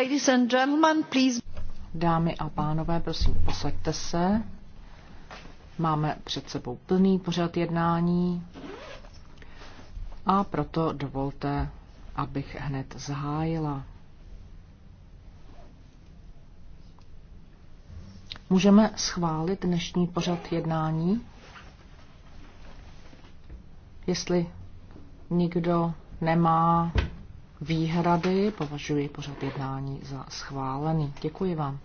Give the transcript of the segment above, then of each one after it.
Ladies and gentlemen, please. Dámy a pánové, prosím, posaďte se. Máme před sebou plný pořad jednání a proto dovolte, abych hned zahájila. Můžeme schválit dnešní pořad jednání? Jestli nikdo nemá výhrady, považuji pořad jednání za schválený. Děkuji vám.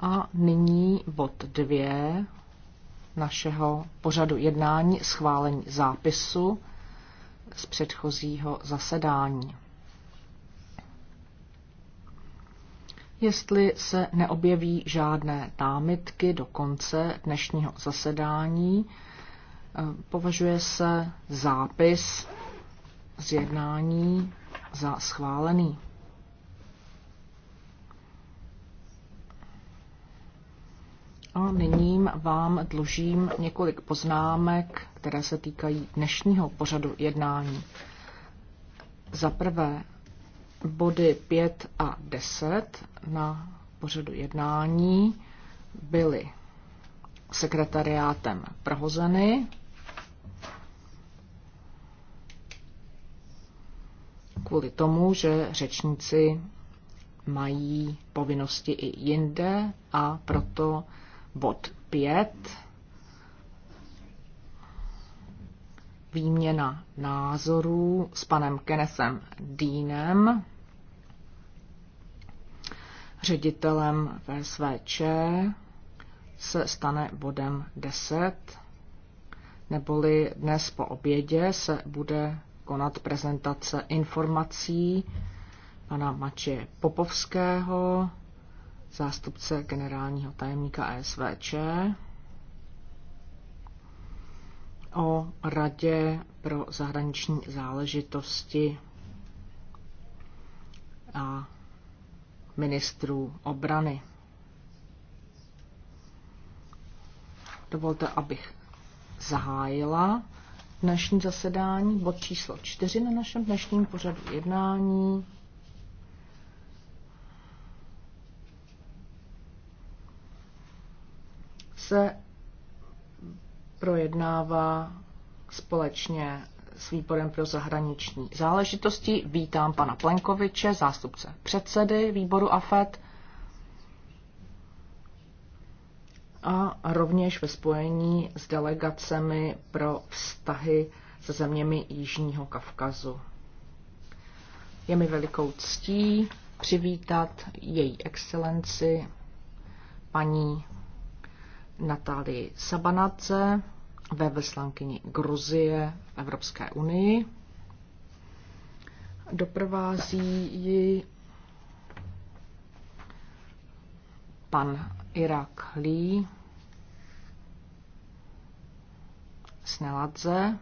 A nyní bod dvě našeho pořadu jednání schválení zápisu z předchozího zasedání. Jestli se neobjeví žádné námitky do konce dnešního zasedání, Považuje se zápis z jednání za schválený. A nyní vám dlužím několik poznámek, které se týkají dnešního pořadu jednání. Za prvé body 5 a 10 na pořadu jednání byly sekretariátem prohozeny kvůli tomu, že řečníci mají povinnosti i jinde a proto bod 5 výměna názorů s panem Kenesem Dýnem, ředitelem VSVČ, se stane bodem 10, neboli dnes po obědě se bude konat prezentace informací pana Mače Popovského, zástupce generálního tajemníka ESVČ, o Radě pro zahraniční záležitosti a ministrů obrany. Dovolte, abych zahájila dnešní zasedání, bod číslo 4 na našem dnešním pořadu jednání. se projednává společně s výborem pro zahraniční záležitosti. Vítám pana Plenkoviče, zástupce předsedy výboru AFET. a rovněž ve spojení s delegacemi pro vztahy se zeměmi Jižního Kavkazu. Je mi velikou ctí přivítat její excelenci paní Natálii Sabanadze ve veslankyni Gruzie v Evropské unii. Doprovází ji pan Iraklí, Sneladze,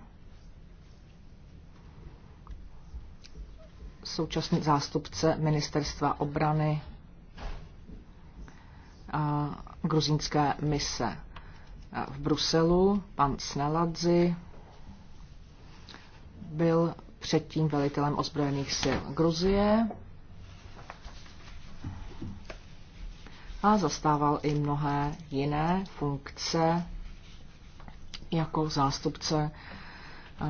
současný zástupce ministerstva obrany a gruzínské mise v Bruselu, pan Sneladzi, byl předtím velitelem ozbrojených sil Gruzie. a zastával i mnohé jiné funkce jako zástupce eh,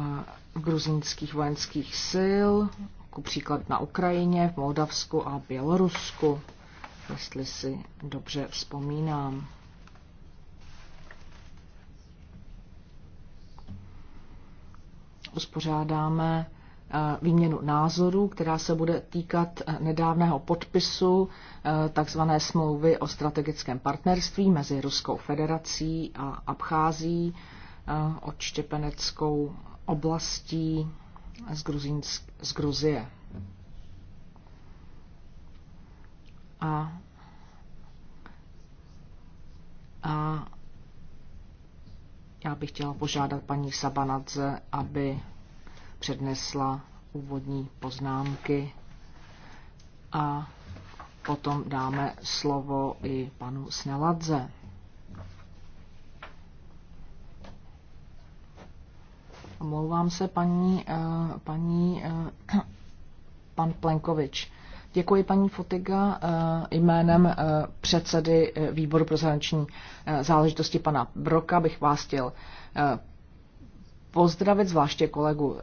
gruzínských vojenských sil, jako příklad na Ukrajině, v Moldavsku a Bělorusku, jestli si dobře vzpomínám. Uspořádáme Eh, výměnu názorů, která se bude týkat eh, nedávného podpisu eh, tzv. smlouvy o strategickém partnerství mezi Ruskou federací a Abchází, Štěpeneckou oblastí z, Gruzínsk, z Gruzie. A, a já bych chtěla požádat paní Sabanadze, aby přednesla úvodní poznámky a potom dáme slovo i panu Sneladze. Omlouvám se, paní, eh, paní eh, pan Plenkovič. Děkuji paní Fotiga eh, jménem předsedy výboru pro zahraniční záležitosti pana Broka bych vás chtěl pozdravit zvláště kolegu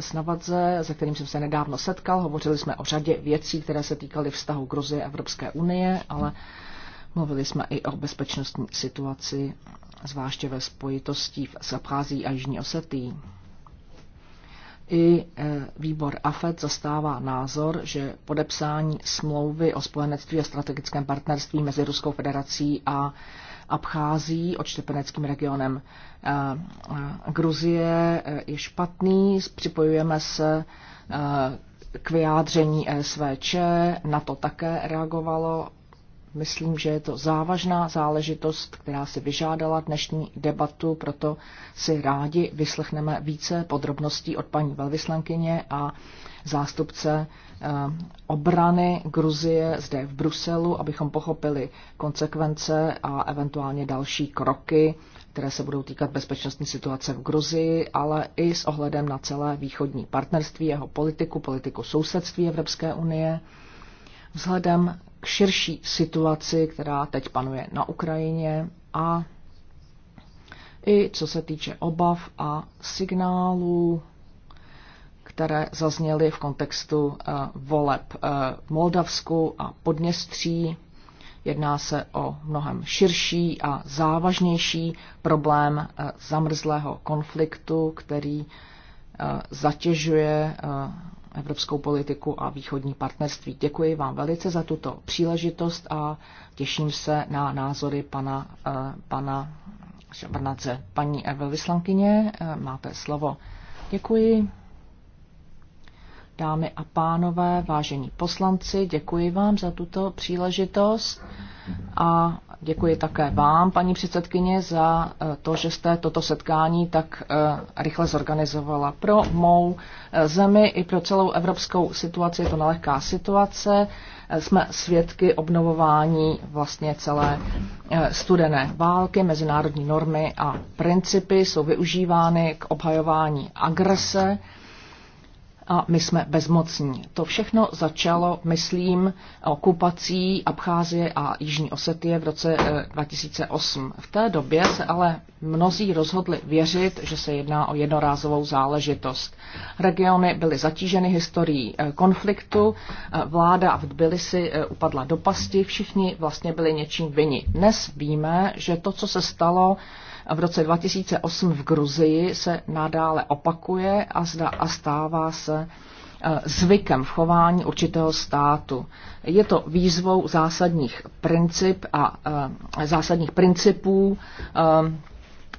Snavadze, se kterým jsem se nedávno setkal. Hovořili jsme o řadě věcí, které se týkaly vztahu Gruzie a Evropské unie, ale mluvili jsme i o bezpečnostní situaci, zvláště ve spojitosti s Abchází a Jižní Osetí. I e, výbor AFED zastává názor, že podepsání smlouvy o spojenectví a strategickém partnerství mezi Ruskou federací a Abchází, odštěpeneckým regionem eh, eh, Gruzie, eh, je špatný. Připojujeme se k vyjádření SVČ, na to také reagovalo. Myslím, že je to závažná záležitost, která si vyžádala dnešní debatu, proto si rádi vyslechneme více podrobností od paní velvyslankyně a zástupce Eh, obrany Gruzie zde v Bruselu, abychom pochopili konsekvence a eventuálně další kroky, které se budou týkat bezpečnostní situace v Gruzii, ale i s ohledem na celé východní partnerství, jeho politiku, politiku sousedství Evropské unie, vzhledem k širší situaci, která teď panuje na Ukrajině a i co se týče obav a signálů které zazněly v kontextu eh, voleb eh, v Moldavsku a Podněstří. Jedná se o mnohem širší a závažnější problém eh, zamrzlého konfliktu, který zatěžuje evropskou politiku a východní partnerství. Děkuji vám velice za tuto příležitost a těším se na názory pana, pana Šabrnace. Paní velvyslankyně, máte slovo. Děkuji. Dámy a pánové, vážení poslanci, děkuji vám za tuto příležitost a děkuji také vám, paní předsedkyně, za eh, to, že jste toto setkání tak eh, rychle zorganizovala. Pro mou eh, zemi i pro celou evropskou situaci je to nelehká situace. Jsme svědky obnovování vlastně celé studené války, mezinárodní normy a principy jsou využívány k obhajování agrese a my jsme bezmocní. To všechno začalo, myslím, okupací Abcházie a Jižní Osetie v roce 2008. Eh, v té době se ale mnozí rozhodli věřit, že se jedná o jednorázovou záležitost. Regiony byly zatíženy historií eh, konfliktu, eh, vláda v Tbilisi upadla do pasti, všichni vlastně byli něčím vyni. Dnes víme, že to, co se stalo, v roce 2008 v Gruzii se nadále opakuje a, zda, a stává se e, zvykem v chování určitého státu. Je to výzvou zásadních princip a e, zásadních principů, e,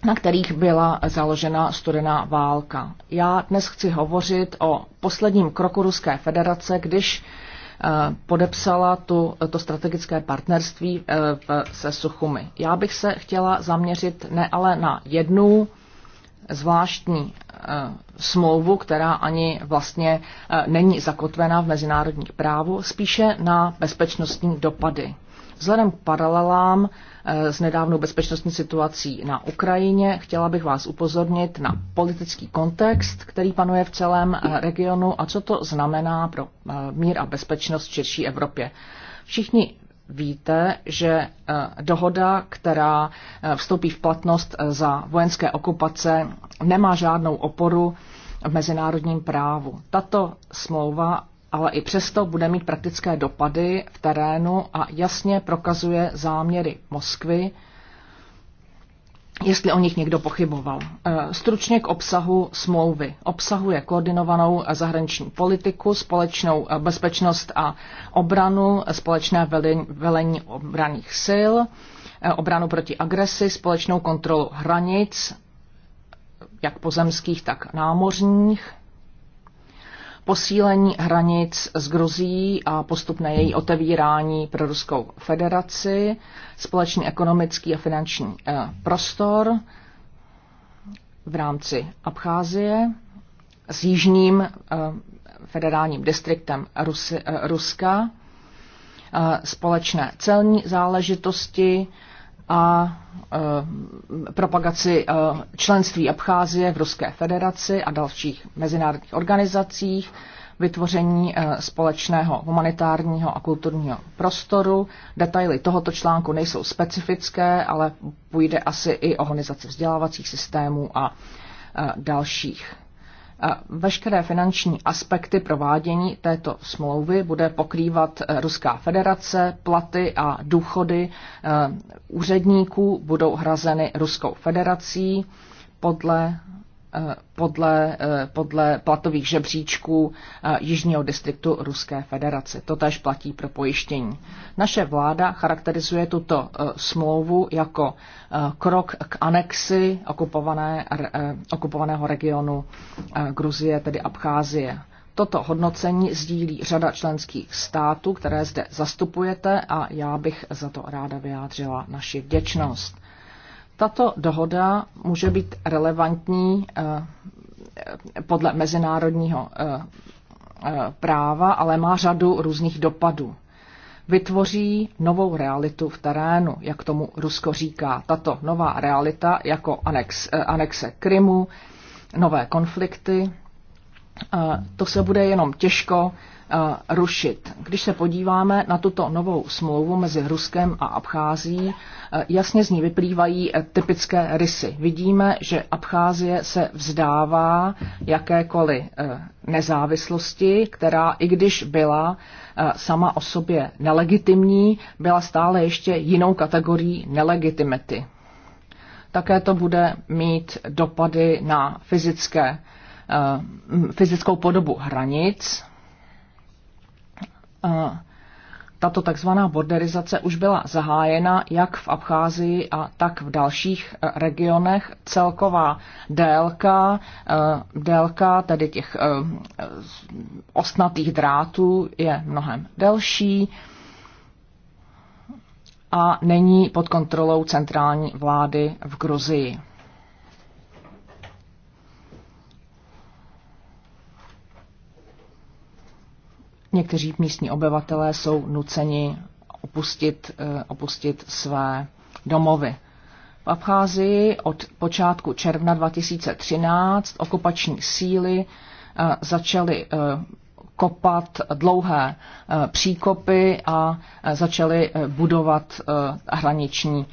na kterých byla založena studená válka. Já dnes chci hovořit o posledním kroku Ruské federace, když podepsala tu, to strategické partnerství eh, se Suchumy. Já bych se chtěla zaměřit ne ale na jednu zvláštní eh, smlouvu, která ani vlastně eh, není zakotvená v mezinárodních právu, spíše na bezpečnostní dopady. Vzhledem k paralelám s nedávnou bezpečnostní situací na Ukrajině. Chtěla bych vás upozornit na politický kontext, který panuje v celém eh, regionu a co to znamená pro eh, mír a bezpečnost v širší Evropě. Všichni víte, že eh, dohoda, která vstoupí v platnost za vojenské okupace, nemá žádnou oporu v mezinárodním právu. Tato smlouva ale i přesto bude mít praktické dopady v terénu a jasně prokazuje záměry Moskvy, jestli o nich někdo pochyboval. Eh, stručně k obsahu smlouvy. Obsahuje koordinovanou zahraniční politiku, společnou eh, bezpečnost a obranu, eh, společné velení obraných sil, obranu proti agresi, společnou kontrolu hranic, jak pozemských, tak námořních, posílení hranic s Gruzí a postupné její otevírání pro Ruskou federaci, společný ekonomický a finanční eh, prostor v rámci Abcházie s jižním eh, federálním distriktem Rusy, eh, Ruska, společné celní záležitosti, a e, propagaci e, členství Abcházie v Ruské federaci a dalších mezinárodních organizacích, vytvoření e, společného humanitárního a kulturního prostoru. Detaily tohoto článku nejsou specifické, ale půjde asi i o organizaci vzdělávacích systémů a dalších. Veškeré finanční aspekty provádění této smlouvy bude pokrývat eh, Ruská federace, platy a důchody eh, úředníků budou hrazeny Ruskou federací podle Eh, podle, eh, podle platových žebříčků eh, Jižního distriktu Ruské federace. To tež platí pro pojištění. Naše vláda charakterizuje tuto smlouvu jako krok k anexi okupované, okupovaného regionu Gruzie, tedy Abcházie. Toto hodnocení sdílí řada členských států, které zde zastupujete a já bych za to ráda vyjádřila naši vděčnost. Tato dohoda může být relevantní eh, eh, podle mezinárodního eh, práva, ale má řadu různých dopadů. Vytvoří novou realitu v terénu, jak tomu Rusko říká. Tato nová realita jako anex, anexe Krymu, nové konflikty, to se bude jenom těžko Eh, rušit. Když se podíváme na tuto novou smlouvu mezi Ruskem a Abchází, eh, jasně z ní vyplývají eh, typické rysy. Vidíme, že Abcházie se vzdává jakékoliv nezávislosti, která i když byla sama o sobě nelegitimní, byla stále ještě jinou kategorií nelegitimity. Také to bude mít dopady na fyzické, fyzickou podobu hranic, tato takzvaná borderizace už byla zahájena jak v Abcházii a tak v dalších e, regionech. Celková délka, e, délka tedy těch e, ostnatých drátů je mnohem delší a není pod kontrolou centrální vlády v Gruzii. Někteří místní obyvatelé jsou nuceni opustit, eh, opustit své domovy. V Abcházii od počátku června 2013 okupační síly eh, začaly eh, kopat dlouhé příkopy a začaly budovat hraniční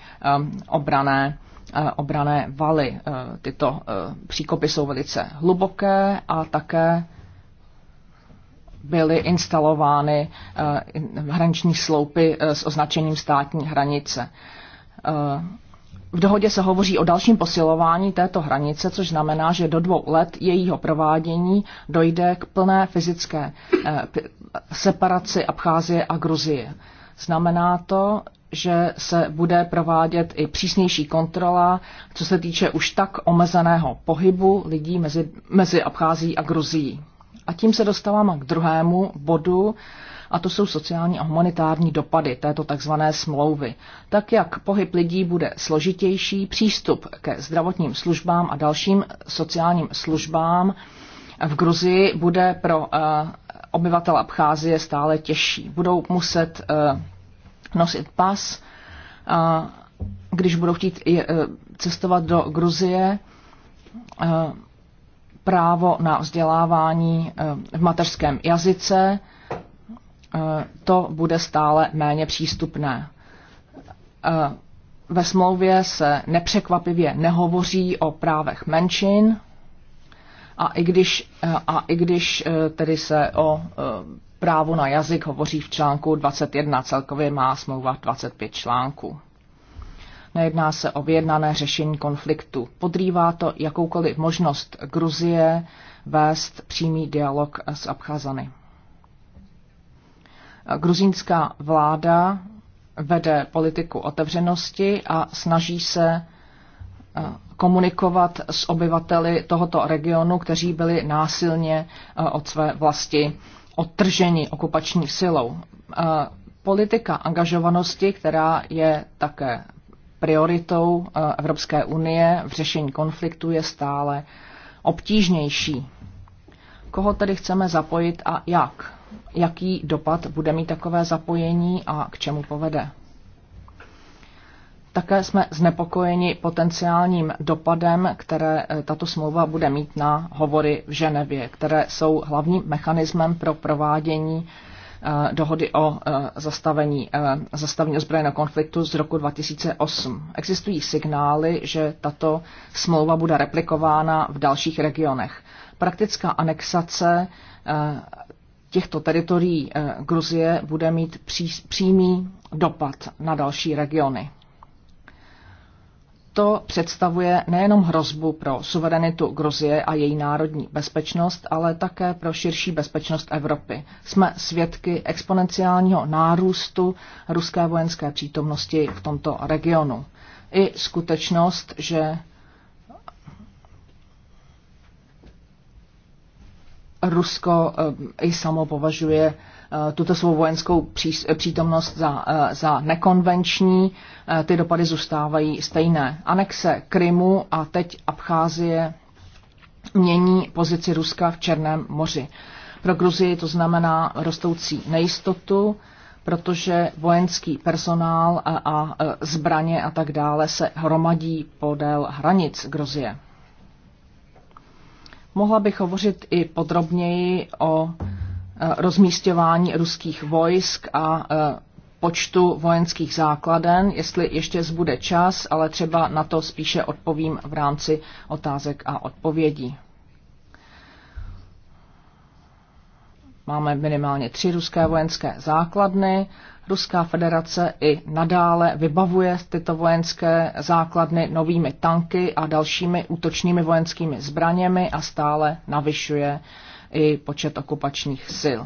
obrané obrané valy. Tyto příkopy jsou velice hluboké a také byly instalovány eh, hraniční sloupy eh, s označením státní hranice. Eh, v dohodě se hovoří o dalším posilování této hranice, což znamená, že do dvou let jejího provádění dojde k plné fyzické separaci Abcházie a Gruzie. Znamená to, že se bude provádět i přísnější kontrola, co se týče už tak omezeného pohybu lidí mezi, mezi Abchází a Gruzií. A tím se dostáváme k druhému bodu, a to jsou sociální a humanitární dopady této tzv. smlouvy. Tak jak pohyb lidí bude složitější, přístup ke zdravotním službám a dalším sociálním službám v Gruzii bude pro eh, obyvatel Abcházie stále těžší. Budou muset eh, nosit pas, eh, když budou chtít cestovat do Gruzie, právo na vzdělávání eh, v mateřském jazyce, eh, to bude stále méně přístupné. Eh, ve smlouvě se nepřekvapivě nehovoří o právech menšin a i když, a i když tedy se o právu na jazyk hovoří v článku 21, celkově má smlouva 25 článků. Nejedná se o vyjednané řešení konfliktu. Podrývá to jakoukoliv možnost Gruzie vést přímý dialog s Abcházany. Gruzínská vláda vede politiku otevřenosti a snaží se eh, komunikovat s obyvateli tohoto regionu, kteří byli násilně eh, od své vlasti odtrženi okupační silou. Eh, politika angažovanosti, která je také prioritou eh, Evropské unie v řešení konfliktu je stále obtížnější. Koho tedy chceme zapojit a jak? Jaký dopad bude mít takové zapojení a k čemu povede? Také jsme znepokojeni potenciálním dopadem, které eh, tato smlouva bude mít na hovory v Ženevě, které jsou hlavním mechanismem pro provádění Eh, dohody o eh, zastavení, eh, zastavení ozbrojeného konfliktu z roku 2008. Existují signály, že tato smlouva bude replikována v dalších regionech. Praktická anexace těchto teritorií Gruzie bude mít přímý dopad na další regiony. To představuje nejenom hrozbu pro suverenitu Gruzie a její národní bezpečnost, ale také pro širší bezpečnost Evropy. Jsme svědky exponenciálního nárůstu ruské vojenské přítomnosti v tomto regionu. I skutečnost, že Rusko eh, i samo považuje Eh, tuto svou vojenskou eh, přítomnost za, eh, za nekonvenční, ty dopady zůstávají stejné. Anexe Krymu a teď Abcházie mění pozici Ruska v Černém moři. Pro Gruzii to znamená rostoucí nejistotu, protože vojenský personál a, a zbraně a tak dále se hromadí podél hranic Gruzie. Mohla bych hovořit i podrobněji o Eh, rozmístěvání ruských vojsk a eh, počtu vojenských základen, jestli ještě zbude čas, ale třeba na to spíše odpovím v rámci otázek a odpovědí. Máme minimálně tři ruské vojenské základny. Ruská federace i nadále vybavuje tyto vojenské základny novými tanky a dalšími útočnými vojenskými zbraněmi a stále navyšuje uh, i počet okupačních sil.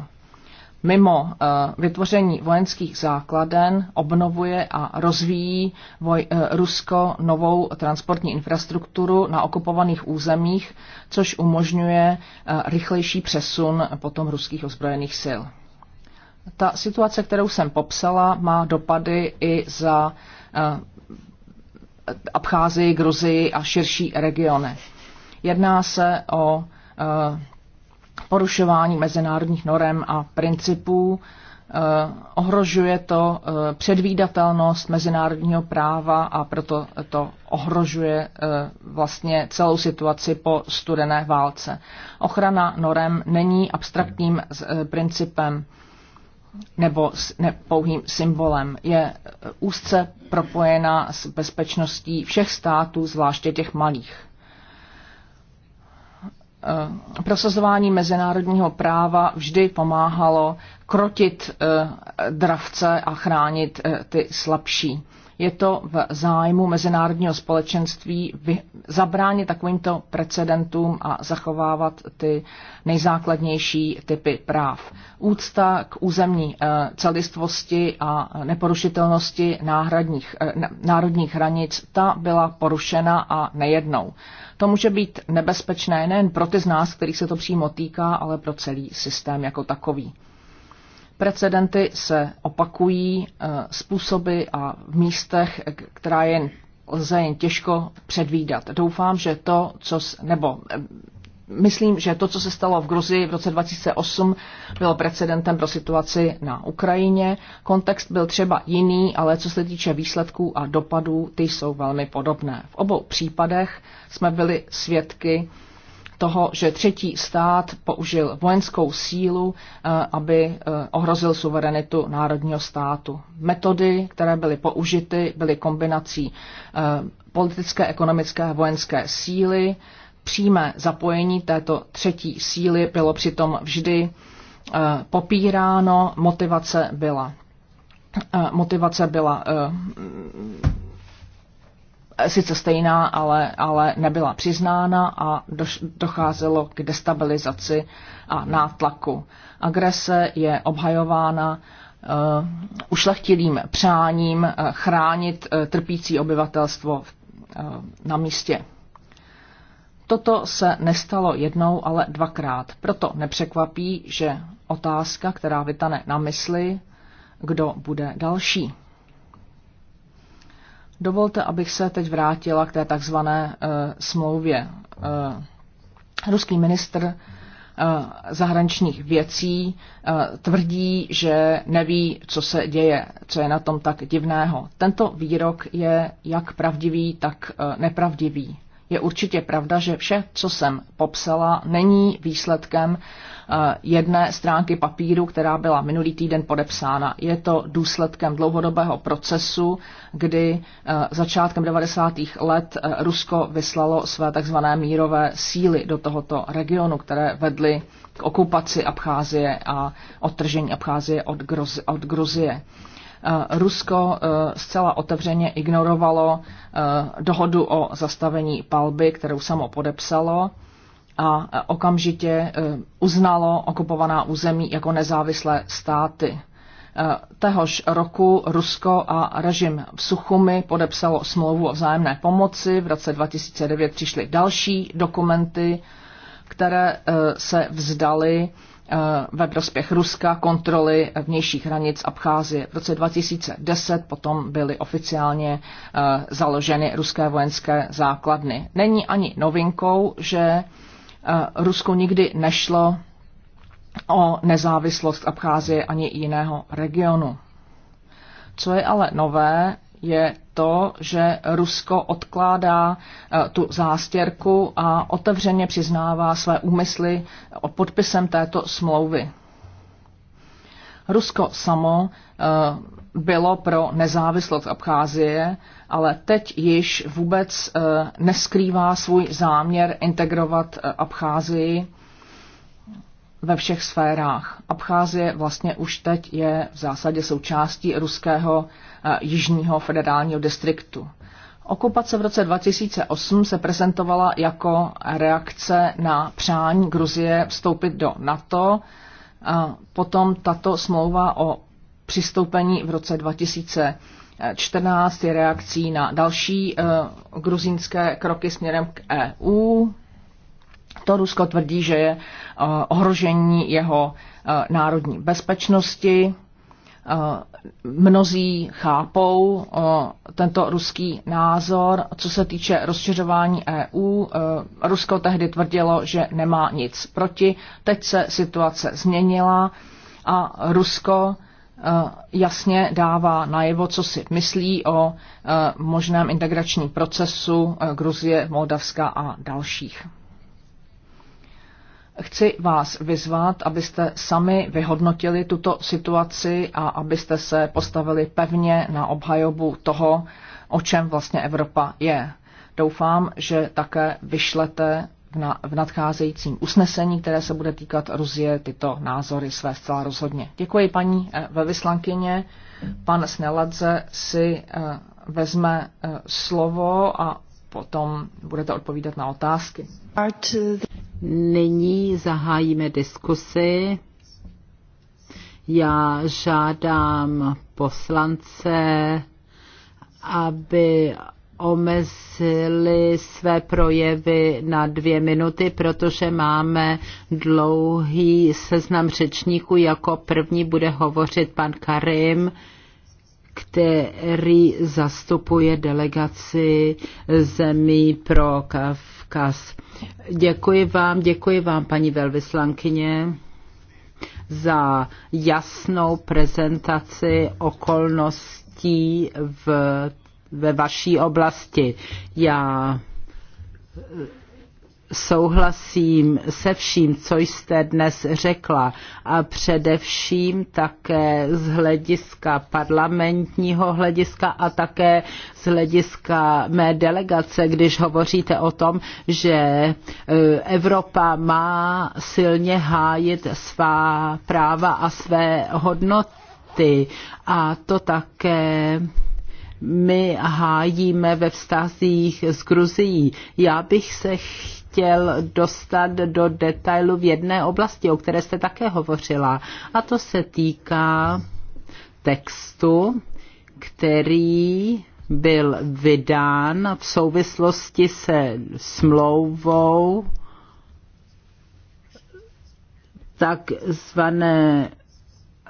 Mimo eh, vytvoření vojenských základen obnovuje a rozvíjí voj, eh, Rusko novou transportní infrastrukturu na okupovaných územích, což umožňuje eh, rychlejší přesun potom ruských ozbrojených sil. Ta situace, kterou jsem popsala, má dopady i za Abcházii, Gruzii a širší regiony. Jedná se o porušování mezinárodních norem a principů. Eh, ohrožuje to eh, předvídatelnost mezinárodního práva a proto to ohrožuje eh, vlastně celou situaci po studené válce. Ochrana norem není abstraktním principem nebo pouhým symbolem. Je úzce propojena s bezpečností všech států, zvláště těch malých. Eh, prosazování mezinárodního práva vždy pomáhalo krotit eh, dravce a chránit eh, ty slabší. Je to v zájmu mezinárodního společenství zabránit takovýmto precedentům a zachovávat ty nejzákladnější typy práv. Úcta k územní celistvosti a neporušitelnosti náhradních, národních hranic, ta byla porušena a nejednou. To může být nebezpečné nejen pro ty z nás, kterých se to přímo týká, ale pro celý systém jako takový. Precedenty se opakují, eh, způsoby a v místech, eh, která jen lze jen těžko předvídat. Doufám, že to, co, nebo eh, myslím, že to, co se stalo v Gruzii v roce 2008, bylo precedentem pro situaci na Ukrajině. Kontext byl třeba jiný, ale co se týče výsledků a dopadů, ty jsou velmi podobné. V obou případech jsme byli svědky toho, že třetí stát použil vojenskou sílu, eh, aby eh, ohrozil suverenitu národního státu. Metody, které byly použity, byly kombinací eh, politické, ekonomické a vojenské síly Přímé zapojení této třetí síly bylo přitom vždy eh, popíráno, motivace byla eh, motivace byla eh, sice stejná, ale, ale nebyla přiznána a docházelo k destabilizaci a nátlaku. Agrese je obhajována uh, ušlechtilým přáním chránit trpící obyvatelstvo na místě. Toto se nestalo jednou, ale dvakrát. Proto nepřekvapí, že otázka, která vytane na mysli, kdo bude další. Dovolte, abych se teď vrátila k té takzvané uh, smlouvě. Uh, ruský ministr uh, zahraničních věcí uh, tvrdí, že neví, co se děje, co je na tom tak divného. Tento výrok je jak pravdivý, tak uh, nepravdivý. Je určitě pravda, že vše, co jsem popsala, není výsledkem eh, jedné stránky papíru, která byla minulý týden podepsána. Je to důsledkem dlouhodobého procesu, kdy eh, začátkem 90. let eh, Rusko vyslalo své tzv. mírové síly do tohoto regionu, které vedly k okupaci Abcházie a odtržení Abcházie od, Groz, od Gruzie. Eh, Rusko eh, zcela otevřeně ignorovalo eh, dohodu o zastavení palby, kterou samo podepsalo a okamžitě uznalo okupovaná území jako nezávislé státy. Téhož roku Rusko a režim v Suchumi podepsalo smlouvu o vzájemné pomoci. V roce 2009 přišly další dokumenty, které se vzdaly Eh, ve prospěch Ruska kontroly vnějších hranic Abcházie. V roce 2010 potom byly oficiálně eh, založeny ruské vojenské základny. Není ani novinkou, že eh, Rusko nikdy nešlo o nezávislost Abcházie ani jiného regionu. Co je ale nové, je to, že Rusko odkládá eh, tu zástěrku a otevřeně přiznává své úmysly o podpisem této smlouvy. Rusko samo eh, bylo pro nezávislost Abcházie, ale teď již vůbec eh, neskrývá svůj záměr integrovat Abcházii ve všech sférách. Abcházie vlastně už teď je v zásadě součástí ruského eh, jižního federálního distriktu. Okupace v roce 2008 se prezentovala jako reakce na přání Gruzie vstoupit do NATO. A potom tato smlouva o přistoupení v roce 2014 je reakcí na další eh, gruzínské kroky směrem k EU, to Rusko tvrdí, že je eh, ohrožení jeho eh, národní bezpečnosti. Eh, mnozí chápou tento ruský názor. Co se týče rozšiřování EU, Rusko tehdy tvrdilo, že nemá nic proti. Teď se situace změnila a Rusko jasně dává najevo, co si myslí o možném integračním procesu Gruzie, Moldavska a dalších. Chci vás vyzvat, abyste sami vyhodnotili tuto situaci a abyste se postavili pevně na obhajobu toho, o čem vlastně Evropa je. Doufám, že také vyšlete v nadcházejícím usnesení, které se bude týkat Ruzie, tyto názory své zcela rozhodně. Děkuji paní eh, velvyslankyně. Pan Sneladze si eh, vezme eh, slovo a potom budete odpovídat na otázky. Nyní zahájíme diskusi. Já žádám poslance, aby omezili své projevy na dvě minuty, protože máme dlouhý seznam řečníků. Jako první bude hovořit pan Karim který zastupuje delegaci zemí pro Kavkaz. Děkuji vám, děkuji vám, paní velvyslankyně, za jasnou prezentaci okolností v, ve vaší oblasti. Já souhlasím se vším, co jste dnes řekla a především také z hlediska parlamentního hlediska a také z hlediska mé delegace, když hovoříte o tom, že e, Evropa má silně hájit svá práva a své hodnoty a to také my hájíme ve vztazích s Gruzií. Já bych se chtěla chtěl dostat do detailu v jedné oblasti, o které jste také hovořila. A to se týká textu, který byl vydán v souvislosti se smlouvou takzvané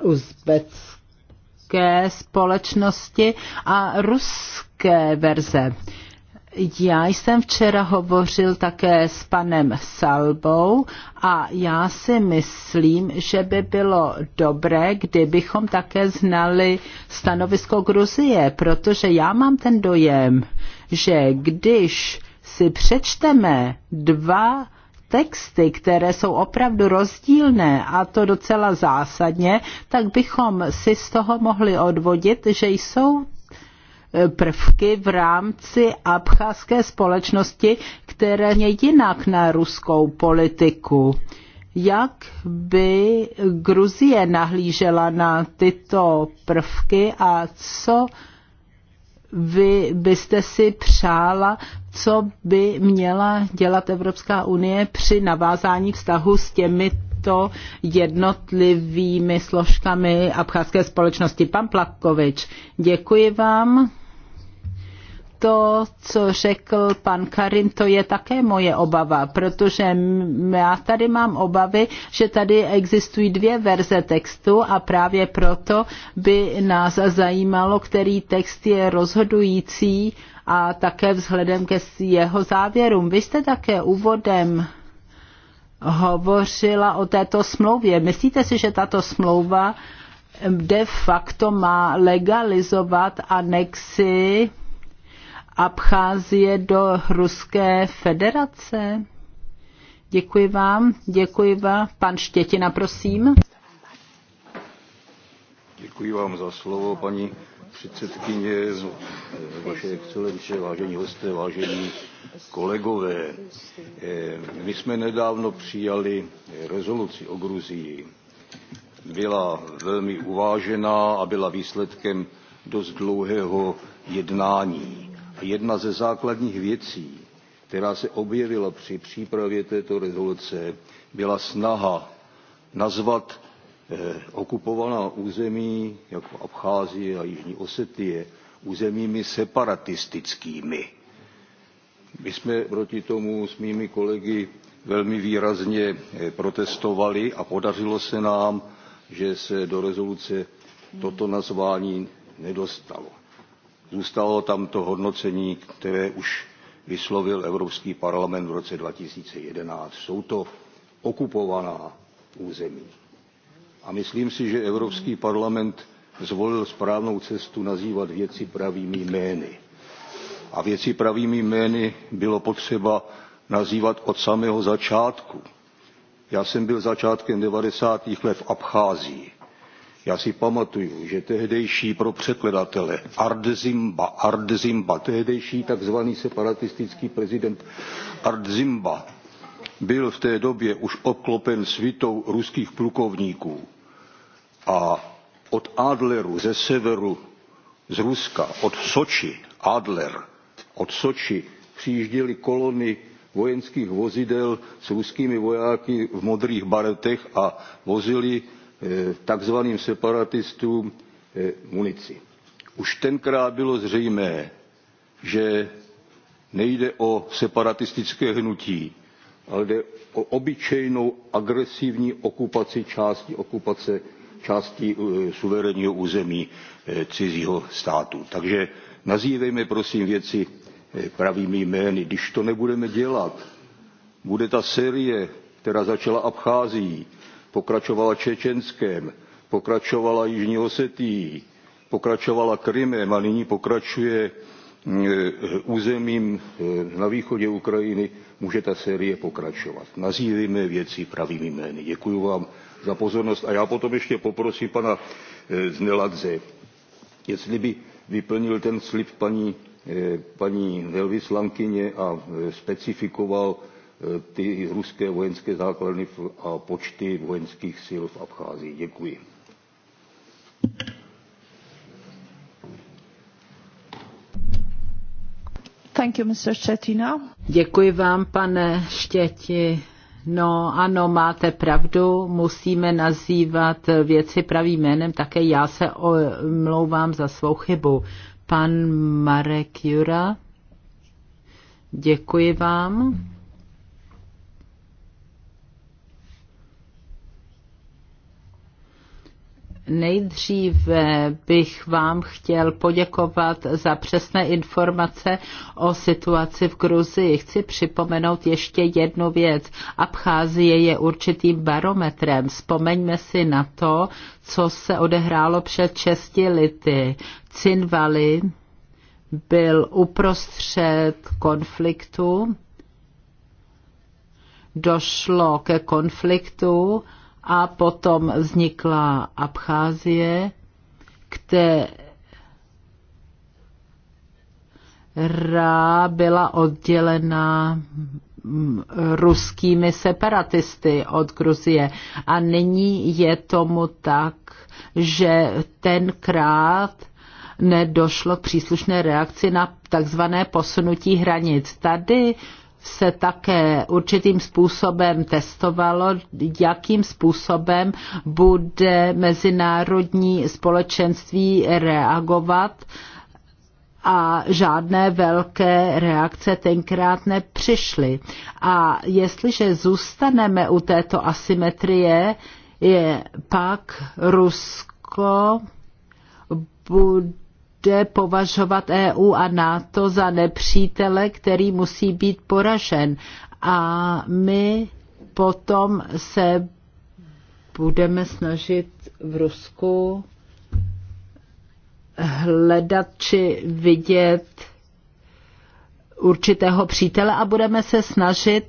uzbecké společnosti a ruské verze. Já jsem včera hovořil také s panem Salbou a já si myslím, že by bylo dobré, kdybychom také znali stanovisko Gruzie, protože já mám ten dojem, že když si přečteme dva texty, které jsou opravdu rozdílné a to docela zásadně, tak bychom si z toho mohli odvodit, že jsou prvky v rámci abcházské společnosti, které je jinak na ruskou politiku. Jak by Gruzie nahlížela na tyto prvky a co vy byste si přála, co by měla dělat Evropská unie při navázání vztahu s těmito jednotlivými složkami abcházské společnosti. Pan Plakovič, děkuji vám to, co řekl pan Karin, to je také moje obava, protože já tady mám obavy, že tady existují dvě verze textu a právě proto by nás zajímalo, který text je rozhodující a také vzhledem ke jeho závěrům. Vy jste také úvodem hovořila o této smlouvě. Myslíte si, že tato smlouva de facto má legalizovat anexi Abcházie do Ruské federace? Děkuji vám, děkuji vám. Pan Štětina, prosím. Děkuji vám za slovo, paní předsedkyně, vaše excelence, vážení hosté, vážení kolegové. Eh, my jsme nedávno přijali rezoluci o Gruzii. Byla velmi uvážená a byla výsledkem dost dlouhého jednání jedna ze základních věcí která se objevila při přípravě této rezoluce byla snaha nazvat eh, okupovaná území jako Abcházie a Jižní Osetie územími separatistickými. My jsme proti tomu s mými kolegy velmi výrazně eh, protestovali a podařilo se nám, že se do rezoluce toto nazvání nedostalo. Zůstalo tam to hodnocení, které už vyslovil Evropský parlament v roce 2011. Jsou to okupovaná území. A myslím si, že Evropský parlament zvolil správnou cestu nazývat věci pravými jmény. A věci pravými jmény bylo potřeba nazývat od samého začátku. Já jsem byl začátkem 90. let v Abcházii já si pamatuju, že tehdejší pro překladatele Ardzimba, Ardzimba, tehdejší takzvaný separatistický prezident Ardzimba byl v té době už obklopen svitou ruských plukovníků. A od Adleru ze severu z Ruska, od Soči, Adler, od Soči přijížděly kolony vojenských vozidel s ruskými vojáky v modrých baretech a vozili E, takzvaným separatistům e, munici. Už tenkrát bylo zřejmé, že nejde o separatistické hnutí, ale jde o obyčejnou agresivní okupaci části okupace části e, suverénního území cizího státu. Takže nazývejme prosím věci pravými jmény. Když to nebudeme dělat, bude ta série, která začala Abcházií, pokračovala Čečenskem, pokračovala Jižní Osetií, pokračovala Krymem a nyní pokračuje mm, eh, územím eh, na východě Ukrajiny, může ta série pokračovat. Nazývíme věci pravými jmény. Děkuji vám za pozornost. A já potom ještě poprosím pana eh, Zneladze, jestli by vyplnil ten slib paní, paní velvyslankyně a specifikoval Eh, ty ruské vojenské základny a počty vojenských sil v Abcházii. Děkuji. Thank you, Mr. Štětina. Děkuji vám, pane Štěti. No ano, máte pravdu, musíme nazývat věci pravým jménem, také já se omlouvám za svou chybu. Pan Marek Jura, děkuji vám. Nejdříve bych vám chtěl poděkovat za přesné informace o situaci v Gruzii. Chci připomenout ještě jednu věc. Abcházie je určitým barometrem. Vzpomeňme si na to, co se odehrálo před česti lety. Cinvali byl uprostřed konfliktu, došlo ke konfliktu, a potom vznikla Abcházie, která byla oddělena ruskými separatisty od Gruzie. A nyní je tomu tak, že tenkrát nedošlo k příslušné reakci na takzvané posunutí hranic. Tady se také určitým způsobem testovalo, jakým způsobem bude mezinárodní společenství reagovat a žádné velké reakce tenkrát nepřišly. A jestliže zůstaneme u této asymetrie, je pak Rusko bude bude považovat EU a NATO za nepřítele, který musí být poražen. A my potom se budeme snažit v Rusku hledat či vidět určitého přítele a budeme se snažit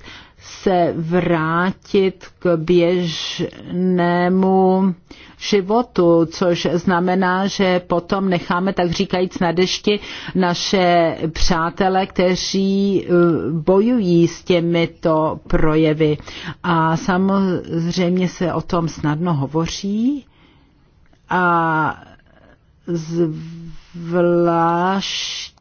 se vrátit k běžnému životu, což znamená, že potom necháme, tak říkajíc, na dešti naše přátele, kteří eh, bojují s těmito projevy. A samozřejmě se o tom snadno hovoří a zvlášť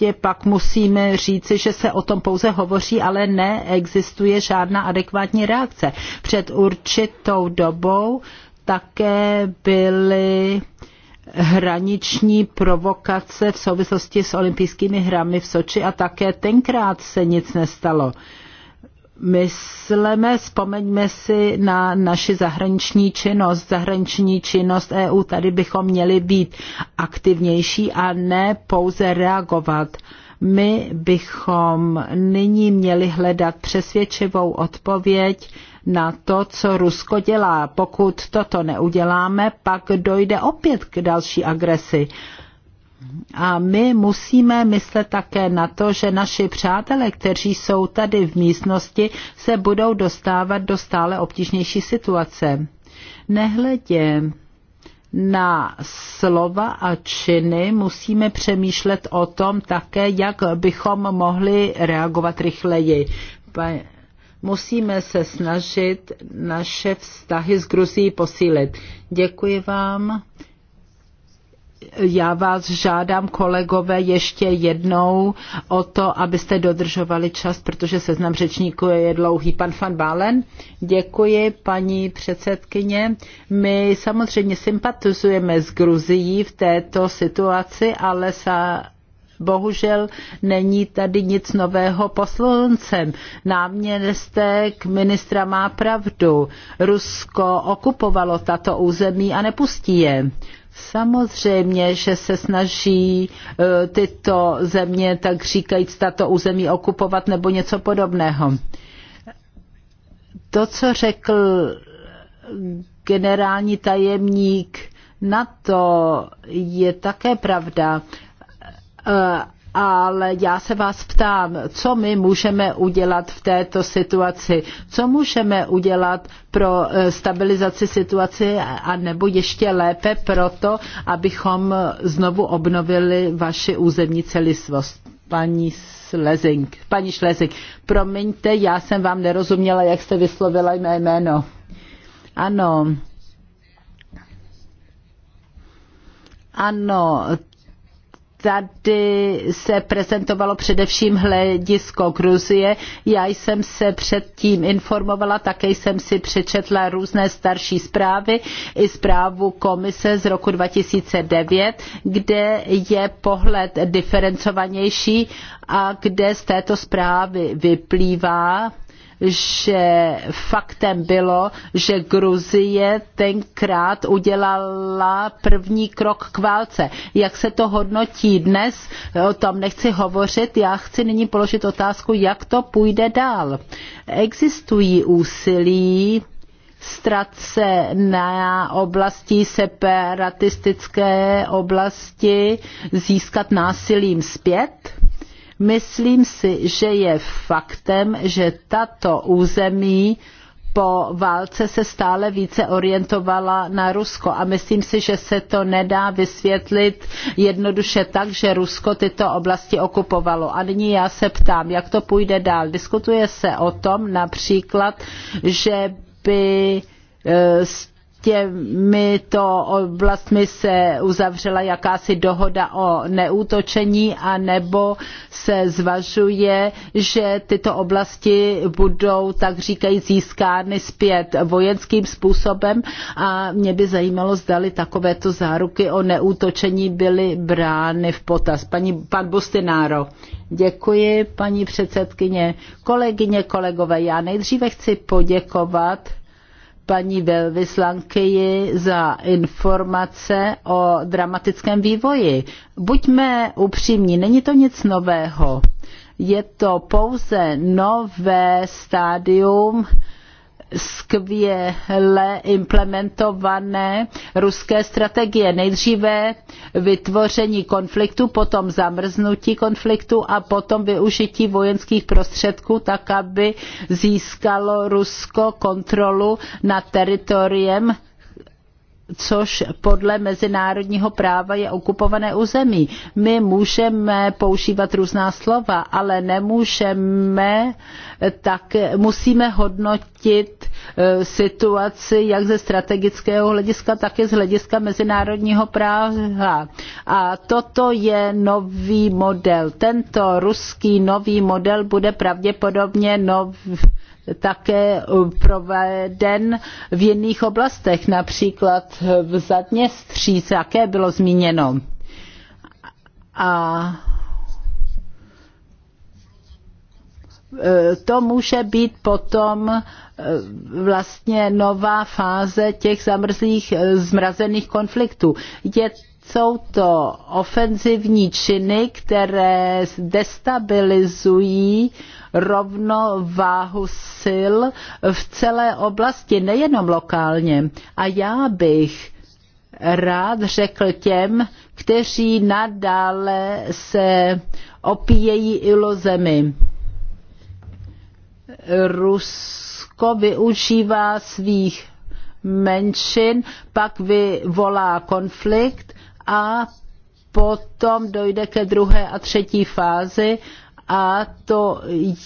debatě pak musíme říci, že se o tom pouze hovoří, ale neexistuje žádná adekvátní reakce. Před určitou dobou také byly hraniční provokace v souvislosti s olympijskými hrami v Soči a také tenkrát se nic nestalo. Uh, myslíme vzpomeňme si na naši zahraniční činnost, zahraniční činnost EU. Tady bychom měli být aktivnější a ne pouze reagovat. My bychom nyní měli hledat přesvědčivou odpověď na to, co Rusko dělá. Pokud toto neuděláme, pak dojde opět k další agresi. A my musíme myslet také na to, že naši přátelé, kteří jsou tady v místnosti, se budou dostávat do stále obtížnější situace. Nehledě na slova a činy musíme přemýšlet o tom také, jak bychom mohli reagovat rychleji. Musíme se snažit naše vztahy s Gruzí posílit. Děkuji vám já vás žádám, kolegové, ještě jednou o to, abyste dodržovali čas, protože seznam řečníků je dlouhý. Pan Van Balen. děkuji, paní předsedkyně. My samozřejmě sympatizujeme s Gruzií v této situaci, ale sa bohužel není tady nic nového posluncem. Náměstek ministra má pravdu. Rusko okupovalo tato území a nepustí je. Samozřejmě, že se snaží e, tyto země, tak říkajíc, tato území okupovat nebo něco podobného. To, co řekl generální tajemník NATO, je také pravda e, ale já se vás ptám, co my můžeme udělat v této situaci? Co můžeme udělat pro eh, stabilizaci situaci a nebo ještě lépe pro to, abychom znovu obnovili vaši územní celistvost? Paní Slezing, paní Šlezing, promiňte, já jsem vám nerozuměla, jak jste vyslovila mé jméno. Ano, ano, tady se prezentovalo především hledisko Gruzie. Já jsem se předtím informovala, také jsem si přečetla různé starší zprávy i zprávu komise z roku 2009, kde je pohled diferencovanější a kde z této zprávy vyplývá, že faktem bylo, že Gruzie tenkrát udělala první krok k válce. Jak se to hodnotí dnes, o tom nechci hovořit, já chci nyní položit otázku, jak to půjde dál. Existují úsilí strace na oblasti separatistické oblasti získat násilím zpět? Myslím si, že je faktem, že tato území po válce se stále více orientovala na Rusko a myslím si, že se to nedá vysvětlit jednoduše tak, že Rusko tyto oblasti okupovalo. A nyní já se ptám, jak to půjde dál. Diskutuje se o tom například, že by z eh, to oblastmi se uzavřela jakási dohoda o neútočení a nebo se zvažuje, že tyto oblasti budou tak říkají získány zpět vojenským způsobem a mě by zajímalo, zdali takovéto záruky o neútočení byly brány v potaz. Paní, pan Bustináro, děkuji paní předsedkyně, kolegyně, kolegové, já nejdříve chci poděkovat paní velvyslankyji za informace o dramatickém vývoji. Buďme upřímní, není to nic nového. Je to pouze nové stádium skvěle implementované ruské strategie. Nejdříve vytvoření konfliktu, potom zamrznutí konfliktu a potom využití vojenských prostředků tak, aby získalo Rusko kontrolu nad teritoriem což podle mezinárodního práva je okupované území. My můžeme používat různá slova, ale nemůžeme, tak musíme hodnotit eh, situaci jak ze strategického hlediska, tak i z hlediska mezinárodního práva. A toto je nový model. Tento ruský nový model bude pravděpodobně nový také eh, proveden v jiných oblastech, například eh, v stříc, jaké bylo zmíněno. A eh, to může být potom vlastně nová fáze těch zamrzlých, zmrazených konfliktů. Je jsou to ofenzivní činy, které destabilizují rovnováhu sil v celé oblasti, nejenom lokálně. A já bych rád řekl těm, kteří nadále se opíjejí iluzemi. Rusko využívá svých menšin, pak vyvolá konflikt a potom dojde ke druhé a třetí fázi a to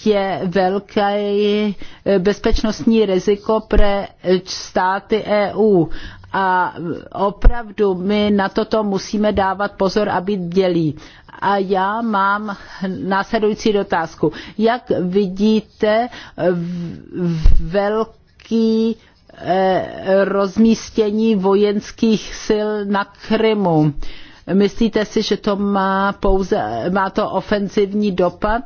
je velké bezpečnostní riziko pro státy EU. A opravdu my na toto musíme dávat pozor a být dělí. A já mám následující dotázku. Jak vidíte velký rozmístění vojenských sil na Krymu. Myslíte si, že to má pouze, má to ofenzivní dopad?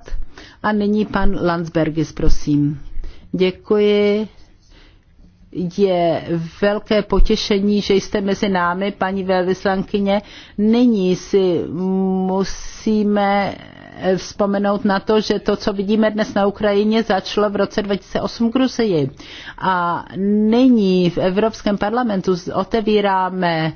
A nyní pan Landsbergis, prosím. Děkuji. Je velké potěšení, že jste mezi námi, paní velvyslankyně. Nyní si musíme Eh, vzpomenout na to, že to, co vidíme dnes na Ukrajině, začalo v roce 2008 v Gruzii. A nyní v Evropském parlamentu otevíráme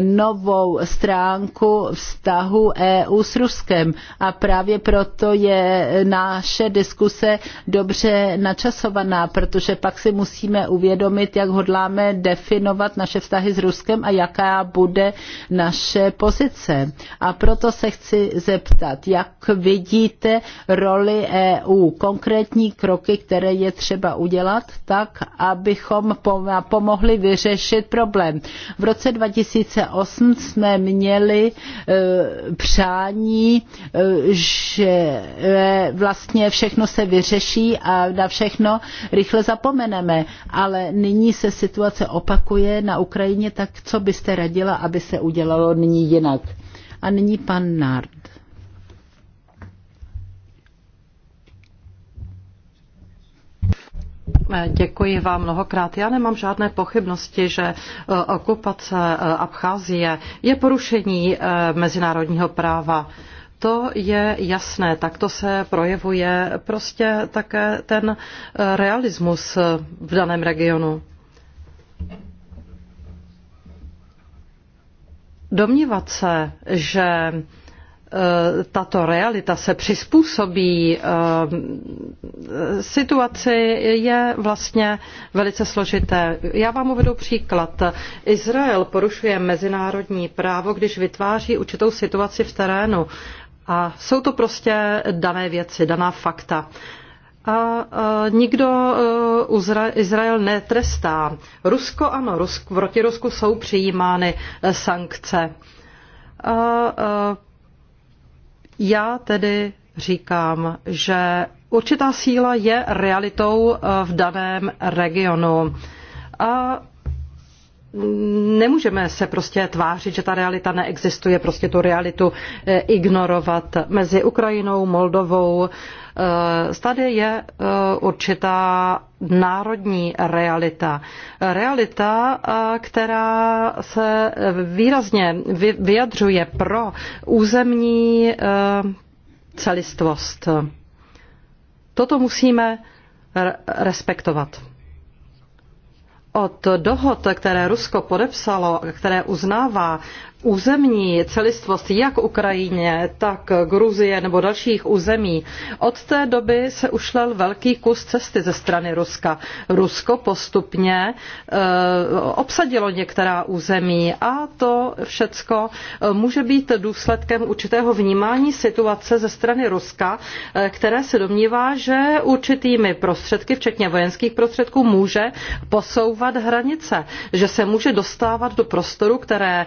novou stránku vztahu EU s Ruskem. A právě proto je naše diskuse dobře načasovaná, protože pak si musíme uvědomit, jak hodláme definovat naše vztahy s Ruskem a jaká bude naše pozice. A proto se chci zeptat, jak vidíte roli EU, konkrétní kroky, které je třeba udělat, tak, abychom pomohli vyřešit problém. V roce 2000 2008 jsme měli e, přání, e, že e, vlastně všechno se vyřeší a na všechno rychle zapomeneme. Ale nyní se situace opakuje na Ukrajině, tak co byste radila, aby se udělalo nyní jinak? A nyní pan Nárd. Eh, děkuji vám mnohokrát. Já nemám žádné pochybnosti, že eh, okupace eh, Abcházie je porušení mezinárodního práva. To je jasné, Tak to se projevuje prostě také ten realismus v daném regionu. Domnívat se, že Eh, tato realita se přizpůsobí eh, situaci, je vlastně velice složité. Já vám uvedu příklad. Izrael porušuje mezinárodní právo, když vytváří určitou situaci v terénu. A jsou to prostě dané věci, daná fakta. A, nikdo eh, Izrael netrestá. Rusko ano, Rusk, proti Rusku jsou přijímány sankce. A, a já tedy říkám, že určitá síla je realitou eh, v daném regionu. A nemůžeme se prostě tvářit, že ta realita neexistuje, prostě tu realitu eh, ignorovat. Mezi Ukrajinou, Moldovou, eh, tady je eh, určitá národní realita. Realita, která se výrazně vyjadřuje pro územní celistvost. Toto musíme respektovat od dohod, které Rusko podepsalo, které uznává územní celistvost jak Ukrajině, tak Gruzie nebo dalších území, od té doby se ušlel velký kus cesty ze strany Ruska. Rusko postupně e, obsadilo některá území a to všecko e, může být důsledkem určitého vnímání situace ze strany Ruska, e, které se domnívá, že určitými prostředky, včetně vojenských prostředků, může posouvat hranice, že se může dostávat do prostoru, které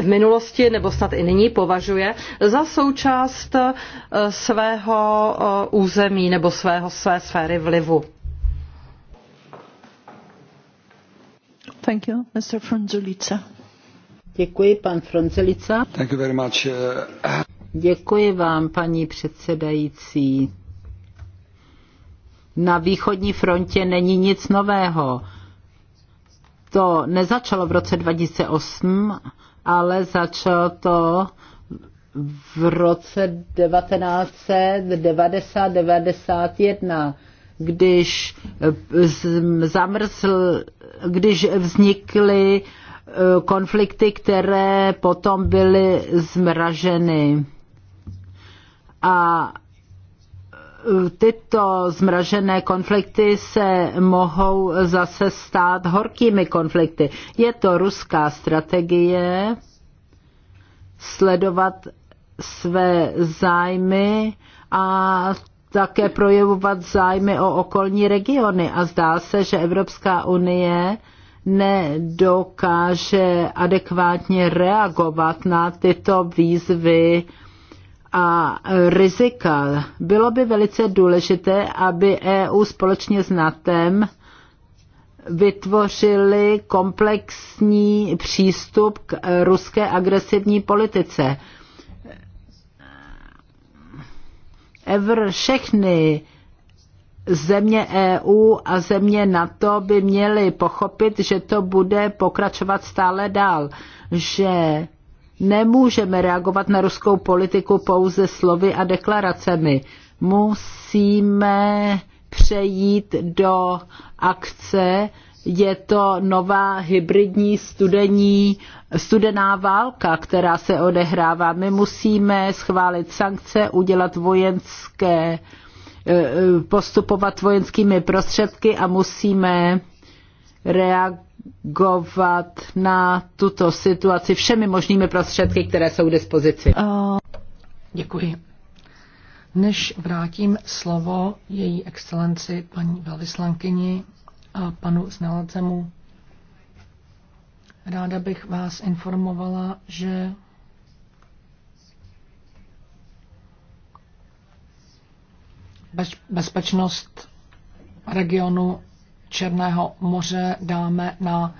v minulosti nebo snad i nyní považuje za součást eh, svého eh, území nebo svého, své sféry vlivu. Thank you, Mr. Frunzulica. Děkuji, pan Fronzelica. Thank you very much. Eh. Děkuji vám, paní předsedající. Na východní frontě není nic nového to nezačalo v roce 2008, ale začalo to v roce 1990-91, když, zamrzl, když vznikly eh, konflikty, které potom byly zmraženy. A tyto zmražené konflikty se mohou zase stát horkými konflikty. Je to ruská strategie sledovat své zájmy a také projevovat zájmy o okolní regiony. A zdá se, že Evropská unie nedokáže adekvátně reagovat na tyto výzvy a rizika. Bylo by velice důležité, aby EU společně s NATEM vytvořili komplexní přístup k ruské agresivní politice. Evr, všechny země EU a země NATO by měly pochopit, že to bude pokračovat stále dál, že Nemůžeme reagovat na ruskou politiku pouze slovy a deklaracemi. Musíme přejít do akce, je to nová hybridní studení, studená válka, která se odehrává. My musíme schválit sankce, udělat vojenské, eh, eh, postupovat vojenskými prostředky a musíme reagovat reagovat na tuto situaci všemi možnými prostředky, které jsou k dispozici. Děkuji. Než vrátím slovo její excelenci paní velvyslankyni a panu znalacemu, ráda bych vás informovala, že bezpečnost regionu Černého moře dáme na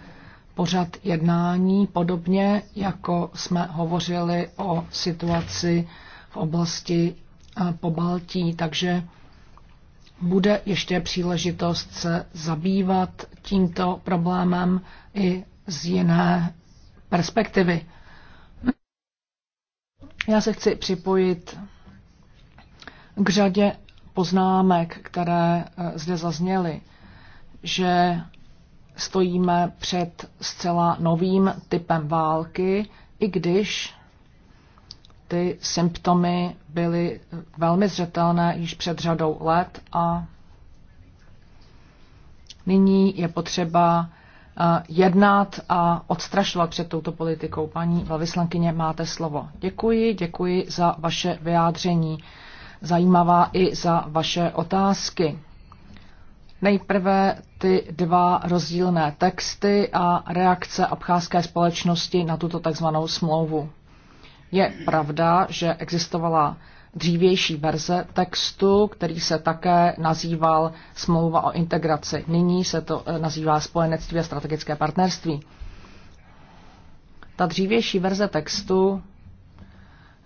pořad jednání, podobně jako jsme hovořili o situaci v oblasti eh, po Baltí, takže bude ještě příležitost se zabývat tímto problémem i z jiné perspektivy. Já se chci připojit k řadě poznámek, které eh, zde zazněly že stojíme před zcela novým typem války, i když ty symptomy byly velmi zřetelné již před řadou let a nyní je potřeba eh, jednat a odstrašovat před touto politikou. Paní velvyslankyně, máte slovo. Děkuji, děkuji za vaše vyjádření. Zajímavá i za vaše otázky. Nejprve ty dva rozdílné texty a reakce abcházské společnosti na tuto takzvanou smlouvu. Je pravda, že existovala dřívější verze textu, který se také nazýval smlouva o integraci. Nyní se to eh, nazývá spojenectví a strategické partnerství. Ta dřívější verze textu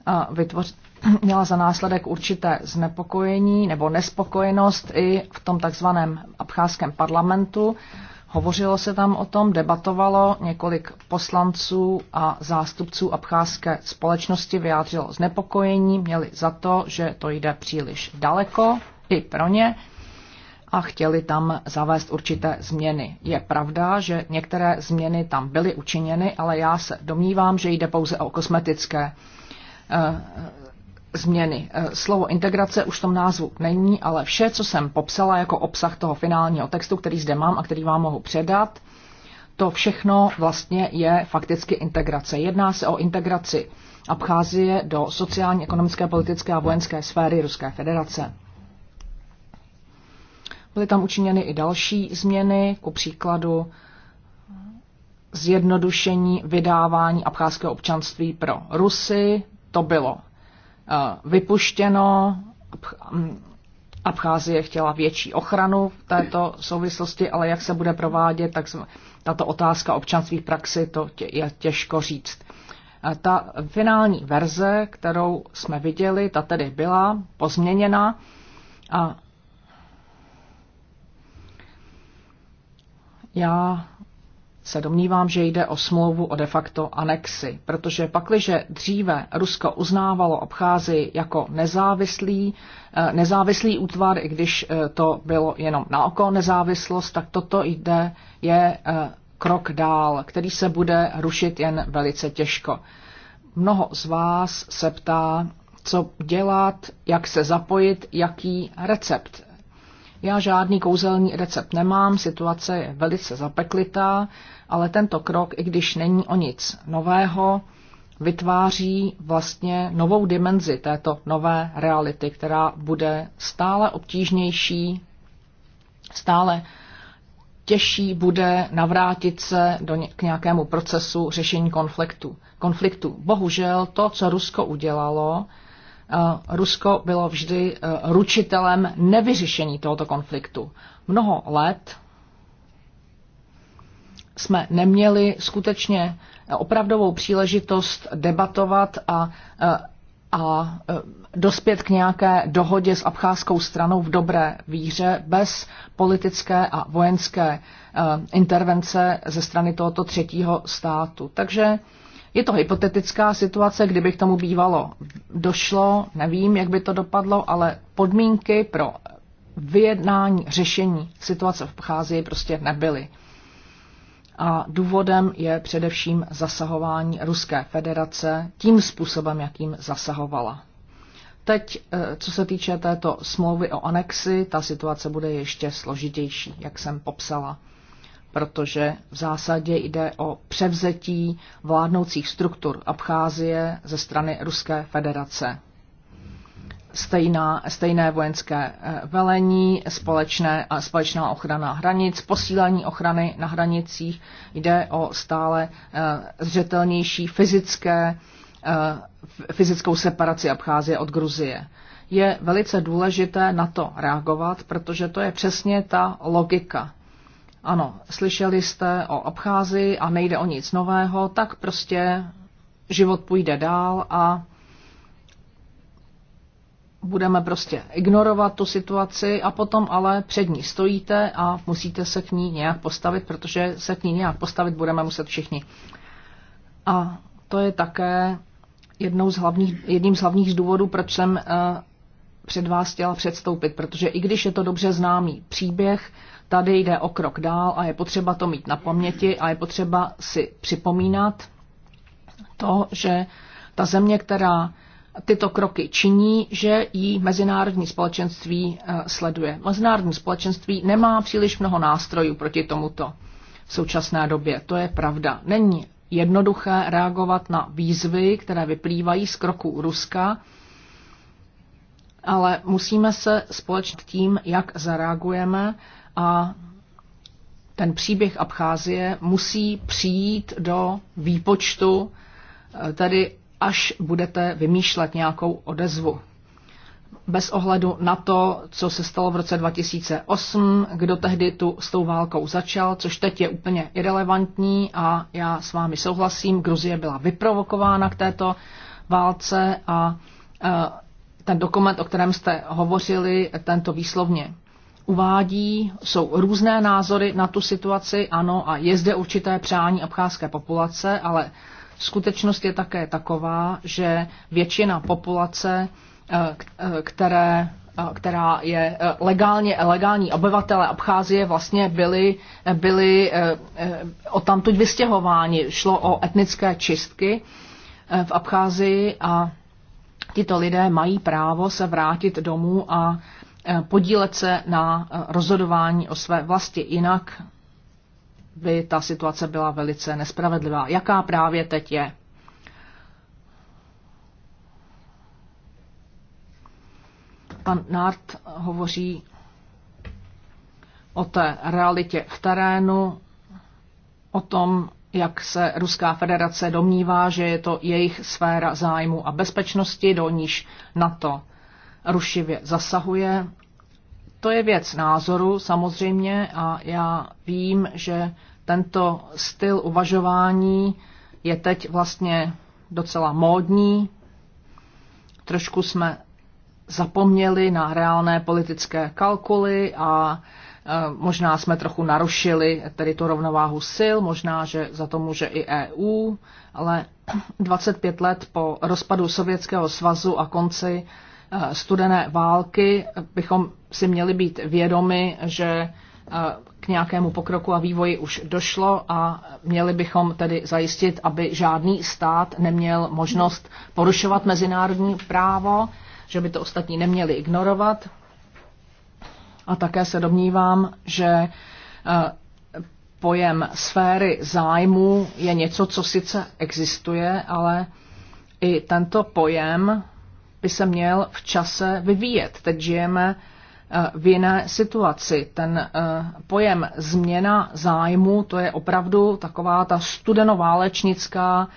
eh, vytvoř, měla za následek určité znepokojení nebo nespokojenost i v tom takzvaném abcházském parlamentu. Hovořilo se tam o tom, debatovalo několik poslanců a zástupců abcházské společnosti, vyjádřilo znepokojení, měli za to, že to jde příliš daleko i pro ně a chtěli tam zavést určité změny. Je pravda, že některé změny tam byly učiněny, ale já se domnívám, že jde pouze o kosmetické eh, změny. Eh, slovo integrace už v tom názvu není, ale vše, co jsem popsala jako obsah toho finálního textu, který zde mám a který vám mohu předat, to všechno vlastně je fakticky integrace. Jedná se o integraci Abcházie do sociální, ekonomické, politické a vojenské sféry Ruské federace. Byly tam učiněny i další změny, ku příkladu zjednodušení vydávání abcházského občanství pro Rusy. To bylo Eh, vypuštěno. Mm, Abcházie chtěla větší ochranu v této souvislosti, ale jak se bude provádět, tak tato otázka občanských praxi, to je těžko říct. Eh, ta finální verze, kterou jsme viděli, ta tedy byla pozměněna a já se domnívám, že jde o smlouvu o de facto anexi, protože pakliže dříve Rusko uznávalo obchází jako nezávislý, eh, nezávislý útvar, i když eh, to bylo jenom na oko nezávislost, tak toto jde, je eh, krok dál, který se bude rušit jen velice těžko. Mnoho z vás se ptá, co dělat, jak se zapojit, jaký recept já žádný kouzelný recept nemám, situace je velice zapeklitá, ale tento krok, i když není o nic nového, vytváří vlastně novou dimenzi této nové reality, která bude stále obtížnější, stále těžší bude navrátit se do ně, k nějakému procesu řešení konfliktu. konfliktu. Bohužel to, co Rusko udělalo, Eh, Rusko bylo vždy eh, ručitelem nevyřešení tohoto konfliktu. Mnoho let jsme neměli skutečně eh, opravdovou příležitost debatovat a, a dospět k nějaké dohodě s abcházskou stranou v dobré víře bez politické a vojenské intervence ze strany tohoto třetího státu. Takže je to hypotetická situace, kdyby k tomu bývalo došlo, nevím, jak by to dopadlo, ale podmínky pro vyjednání, řešení situace v Abcházii prostě nebyly. A důvodem je především zasahování Ruské federace tím způsobem, jakým zasahovala. Teď, eh, co se týče této smlouvy o anexi, ta situace bude ještě složitější, jak jsem popsala protože v zásadě jde o převzetí vládnoucích struktur Abcházie ze strany Ruské federace. Stejná, stejné vojenské eh, velení, společné, společná ochrana hranic, posílení ochrany na hranicích, jde o stále eh, zřetelnější fyzické, eh, fyzickou separaci Abcházie od Gruzie je velice důležité na to reagovat, protože to je přesně ta logika ano, slyšeli jste o Abcházi a nejde o nic nového, tak prostě život půjde dál a budeme prostě ignorovat tu situaci a potom ale před ní stojíte a musíte se k ní nějak postavit, protože se k ní nějak postavit budeme muset všichni. A to je také jednou z hlavních, jedním z hlavních důvodů, proč jsem eh, před vás chtěla předstoupit, protože i když je to dobře známý příběh, Tady jde o krok dál a je potřeba to mít na paměti a je potřeba si připomínat to, že ta země, která tyto kroky činí, že jí mezinárodní společenství eh, sleduje. Mezinárodní společenství nemá příliš mnoho nástrojů proti tomuto v současné době. To je pravda. Není jednoduché reagovat na výzvy, které vyplývají z kroku Ruska, ale musíme se společně tím, jak zareagujeme, a ten příběh Abcházie musí přijít do výpočtu, eh, tedy až budete vymýšlet nějakou odezvu. Bez ohledu na to, co se stalo v roce 2008, kdo tehdy tu s tou válkou začal, což teď je úplně irrelevantní a já s vámi souhlasím, Gruzie byla vyprovokována k této válce a eh, ten dokument, o kterém jste hovořili, tento výslovně uvádí, jsou různé názory na tu situaci, ano, a je zde určité přání abcházské populace, ale skutečnost je také taková, že většina populace, eh, eh, které, eh, která je legálně legální obyvatele Abcházie, vlastně byli, o odtamtud vystěhováni. Šlo o etnické čistky v Abcházii a tito lidé mají právo se vrátit domů a Eh, podílet se na eh, rozhodování o své vlasti. Jinak by ta situace byla velice nespravedlivá, jaká právě teď je. Pan Nart hovoří o té realitě v terénu, o tom, jak se Ruská federace domnívá, že je to jejich sféra zájmu a bezpečnosti, do níž NATO rušivě zasahuje. To je věc názoru samozřejmě a já vím, že tento styl uvažování je teď vlastně docela módní. Trošku jsme zapomněli na reálné politické kalkuly a e, možná jsme trochu narušili tedy tu rovnováhu sil, možná, že za to může i EU, ale 25 let po rozpadu Sovětského svazu a konci studené války bychom si měli být vědomi, že eh, k nějakému pokroku a vývoji už došlo a měli bychom tedy zajistit, aby žádný stát neměl možnost porušovat mezinárodní právo, že by to ostatní neměli ignorovat. A také se domnívám, že eh, pojem sféry zájmu je něco, co sice existuje, ale i tento pojem by se měl v čase vyvíjet. Teď žijeme eh, v jiné situaci. Ten eh, pojem změna zájmu, to je opravdu taková ta studenoválečnická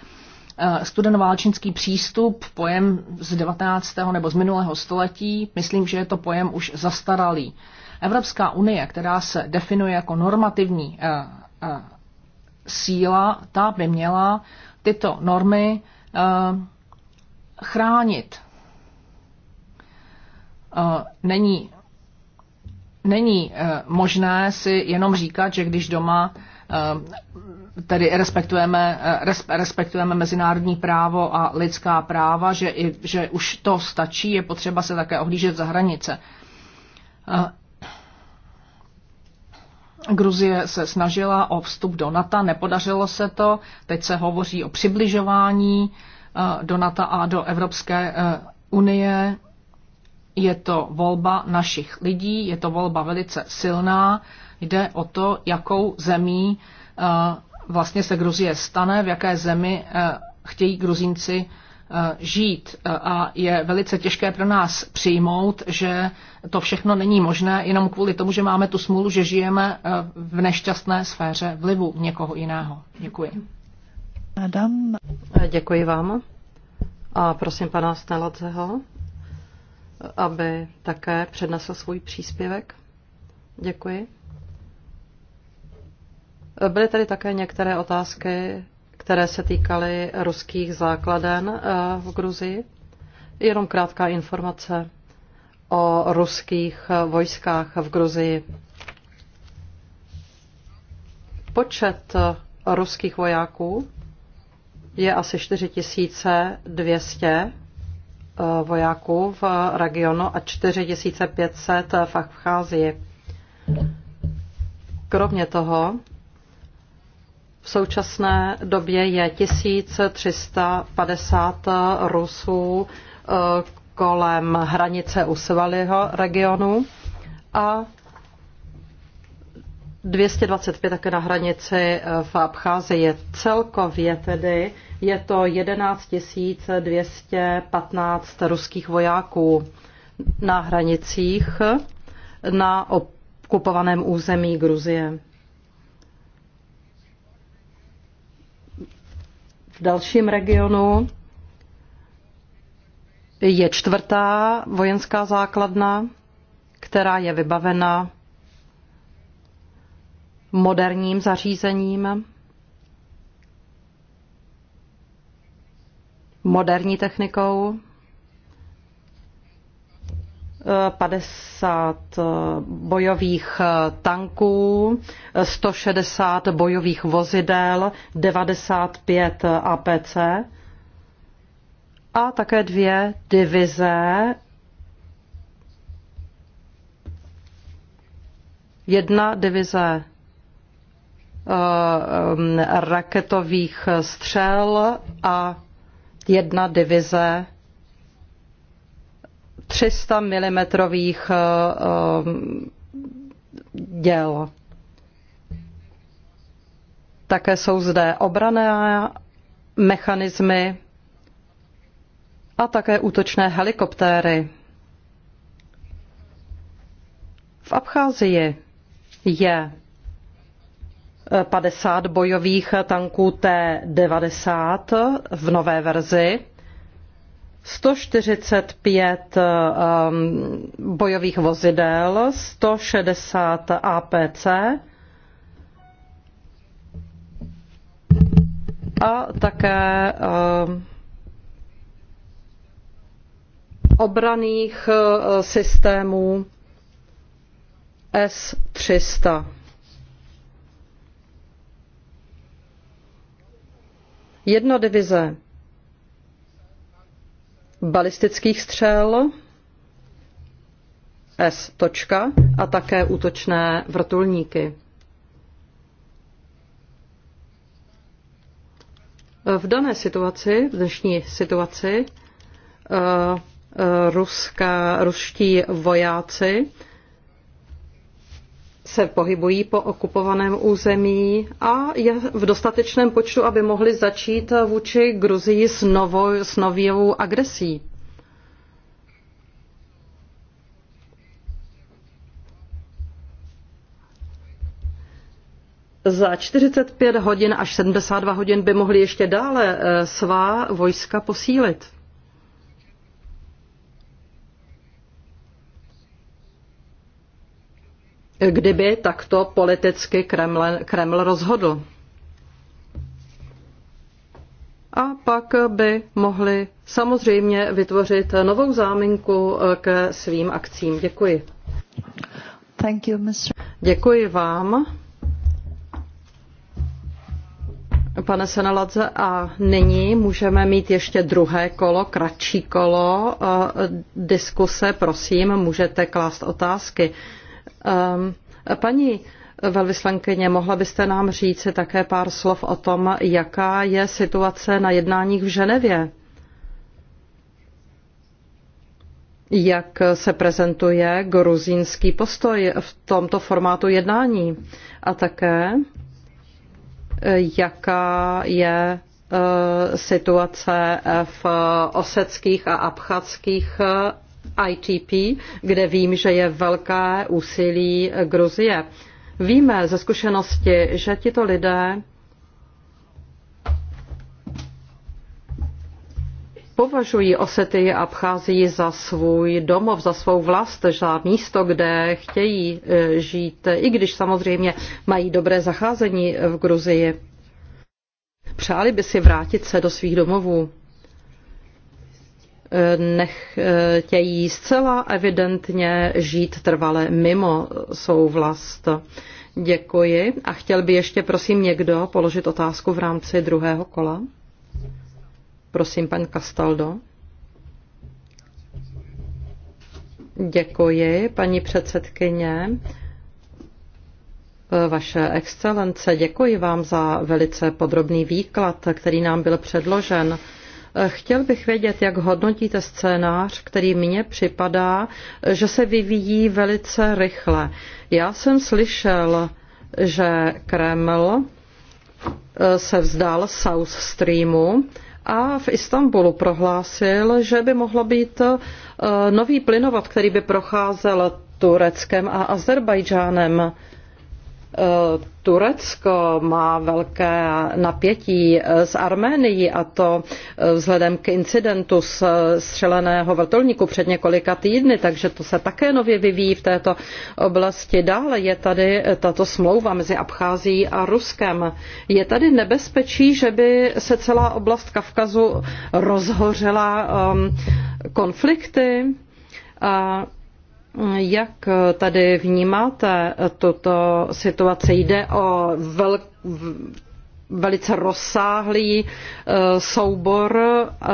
eh, studenoválečnický přístup, pojem z 19. nebo z minulého století, myslím, že je to pojem už zastaralý. Evropská unie, která se definuje jako normativní síla, ta by měla tyto normy chránit. Eh, není, není eh, možné si jenom říkat, že když doma eh, tedy respektujeme, respektujeme mezinárodní právo a lidská práva, že, i, že už to stačí, je potřeba se také ohlížet za hranice. Gruzie se snažila o vstup do NATO, nepodařilo se to. Teď se hovoří o přibližování do NATO a do Evropské unie. Je to volba našich lidí, je to volba velice silná. Jde o to, jakou zemí eh, vlastně se Gruzie stane, v jaké zemi eh, chtějí Gruzínci eh, žít a je velice těžké pro nás přijmout, že to všechno není možné jenom kvůli tomu, že máme tu smůlu, že žijeme v nešťastné sféře vlivu někoho jiného. Děkuji. Adam. Děkuji vám. A prosím pana Sneladzeho aby také přednesl svůj příspěvek. Děkuji. Byly tady také některé otázky, které se týkaly ruských základen eh, v Gruzii. Jenom krátká informace o ruských vojskách v Gruzii. Počet ruských vojáků je asi 4200 Eh, vojáků v regionu a 4500 v Abcházii. Kromě toho v současné době je 1350 Rusů eh, kolem hranice u Svaliho regionu a 225 také na hranici eh, v Abcházii. Celkově tedy je to 11 215 ruských vojáků na hranicích na okupovaném území Gruzie. V dalším regionu je čtvrtá vojenská základna, která je vybavena moderním zařízením, moderní technikou. 50 eh, eh, bojových eh, tanků, 160 bojových vozidel, 95 APC a také dvě divize. Jedna divize Eh, raketových střel a jedna divize 300 mm eh, děl. Také jsou zde obrané mechanismy a také útočné helikoptéry. V Abcházii je 50 bojových tanků T-90 v nové verzi, 145 um, bojových vozidel, 160 APC a také um, obraných uh, systémů S-300. Jedno divize balistických střel S. Točka, a také útočné vrtulníky. V dané situaci, v dnešní situaci, eh, eh, ruská, ruští vojáci se pohybují po okupovaném území a je v dostatečném počtu, aby mohli začít vůči Gruzii s novou, s novou agresí. Za 45 hodin až 72 hodin by mohli ještě dále eh, svá vojska posílit. kdyby takto politicky Kreml, Kreml rozhodl. A pak by mohli samozřejmě vytvořit novou záminku k svým akcím. Děkuji. Thank you, Mr. Děkuji vám. Pane Senaladze, a nyní můžeme mít ještě druhé kolo, kratší kolo eh, diskuse. Prosím, můžete klást otázky. Ehm, paní Velvyslankyně, mohla byste nám říct také pár slov o tom, jaká je situace na jednáních v Ženevě? Jak se prezentuje gruzínský postoj v tomto formátu jednání? A také, jaká je eh, situace v oseckých a abchatských ITP, kde vím, že je velké úsilí Gruzie. Víme ze zkušenosti, že tito lidé považují Osety a Abcházii za svůj domov, za svou vlast, za místo, kde chtějí e, žít, i když samozřejmě mají dobré zacházení v Gruzii. Přáli by si vrátit se do svých domovů nechtějí zcela evidentně žít trvale mimo svou vlast. Děkuji. A chtěl by ještě, prosím, někdo položit otázku v rámci druhého kola? Prosím, pan Castaldo. Děkuji, paní předsedkyně. Vaše excelence, děkuji vám za velice podrobný výklad, který nám byl předložen. Chtěl bych vědět, jak hodnotíte scénář, který mně připadá, že se vyvíjí velice rychle. Já jsem slyšel, že Kreml eh, se vzdal South Streamu a v Istanbulu prohlásil, že by mohlo být eh, nový plynovod, který by procházel Tureckem a Azerbajdžánem. Eh, Turecko má velké napětí eh, s Arménií a to eh, vzhledem k incidentu z střeleného vrtulníku před několika týdny, takže to se také nově vyvíjí v této oblasti. Dále je tady tato smlouva mezi Abchází a Ruskem. Je tady nebezpečí, že by se celá oblast Kavkazu rozhořela ehm, konflikty? A jak tady vnímáte tuto situaci? Jde o velk, velice rozsáhlý eh, soubor eh,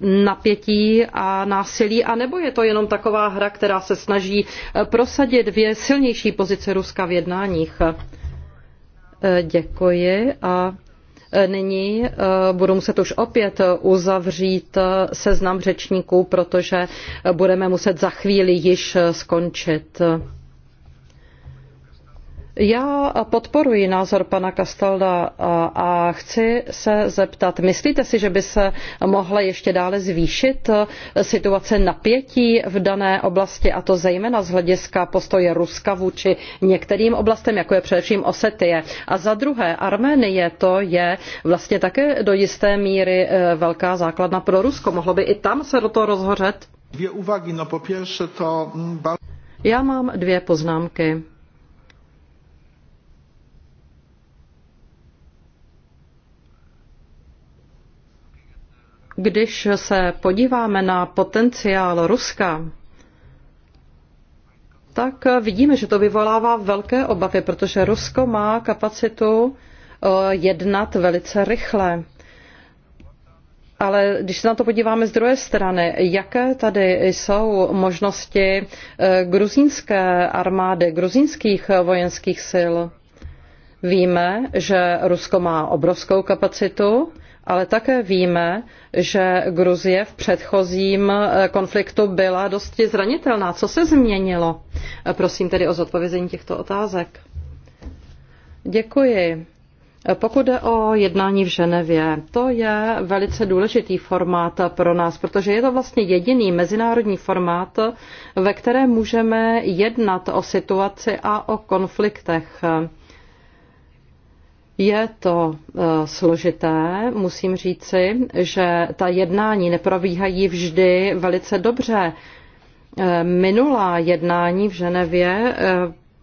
napětí a násilí, anebo je to jenom taková hra, která se snaží eh, prosadit dvě silnější pozice Ruska v jednáních? Děkuji a Nyní eh, budu muset už opět uzavřít eh, seznam řečníků, protože eh, budeme muset za chvíli již skončit. Já podporuji názor pana Castalda a chci se zeptat, myslíte si, že by se mohla ještě dále zvýšit situace napětí v dané oblasti, a to zejména z hlediska postoje Ruska vůči některým oblastem, jako je především Osetie. A za druhé, Arménie to je vlastně také do jisté míry e, velká základna pro Rusko. Mohlo by i tam se do toho rozhořet? Dvě úvahy. No po to... Mm, Já mám dvě poznámky. Když se podíváme na potenciál Ruska, tak vidíme, že to vyvolává velké obavy, protože Rusko má kapacitu eh, jednat velice rychle. Ale když se na to podíváme z druhé strany, jaké tady jsou možnosti eh, gruzínské armády, gruzínských vojenských sil? Víme, že Rusko má obrovskou kapacitu, ale také víme, že Gruzie v předchozím eh, konfliktu byla dosti zranitelná. Co se změnilo? Eh, prosím tedy o zodpovězení těchto otázek. Děkuji. Eh, pokud jde o jednání v Ženevě, to je velice důležitý formát pro nás, protože je to vlastně jediný mezinárodní formát, ve kterém můžeme jednat o situaci a o konfliktech. Je to eh, složité, musím říci, že ta jednání neprobíhají vždy velice dobře. Eh, minulá jednání v Ženevě eh,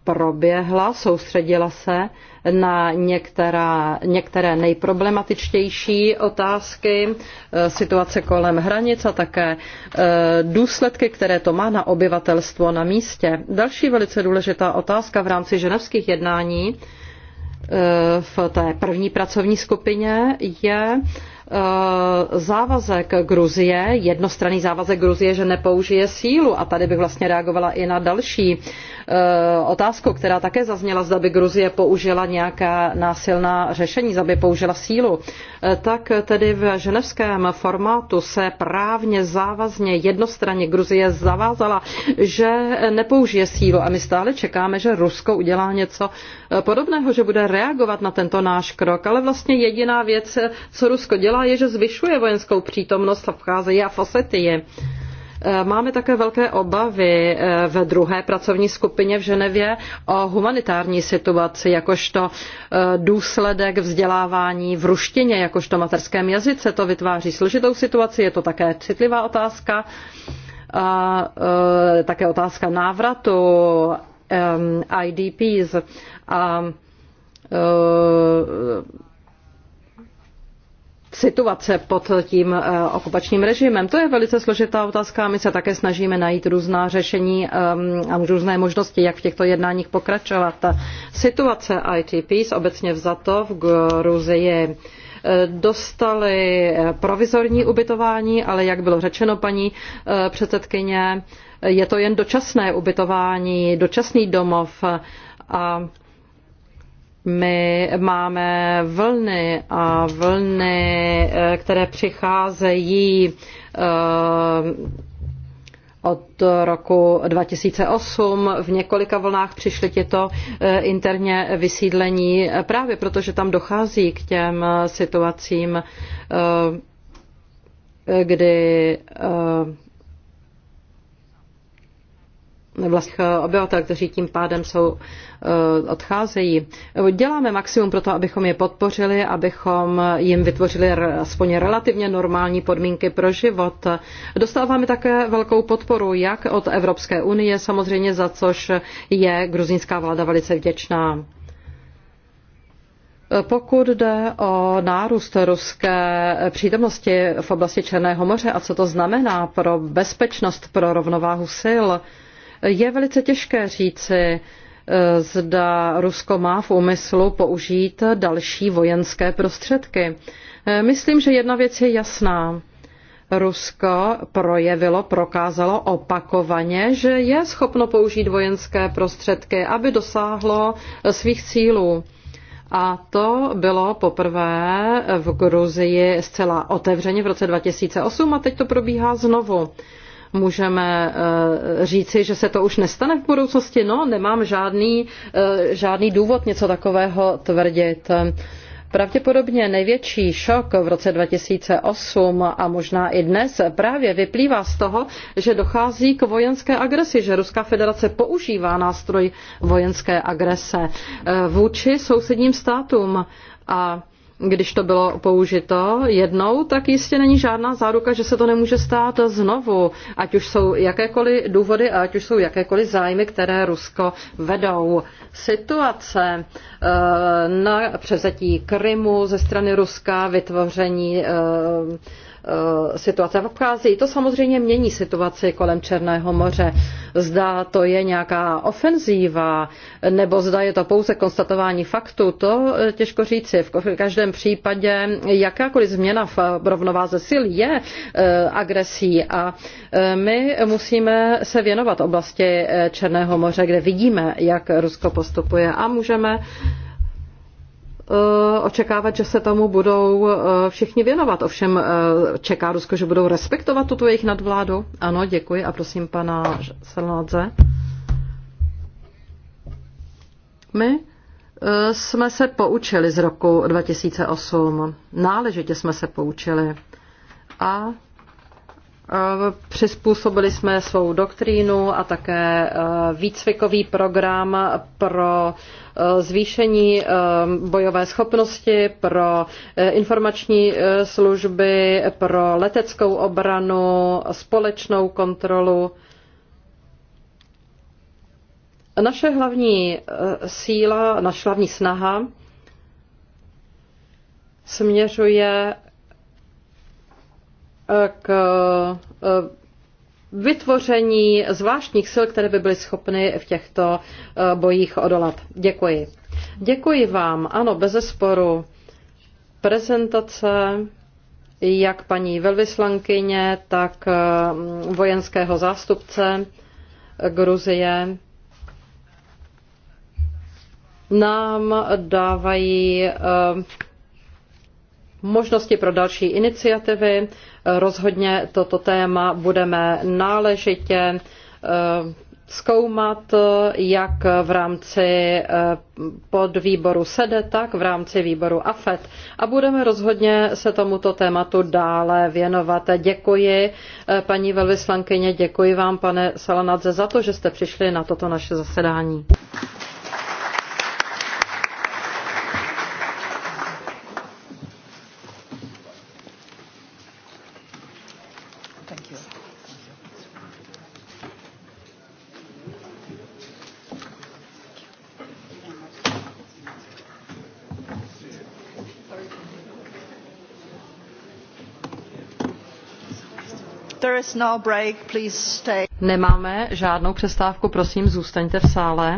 proběhla, soustředila se na některá, některé nejproblematičtější otázky, situace kolem hranic a také důsledky, které to má na obyvatelstvo na místě. Další velice důležitá otázka v rámci ženevských jednání E, v té první pracovní skupině je e, závazek Gruzie, jednostranný závazek Gruzie, že nepoužije sílu. A tady bych vlastně reagovala i na další Eh, otázku, která také zazněla, zda by Gruzie použila nějaká násilná řešení, zda by použila sílu, eh, tak tedy v ženevském formátu se právně závazně jednostranně Gruzie zavázala, že nepoužije sílu a my stále čekáme, že Rusko udělá něco eh, podobného, že bude reagovat na tento náš krok, ale vlastně jediná věc, co Rusko dělá, je, že zvyšuje vojenskou přítomnost v Abcházeji a v Osetii. Eh, máme také velké obavy eh, ve druhé pracovní skupině v Ženevě o humanitární situaci, jakožto eh, důsledek vzdělávání v ruštině, jakožto materském jazyce. To vytváří složitou situaci, je to také citlivá otázka. A, také otázka návratu IDPs a situace pod tím eh, okupačním režimem. To je velice složitá otázka a my se také snažíme najít různá řešení ehm, a různé možnosti, jak v těchto jednáních pokračovat. Situace ITPs obecně vzato v Gruzii eh, dostali eh, provizorní ubytování, ale jak bylo řečeno paní předsedkyně, je to jen dočasné ubytování, dočasný domov a my máme vlny a vlny, eh, které přicházejí eh, od roku 2008 v několika vlnách přišly těto eh, interně vysídlení právě protože tam dochází k těm situacím, kdy vlastních eh, obyvatel, kteří tím pádem jsou, eh, odcházejí. Děláme maximum pro to, abychom je podpořili, abychom jim vytvořili aspoň relativně normální podmínky pro život. Dostáváme také velkou podporu jak od Evropské unie, samozřejmě za což je gruzínská vláda velice vděčná. Pokud jde o nárůst ruské přítomnosti v oblasti Černého moře a co to znamená pro bezpečnost, pro rovnováhu sil, je velice těžké říci, eh, zda Rusko má v úmyslu použít další vojenské prostředky. Eh, myslím, že jedna věc je jasná. Rusko projevilo, prokázalo opakovaně, že je schopno použít vojenské prostředky, aby dosáhlo eh, svých cílů. A to bylo poprvé v Gruzii zcela otevřeně v roce 2008 a teď to probíhá znovu. Můžeme eh, říci, že se to už nestane v budoucnosti? No, nemám žádný, eh, žádný důvod něco takového tvrdit. Pravděpodobně největší šok v roce 2008 a možná i dnes právě vyplývá z toho, že dochází k vojenské agresi, že Ruská federace používá nástroj vojenské agrese eh, vůči sousedním státům. A když to bylo použito jednou, tak jistě není žádná záruka, že se to nemůže stát znovu, ať už jsou jakékoliv důvody a ať už jsou jakékoliv zájmy, které Rusko vedou. Situace eh, na převzetí Krymu ze strany Ruska, vytvoření eh, Eh, situace v Abcházii. To samozřejmě mění situaci kolem Černého moře. Zda to je nějaká ofenzíva, nebo zda je to pouze konstatování faktu, to eh, těžko říci. V každém případě jakákoliv změna v rovnováze sil je eh, agresí a my musíme se věnovat oblasti Černého moře, kde vidíme, jak Rusko postupuje a můžeme Eh, očekávat, že se tomu budou eh, všichni věnovat. Ovšem eh, čeká Rusko, že budou respektovat tuto jejich nadvládu. Ano, děkuji a prosím pana Selnadze. My jsme se poučili z roku 2008. Náležitě jsme se poučili. A Přizpůsobili jsme svou doktrínu a také e, výcvikový program pro e, zvýšení e, bojové schopnosti, pro informační služby, pro leteckou obranu, společnou kontrolu. Naše hlavní síla, naše hlavní snaha směřuje k eh, vytvoření zvláštních sil, které by byly schopny v těchto eh, bojích odolat. Děkuji. Děkuji vám. Ano, bez sporu Prezentace jak paní velvyslankyně, tak eh, vojenského zástupce Gruzie nám dávají možnosti pro další iniciativy. Rozhodně toto téma budeme náležitě eh, zkoumat jak v rámci eh, podvýboru SEDE, tak v rámci výboru AFET. A budeme rozhodně se tomuto tématu dále věnovat. Děkuji, eh, paní velvyslankyně, děkuji vám, pane Salanadze, za to, že jste přišli na toto naše zasedání. Nemáme žádnou přestávku, prosím, zůstaňte v sále.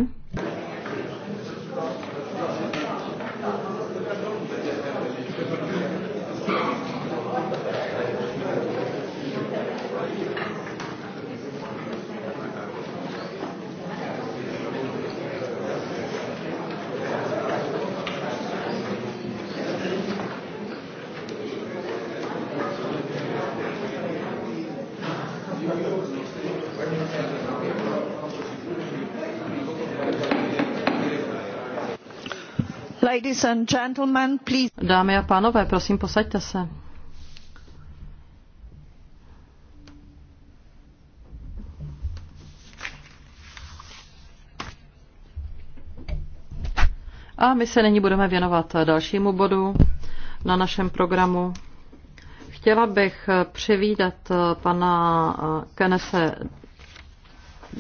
Ladies and gentlemen, please. Dámy a pánové, prosím, posaďte se. A my se nyní budeme věnovat dalšímu bodu na našem programu. Chtěla bych přivídat pana Kenese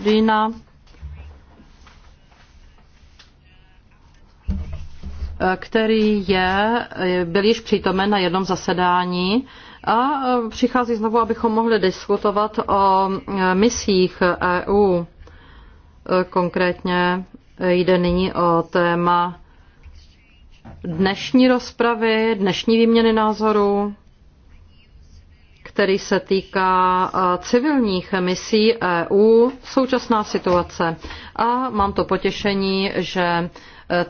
Dýna, který je, byl již přítomen na jednom zasedání a přichází znovu, abychom mohli diskutovat o misích EU. Konkrétně jde nyní o téma dnešní rozpravy, dnešní výměny názorů, který se týká civilních misí EU, současná situace. A mám to potěšení, že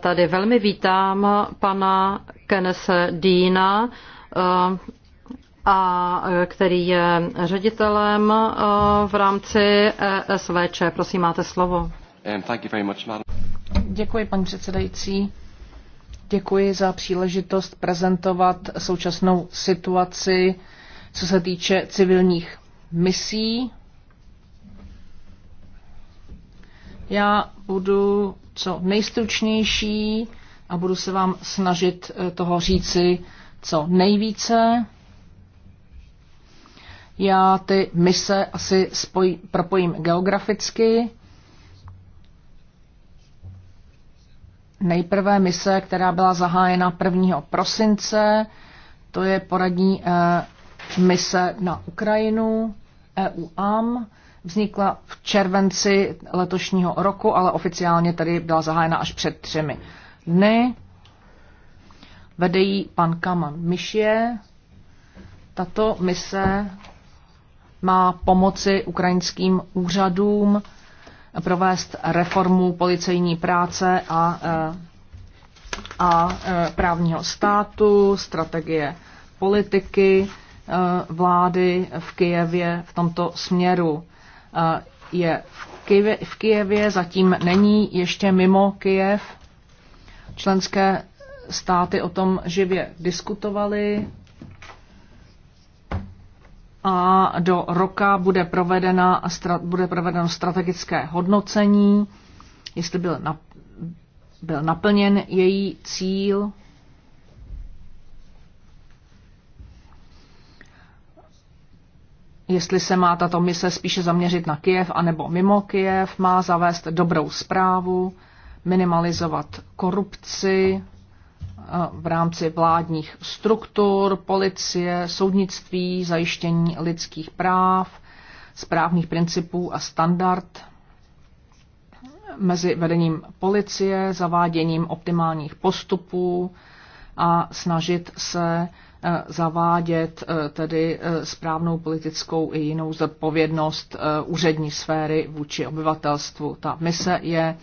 Tady velmi vítám pana Kenese Dýna, eh, a který je ředitelem eh, v rámci ESVČ. Prosím, máte slovo. Děkuji, paní předsedající. Děkuji za příležitost prezentovat současnou situaci, co se týče civilních misí. Já budu co nejstručnější a budu se vám snažit eh, toho říci co nejvíce. Já ty mise asi spoj, propojím geograficky. Nejprve mise, která byla zahájena 1. prosince, to je poradní eh, mise na Ukrajinu, EUAM. Vznikla v červenci letošního roku, ale oficiálně tady byla zahájena až před třemi dny. Vede ji pan Kaman Mišie. Tato mise má pomoci ukrajinským úřadům provést reformu policejní práce a, eh, a eh, právního státu, strategie politiky eh, vlády v Kijevě v tomto směru je v, Kyjevě, v Kijevě, zatím není ještě mimo Kijev. Členské státy o tom živě diskutovaly a do roka bude, provedena, bude provedeno strategické hodnocení, jestli byl, na, byl naplněn její cíl jestli se má tato mise spíše zaměřit na Kijev anebo mimo Kijev, má zavést dobrou zprávu, minimalizovat korupci eh, v rámci vládních struktur, policie, soudnictví, zajištění lidských práv, správných principů a standard mezi vedením policie, zaváděním optimálních postupů a snažit se Eh, zavádět eh, tedy eh, správnou politickou i jinou zodpovědnost úřední sféry vůči obyvatelstvu. Ta mise je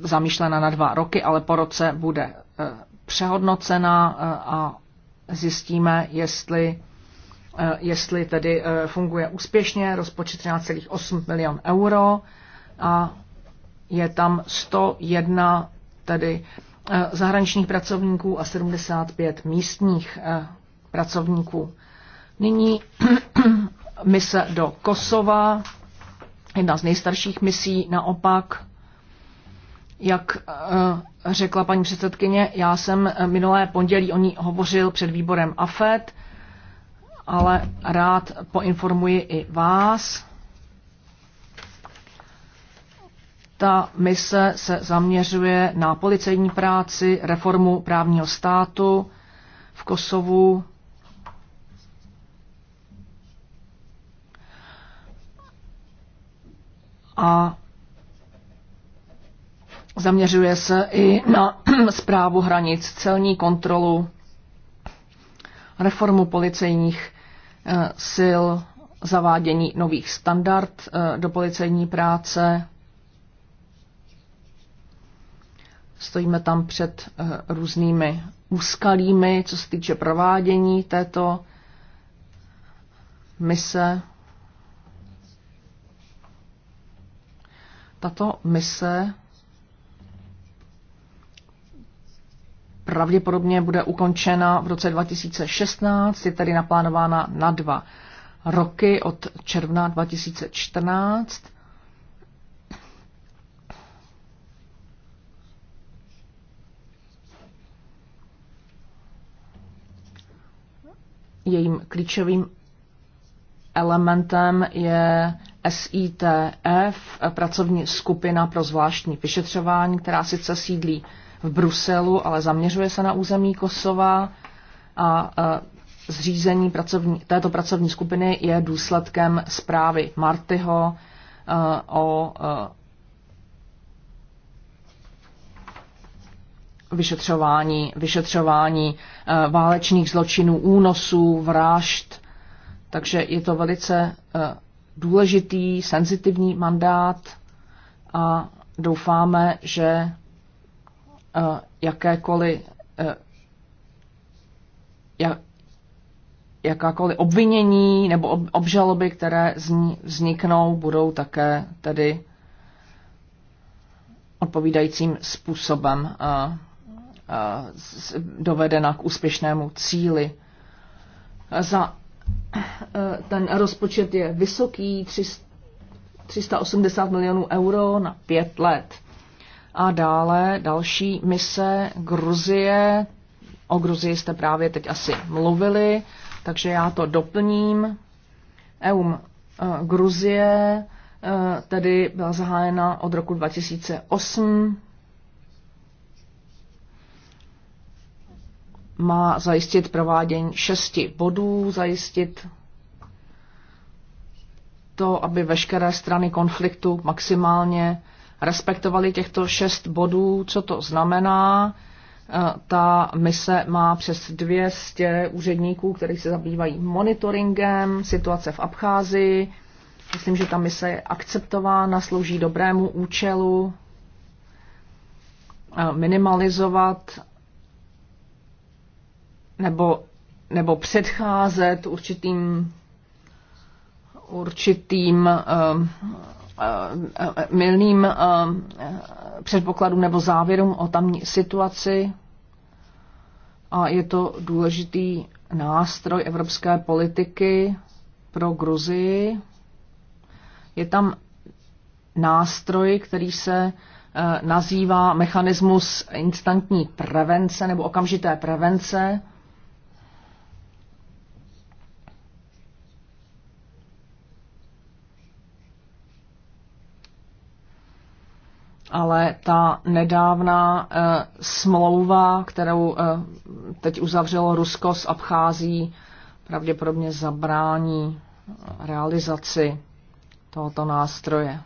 zamýšlena na dva roky, ale po roce bude přehodnocena a zjistíme, jestli, jestli tedy funguje úspěšně. Rozpočet 13,8 milion euro a je tam 101 tedy zahraničních pracovníků a 75 místních pracovníků. Nyní mise do Kosova, jedna z nejstarších misí naopak. Jak řekla paní předsedkyně, já jsem e, minulé pondělí o ní hovořil před výborem AFED, ale rád poinformuji i vás Ta mise se zaměřuje na policejní práci, reformu právního státu v Kosovu, a zaměřuje se i na zprávu hranic, celní kontrolu, reformu policejních eh, sil, zavádění nových standard eh, do policejní práce, Stojíme tam před eh, různými úskalími, co se týče provádění této mise. Tato mise pravděpodobně bude ukončena v roce 2016, je tedy naplánována na dva roky od června 2014 Jejím klíčovým elementem je SITF, pracovní skupina pro zvláštní vyšetřování, která sice sídlí v Bruselu, ale zaměřuje se na území Kosova a e, zřízení pracovní, této pracovní skupiny je důsledkem zprávy Martyho e, o e, vyšetřování, vyšetřování eh, válečných zločinů, únosů, vražd. Takže je to velice eh, důležitý, senzitivní mandát a doufáme, že eh, jakékoliv jakákoliv obvinění nebo obžaloby, které z ní vzniknou, budou také tedy odpovídajícím způsobem Eh, dovedena k úspěšnému cíli. Za eh, ten rozpočet je vysoký, 380 milionů euro na pět let. A dále další mise Gruzie. O Gruzii jste právě teď asi mluvili, takže já to doplním. EUM eh, Gruzie tedy byla zahájena od roku 2008 má zajistit provádění šesti bodů, zajistit to, aby veškeré strany konfliktu maximálně respektovaly těchto šest bodů. Co to znamená? Eh, ta mise má přes 200 úředníků, kteří se zabývají monitoringem situace v Abcházii. Myslím, že ta mise je akceptována, slouží dobrému účelu eh, minimalizovat nebo, nebo předcházet určitým určitým uh, uh, milným uh, předpokladům nebo závěrům o tamní situaci. A je to důležitý nástroj evropské politiky pro Gruzii. Je tam nástroj, který se nazývá mechanismus instantní prevence nebo okamžité prevence ale ta nedávná eh, smlouva, kterou eh, teď uzavřelo Rusko s Abchází, pravděpodobně zabrání eh, realizaci tohoto nástroje.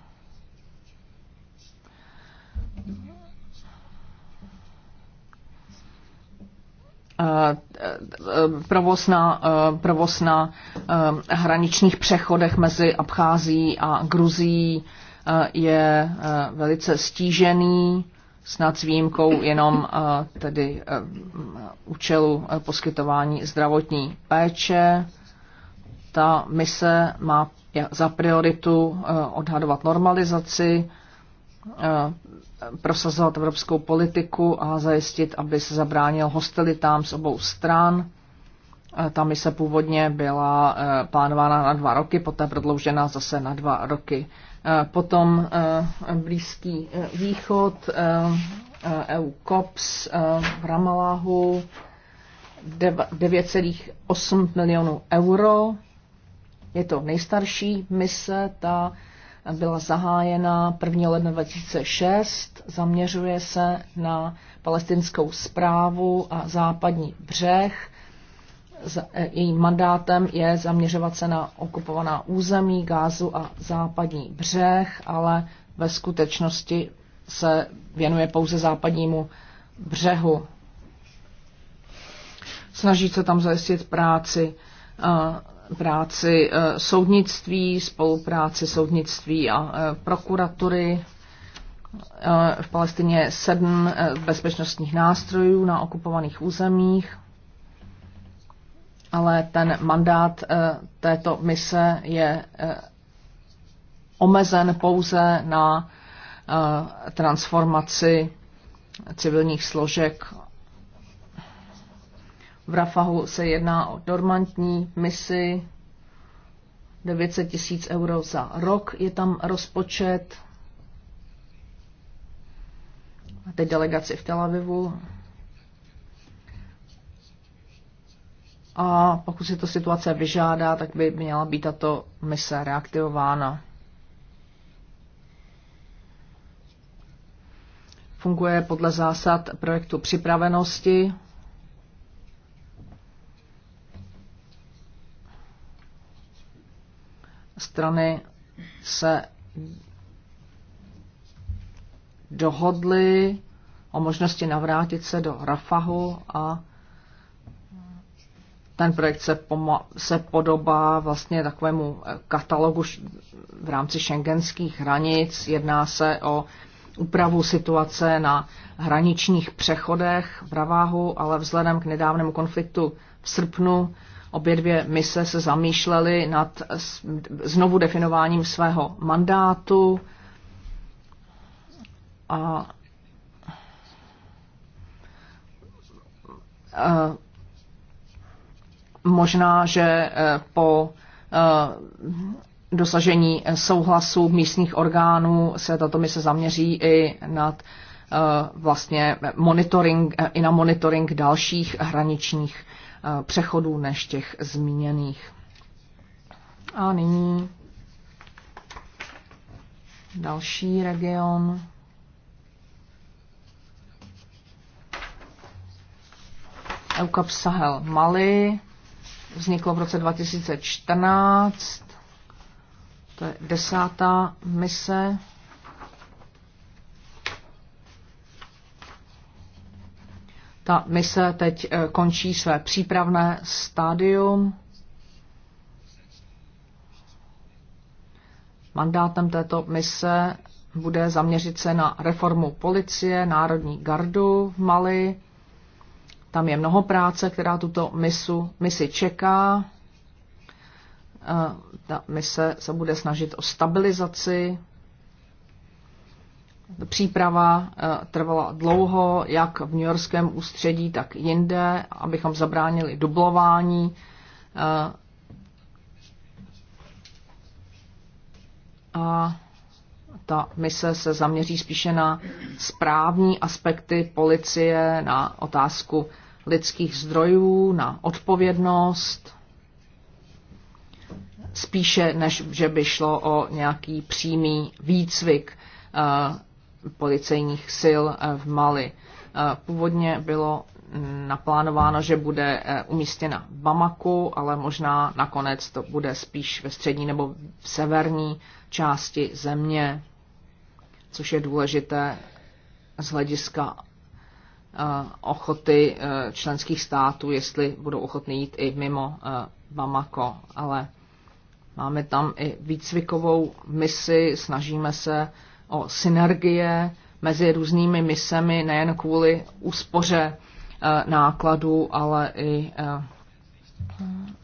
provoz na, provoz na hraničních přechodech mezi Abchází a Gruzí, Eh, je eh, velice stížený, snad s výjimkou jenom eh, tedy účelu poskytování zdravotní péče. Ta mise má za prioritu odhadovat normalizaci, prosazovat evropskou politiku a zajistit, aby se zabránil hostilitám z obou stran. Ta mise původně byla plánována na dva roky, poté prodloužena zase na dva roky. Eh, potom eh, Blízký eh, východ, EU COPS v Ramaláhu 9,8 milionů euro. Je to nejstarší mise, ta byla zahájena 1. ledna 2006, zaměřuje se na palestinskou zprávu a západní břeh jejím mandátem je zaměřovat se na okupovaná území Gázu a západní břeh, ale ve skutečnosti se věnuje pouze západnímu břehu. Snaží se tam zajistit práci, eh, práci eh, soudnictví, spolupráci soudnictví a eh, prokuratury. V Palestině je sedm bezpečnostních nástrojů na okupovaných územích ale ten mandát eh, této mise je eh, omezen pouze na eh, transformaci civilních složek. V Rafahu se jedná o dormantní misi, 900 tisíc euro za rok je tam rozpočet. A teď delegaci v Tel Avivu a pokud si to situace vyžádá, tak by měla být tato mise reaktivována. Funguje podle zásad projektu připravenosti. Strany se dohodly o možnosti navrátit se do Rafahu a ten projekt se, se podobá vlastně takovému eh, katalogu v rámci šengenských hranic. Jedná se o úpravu situace na hraničních přechodech v Raváhu, ale vzhledem k nedávnému konfliktu v srpnu obě dvě mise se zamýšlely nad znovu definováním svého mandátu a, a eh, Možná, že eh, po eh, dosažení souhlasu místních orgánů se tato mise zaměří i nad eh, vlastně monitoring, i na monitoring dalších hraničních přechodů než těch zmíněných. A nyní další region. Eukap Sahel Mali vzniklo v roce 2014. To je desátá mise. Ta mise teď eh, končí své přípravné stádium. Mandátem této mise bude zaměřit se na reformu policie, národní gardu v Mali, tam je mnoho práce, která tuto misu, misi čeká. Eh, ta mise se bude snažit o stabilizaci. Příprava eh, trvala dlouho, jak v New Yorkském ústředí, tak jinde, abychom zabránili dublování eh, a ta mise se zaměří spíše na správní aspekty policie, na otázku lidských zdrojů, na odpovědnost, spíše než že by šlo o nějaký přímý výcvik eh, policejních sil eh, v Mali. Eh, původně bylo mm, naplánováno, že bude umístěna v Bamaku, ale možná nakonec to bude spíš ve střední nebo v severní části země, což je důležité z hlediska Eh, ochoty eh, členských států, jestli budou ochotný jít i mimo eh, Bamako, ale máme tam i výcvikovou misi, snažíme se o synergie mezi různými misemi, nejen kvůli úspoře nákladů, ale i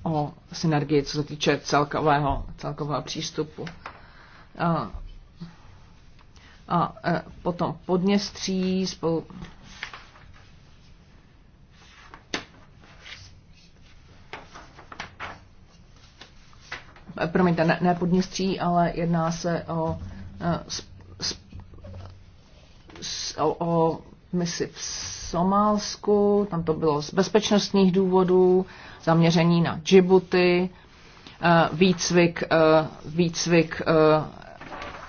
o synergii, co se týče celkového, celkového přístupu. A, a potom Podněstří, spolu, promiňte, ne, ne Podněstří, ale jedná se o, eh, o, o misi v Somálsku, tam to bylo z bezpečnostních důvodů, zaměření na Djibouti, eh, výcvik, eh, výcvik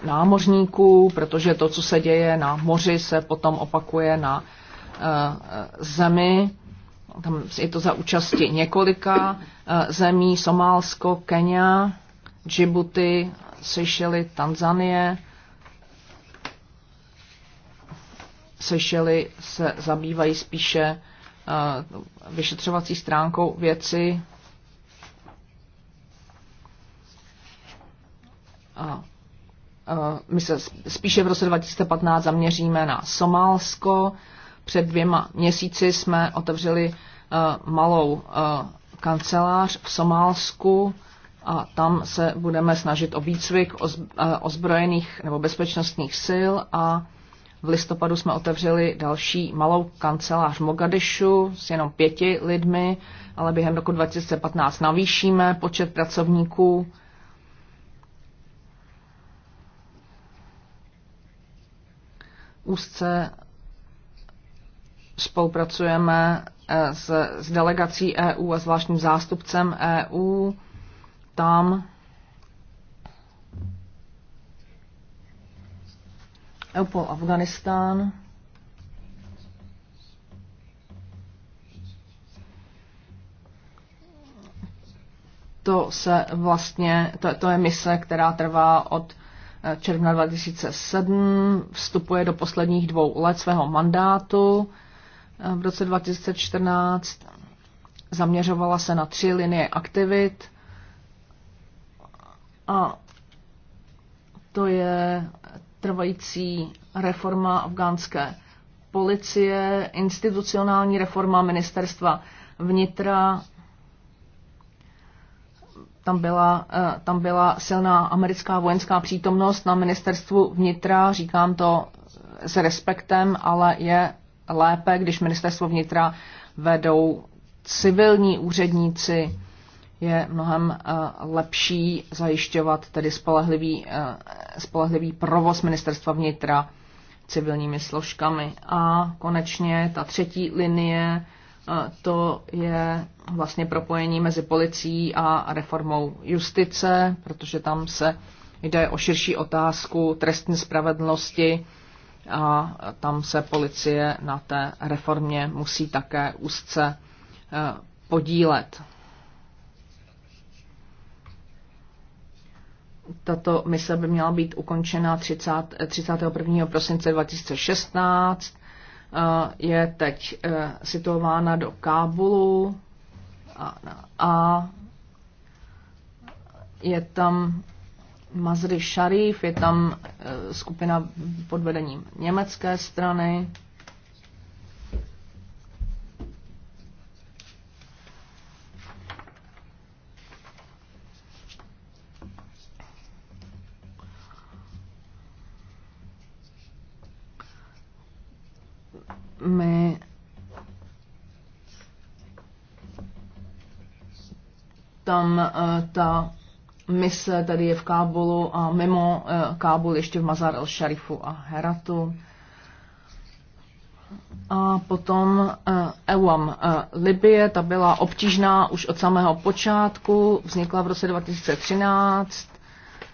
námořníků, protože to, co se děje na moři, se potom opakuje na zemi tam je to za účasti několika eh, zemí, Somálsko, Kenia, Djibouti, Sešely, Tanzanie. Sešely se zabývají spíše eh, vyšetřovací stránkou věci. A eh, my se spíše v roce 2015 zaměříme na Somálsko, před dvěma měsíci jsme otevřeli eh, malou eh, kancelář v Somálsku a tam se budeme snažit o výcvik eh, ozbrojených nebo bezpečnostních sil a v listopadu jsme otevřeli další malou kancelář v Mogadešu s jenom pěti lidmi, ale během roku 2015 navýšíme počet pracovníků. Úzce Spolupracujeme eh, s, s delegací EU a zvláštním zástupcem EU. Tam EUPOL Afganistán. To se vlastně, to, to je mise, která trvá od eh, června 2007, vstupuje do posledních dvou let svého mandátu v roce 2014 zaměřovala se na tři linie aktivit a to je trvající reforma afgánské policie, institucionální reforma ministerstva vnitra. Tam byla, eh, tam byla silná americká vojenská přítomnost na ministerstvu vnitra, říkám to s respektem, ale je lépe, když ministerstvo vnitra vedou civilní úředníci, je mnohem eh, lepší zajišťovat tedy spolehlivý, eh, spolehlivý provoz ministerstva vnitra civilními složkami. A konečně ta třetí linie, eh, to je vlastně propojení mezi policií a reformou justice, protože tam se jde o širší otázku trestní spravedlnosti, a tam se policie na té reformě musí také úzce eh, podílet. Tato mise by měla být ukončena 30, 31. Eh, prosince 2016. Eh, je teď situována do Kábulu a, a je tam Mazry Sharif, je tam e, skupina pod vedením německé strany. My tam e, ta mise tady je v Kábulu a mimo eh, Kábul ještě v Mazar el Sharifu a Heratu. A potom eh, EWAM eh, Libie, ta byla obtížná už od samého počátku, vznikla v roce 2013,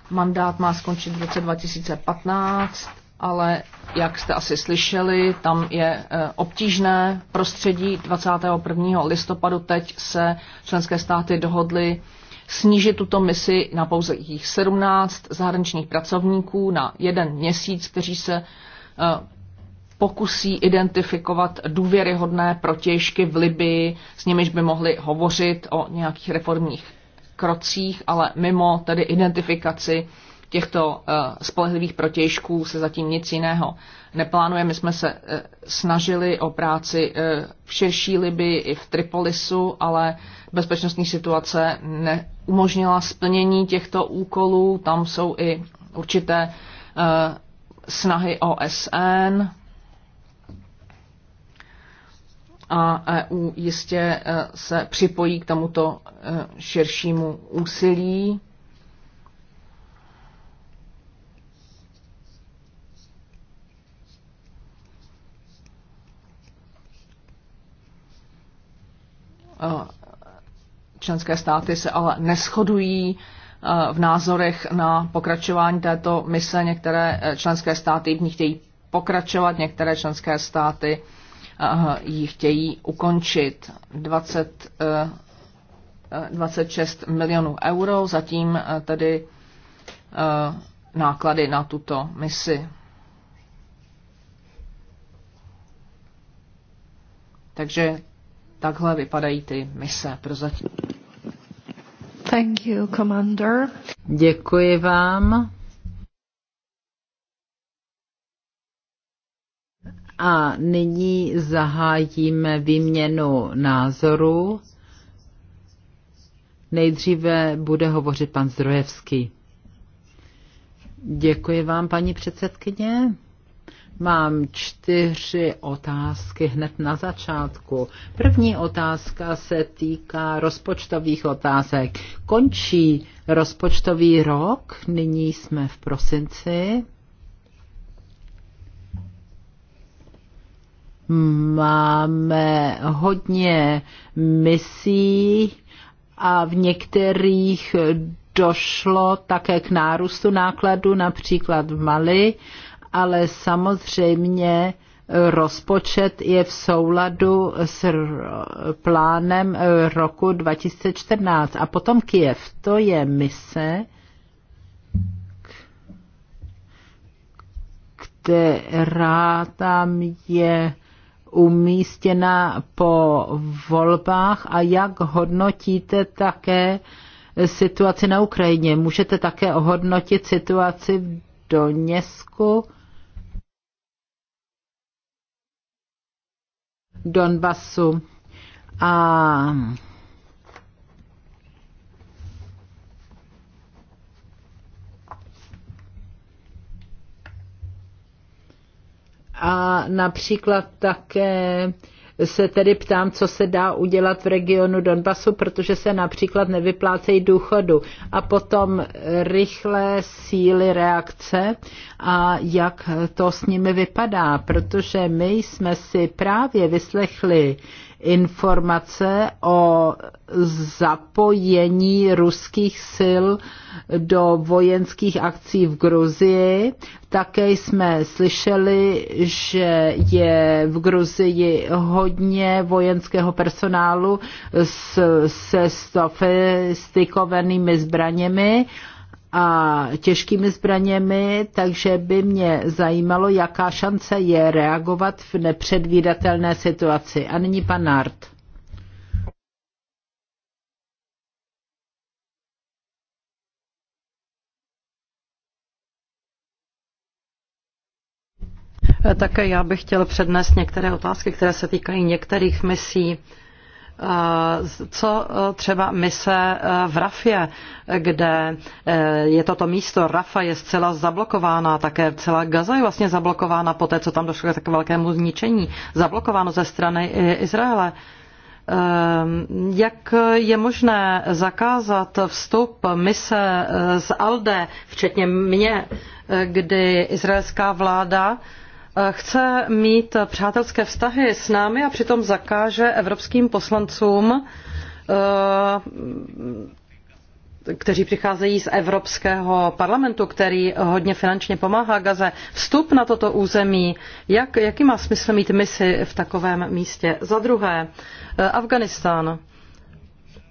mandát má skončit v roce 2015, ale jak jste asi slyšeli, tam je obtížné prostředí 21. listopadu. Teď se členské státy dohodly snížit tuto misi na pouze jich 17 zahraničních pracovníků na jeden měsíc, kteří se eh, pokusí identifikovat důvěryhodné protěžky v Libii, s nimiž by mohli hovořit o nějakých reformních krocích, ale mimo tedy identifikaci těchto eh, spolehlivých protěžků se zatím nic jiného neplánuje. My jsme se eh, snažili o práci v širší Libii i v Tripolisu, ale bezpečnostní situace ne, umožnila splnění těchto úkolů. Tam jsou i určité eh, snahy OSN. A EU jistě eh, se připojí k tomuto eh, širšímu úsilí. Uh, Členské státy se ale neschodují eh, v názorech na pokračování této mise. Některé eh, členské státy v ní chtějí pokračovat, některé členské státy eh, ji chtějí ukončit. 20, 26 milionů euro, zatím tedy náklady na tuto misi. Takže Takhle vypadají ty mise zatím. Thank you, Commander. Děkuji vám. A nyní zahájíme výměnu názorů. Nejdříve bude hovořit pan Zdrojevský. Děkuji vám, paní předsedkyně. Mám čtyři otázky hned na začátku. První otázka se týká rozpočtových otázek. Končí rozpočtový rok, nyní jsme v prosinci. Máme hodně misí a v některých došlo také k nárůstu nákladu, například v Mali ale samozřejmě rozpočet je v souladu s plánem roku 2014. A potom Kiev, to je mise, která tam je umístěna po volbách a jak hodnotíte také situaci na Ukrajině. Můžete také ohodnotit situaci v Doněsku Donbasu. A a například také se tedy ptám, co se dá udělat v regionu Donbasu, protože se například nevyplácejí důchodu. A potom rychlé síly reakce a jak to s nimi vypadá, protože my jsme si právě vyslechli, informace o zapojení ruských sil do vojenských akcí v Gruzii. Také jsme slyšeli, že je v Gruzii hodně vojenského personálu s, se sofistikovanými zbraněmi a těžkými zbraněmi, takže by mě zajímalo, jaká šance je reagovat v nepředvídatelné situaci. A nyní pan Nart. Také já bych chtěl přednést některé otázky, které se týkají některých misí co eh, třeba mise eh, v Rafě, kde eh, je toto místo, Rafa je zcela zablokována, také celá Gaza je vlastně zablokována po té, co tam došlo k tak velkému zničení, zablokováno ze strany Izraele. Jak je možné zakázat vstup mise z Alde, včetně mě, kdy izraelská vláda Eh, chce mít přátelské vztahy s námi a přitom zakáže evropským poslancům, eh, kteří přicházejí z Evropského parlamentu, který hodně finančně pomáhá Gaze, vstup na toto území. Jak, jaký má smysl mít misi v takovém místě? Za druhé, eh, Afganistán.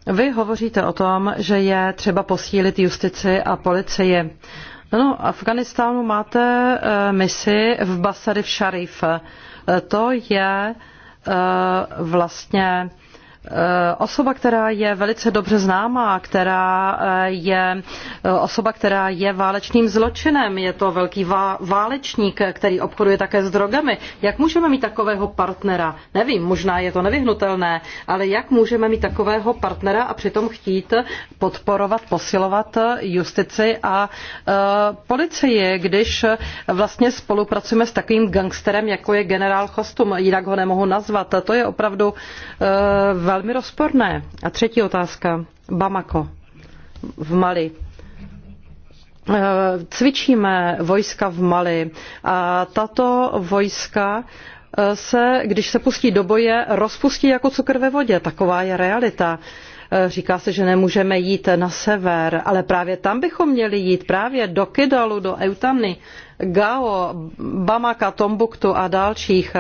Vy hovoříte o tom, že je třeba posílit justici a policii. No, no, v Afganistánu máte eh, misi v v Šarif. Eh, to je eh, vlastně Eh, osoba, která je velice dobře známá, která eh, je eh, osoba, která je válečným zločinem, je to velký válečník, který obchoduje také s drogami. Jak můžeme mít takového partnera? Nevím, možná je to nevyhnutelné, ale jak můžeme mít takového partnera a přitom chtít podporovat, posilovat justici a policii, když vlastně spolupracujeme s takovým gangsterem, jako je generál Chostum, jinak ho nemohu nazvat. To je opravdu velmi velmi rozporné. A třetí otázka. Bamako v Mali. Eh, cvičíme vojska v Mali a tato vojska eh, se, když se pustí do boje, rozpustí jako cukr ve vodě. Taková je realita. Eh, říká se, že nemůžeme jít na sever, ale právě tam bychom měli jít, právě do Kidalu, do Eutany, Gao, Bamaka, Tombuktu a dalších.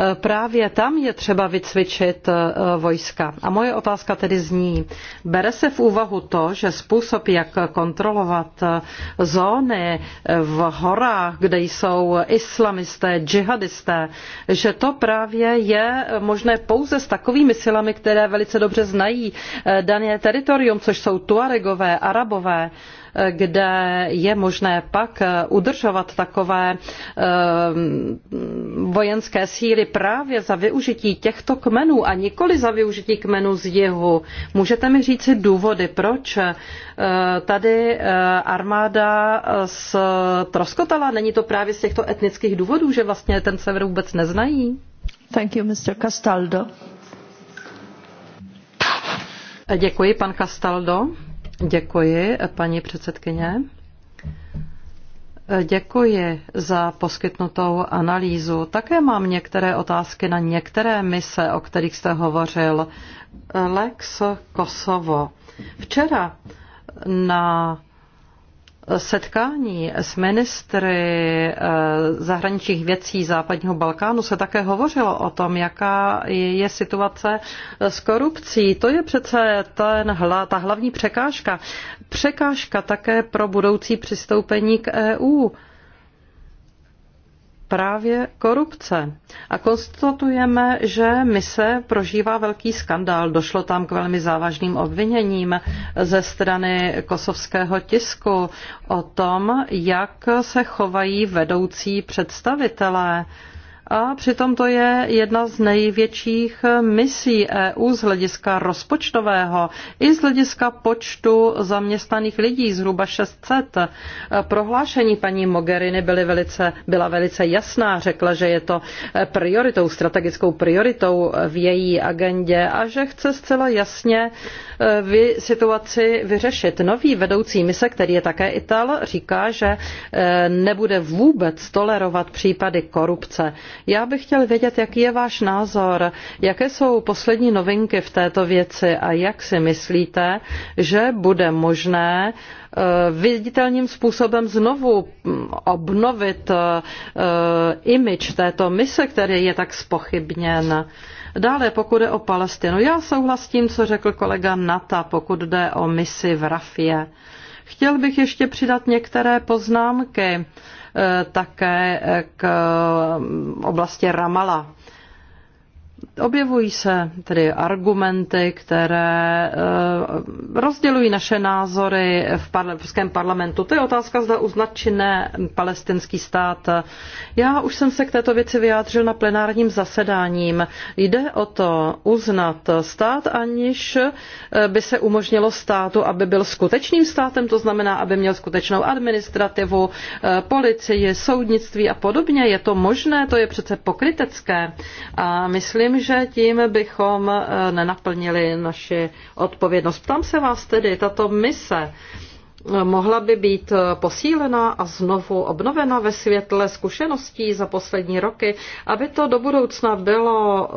Eh, právě tam je třeba vycvičit eh, vojska. A moje otázka tedy zní, bere se v úvahu to, že způsob, jak kontrolovat eh, zóny v horách, kde jsou islamisté, džihadisté, že to právě je možné pouze s takovými silami, které velice dobře znají dané teritorium, což jsou Tuaregové, Arabové, kde je možné pak udržovat takové ehm, vojenské síly právě za využití těchto kmenů a nikoli za využití kmenů z jihu. Můžete mi říci důvody, proč eh, tady eh, armáda eh, stroskotala? Není to právě z těchto etnických důvodů, že vlastně ten sever vůbec neznají? Thank you, Mr. Castaldo. Děkuji, pan Castaldo. Děkuji, paní předsedkyně. Děkuji za poskytnutou analýzu. Také mám některé otázky na některé mise, o kterých jste hovořil. Lex Kosovo. Včera na setkání s ministry eh, zahraničních věcí západního Balkánu se také hovořilo o tom, jaká je situace s korupcí. To je přece ten, ta hlavní překážka. Překážka také pro budoucí přistoupení k EU právě korupce. A konstatujeme, že mise prožívá velký skandál. Došlo tam k velmi závažným obviněním ze strany kosovského tisku o tom, jak se chovají vedoucí představitelé a přitom to je jedna z největších misí EU z hlediska rozpočtového i z hlediska počtu zaměstnaných lidí, zhruba 600. Prohlášení paní Mogherini byly velice, byla velice jasná, řekla, že je to prioritou, strategickou prioritou v její agendě a že chce zcela jasně eh, vy, situaci vyřešit. Nový vedoucí mise, který je také Ital, říká, že eh, nebude vůbec tolerovat případy korupce já bych chtěl vědět, jaký je váš názor, jaké jsou poslední novinky v této věci a jak si myslíte, že bude možné eh, viditelným způsobem znovu hm, obnovit eh, eh, image této mise, který je tak spochybněn. Dále, pokud jde o Palestinu, já souhlasím, co řekl kolega Nata, pokud jde o misi v Rafie. Chtěl bych ještě přidat některé poznámky eh, také eh, k eh, oblasti Ramala. Objevují se tedy argumenty, které eh, rozdělují naše názory v Evropském parlamentu. To je otázka, zda uznat či ne palestinský stát. Já už jsem se k této věci vyjádřil na plenárním zasedáním. Jde o to uznat stát, aniž eh, by se umožnilo státu, aby byl skutečným státem, to znamená, aby měl skutečnou administrativu, eh, policii, soudnictví a podobně. Je to možné, to je přece pokrytecké. A myslím, Vím, že tím bychom eh, nenaplnili naši odpovědnost. Ptám se vás tedy, tato mise eh, mohla by být eh, posílena a znovu obnovena ve světle zkušeností za poslední roky, aby to do budoucna bylo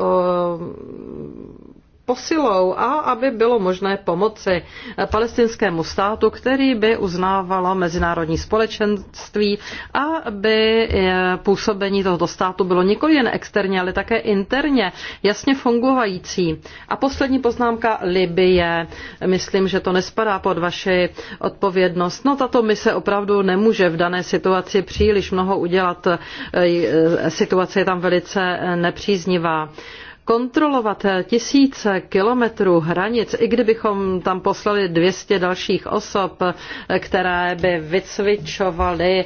posilou a aby bylo možné pomoci palestinskému státu, který by uznávalo mezinárodní společenství a by eh, působení tohoto státu bylo nikoli jen externě, ale také interně jasně fungující. A poslední poznámka Libie. Myslím, že to nespadá pod vaši odpovědnost. No tato mise opravdu nemůže v dané situaci příliš mnoho udělat. Eh, situace je tam velice eh, nepříznivá kontrolovat tisíce kilometrů hranic, i kdybychom tam poslali 200 dalších osob, které by vycvičovaly eh,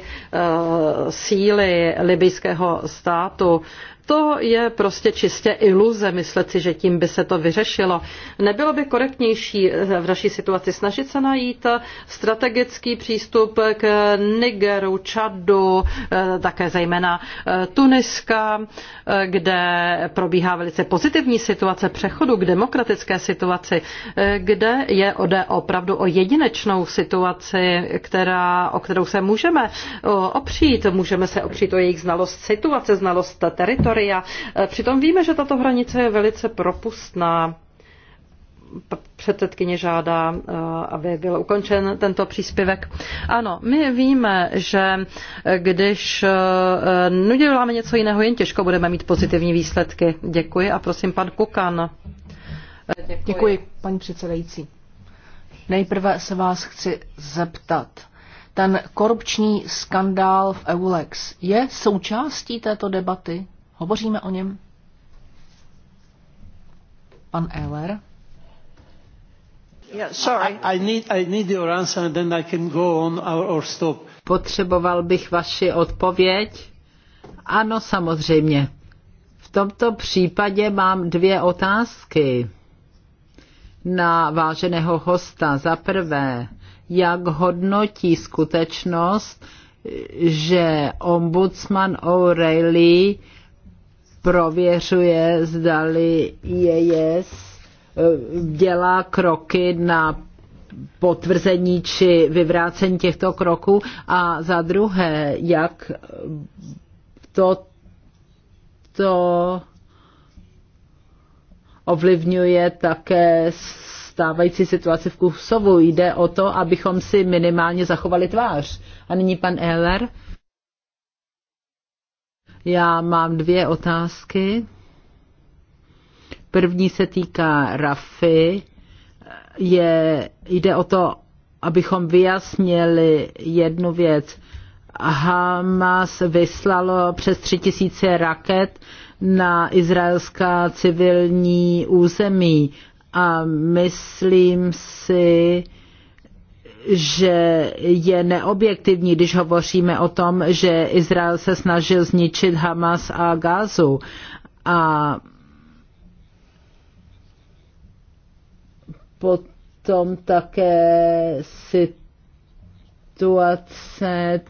síly libijského státu, to je prostě čistě iluze myslet si, že tím by se to vyřešilo. Nebylo by korektnější eh, v naší situaci snažit se najít eh, strategický přístup k Nigeru, Čadu, eh, také zejména Tuniska, kde probíhá velice pozitivní situace přechodu k demokratické situaci, kde je ode opravdu o jedinečnou situaci, která, o kterou se můžeme opřít. Můžeme se opřít o jejich znalost situace, znalost teritoria teritoria. E, přitom víme, že tato hranice je velice propustná. Předsedkyně žádá, e, aby byl ukončen tento příspěvek. Ano, my víme, že e, když nuděláme něco jiného, jen těžko budeme mít pozitivní výsledky. Děkuji a prosím pan Kukan. Děkuji, Děkuji paní předsedající. Nejprve se vás chci zeptat. Ten korupční skandál v Eulex je součástí této debaty? Hovoříme o něm? Pan Eller? Potřeboval bych vaši odpověď. Ano, samozřejmě. V tomto případě mám dvě otázky na váženého hosta. Za prvé, jak hodnotí skutečnost, že ombudsman O'Reilly prověřuje, zdali JES dělá kroky na potvrzení či vyvrácení těchto kroků a za druhé, jak to, to ovlivňuje také stávající situaci v Kusovu. Jde o to, abychom si minimálně zachovali tvář. A nyní pan Eller. Já mám dvě otázky. První se týká Rafy. Je, jde o to, abychom vyjasnili jednu věc. Hamas vyslalo přes tři tisíce raket na izraelská civilní území a myslím si, že je neobjektivní, když hovoříme o tom, že Izrael se snažil zničit Hamas a Gázu. A potom také situace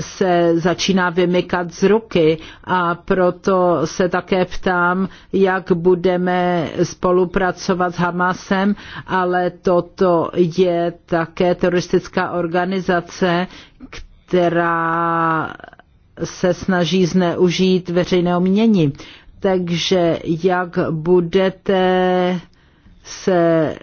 se začíná vymykat z ruky a proto se také ptám, jak budeme spolupracovat s Hamasem, ale toto je také teroristická organizace, která se snaží zneužít veřejného mění. Takže jak budete se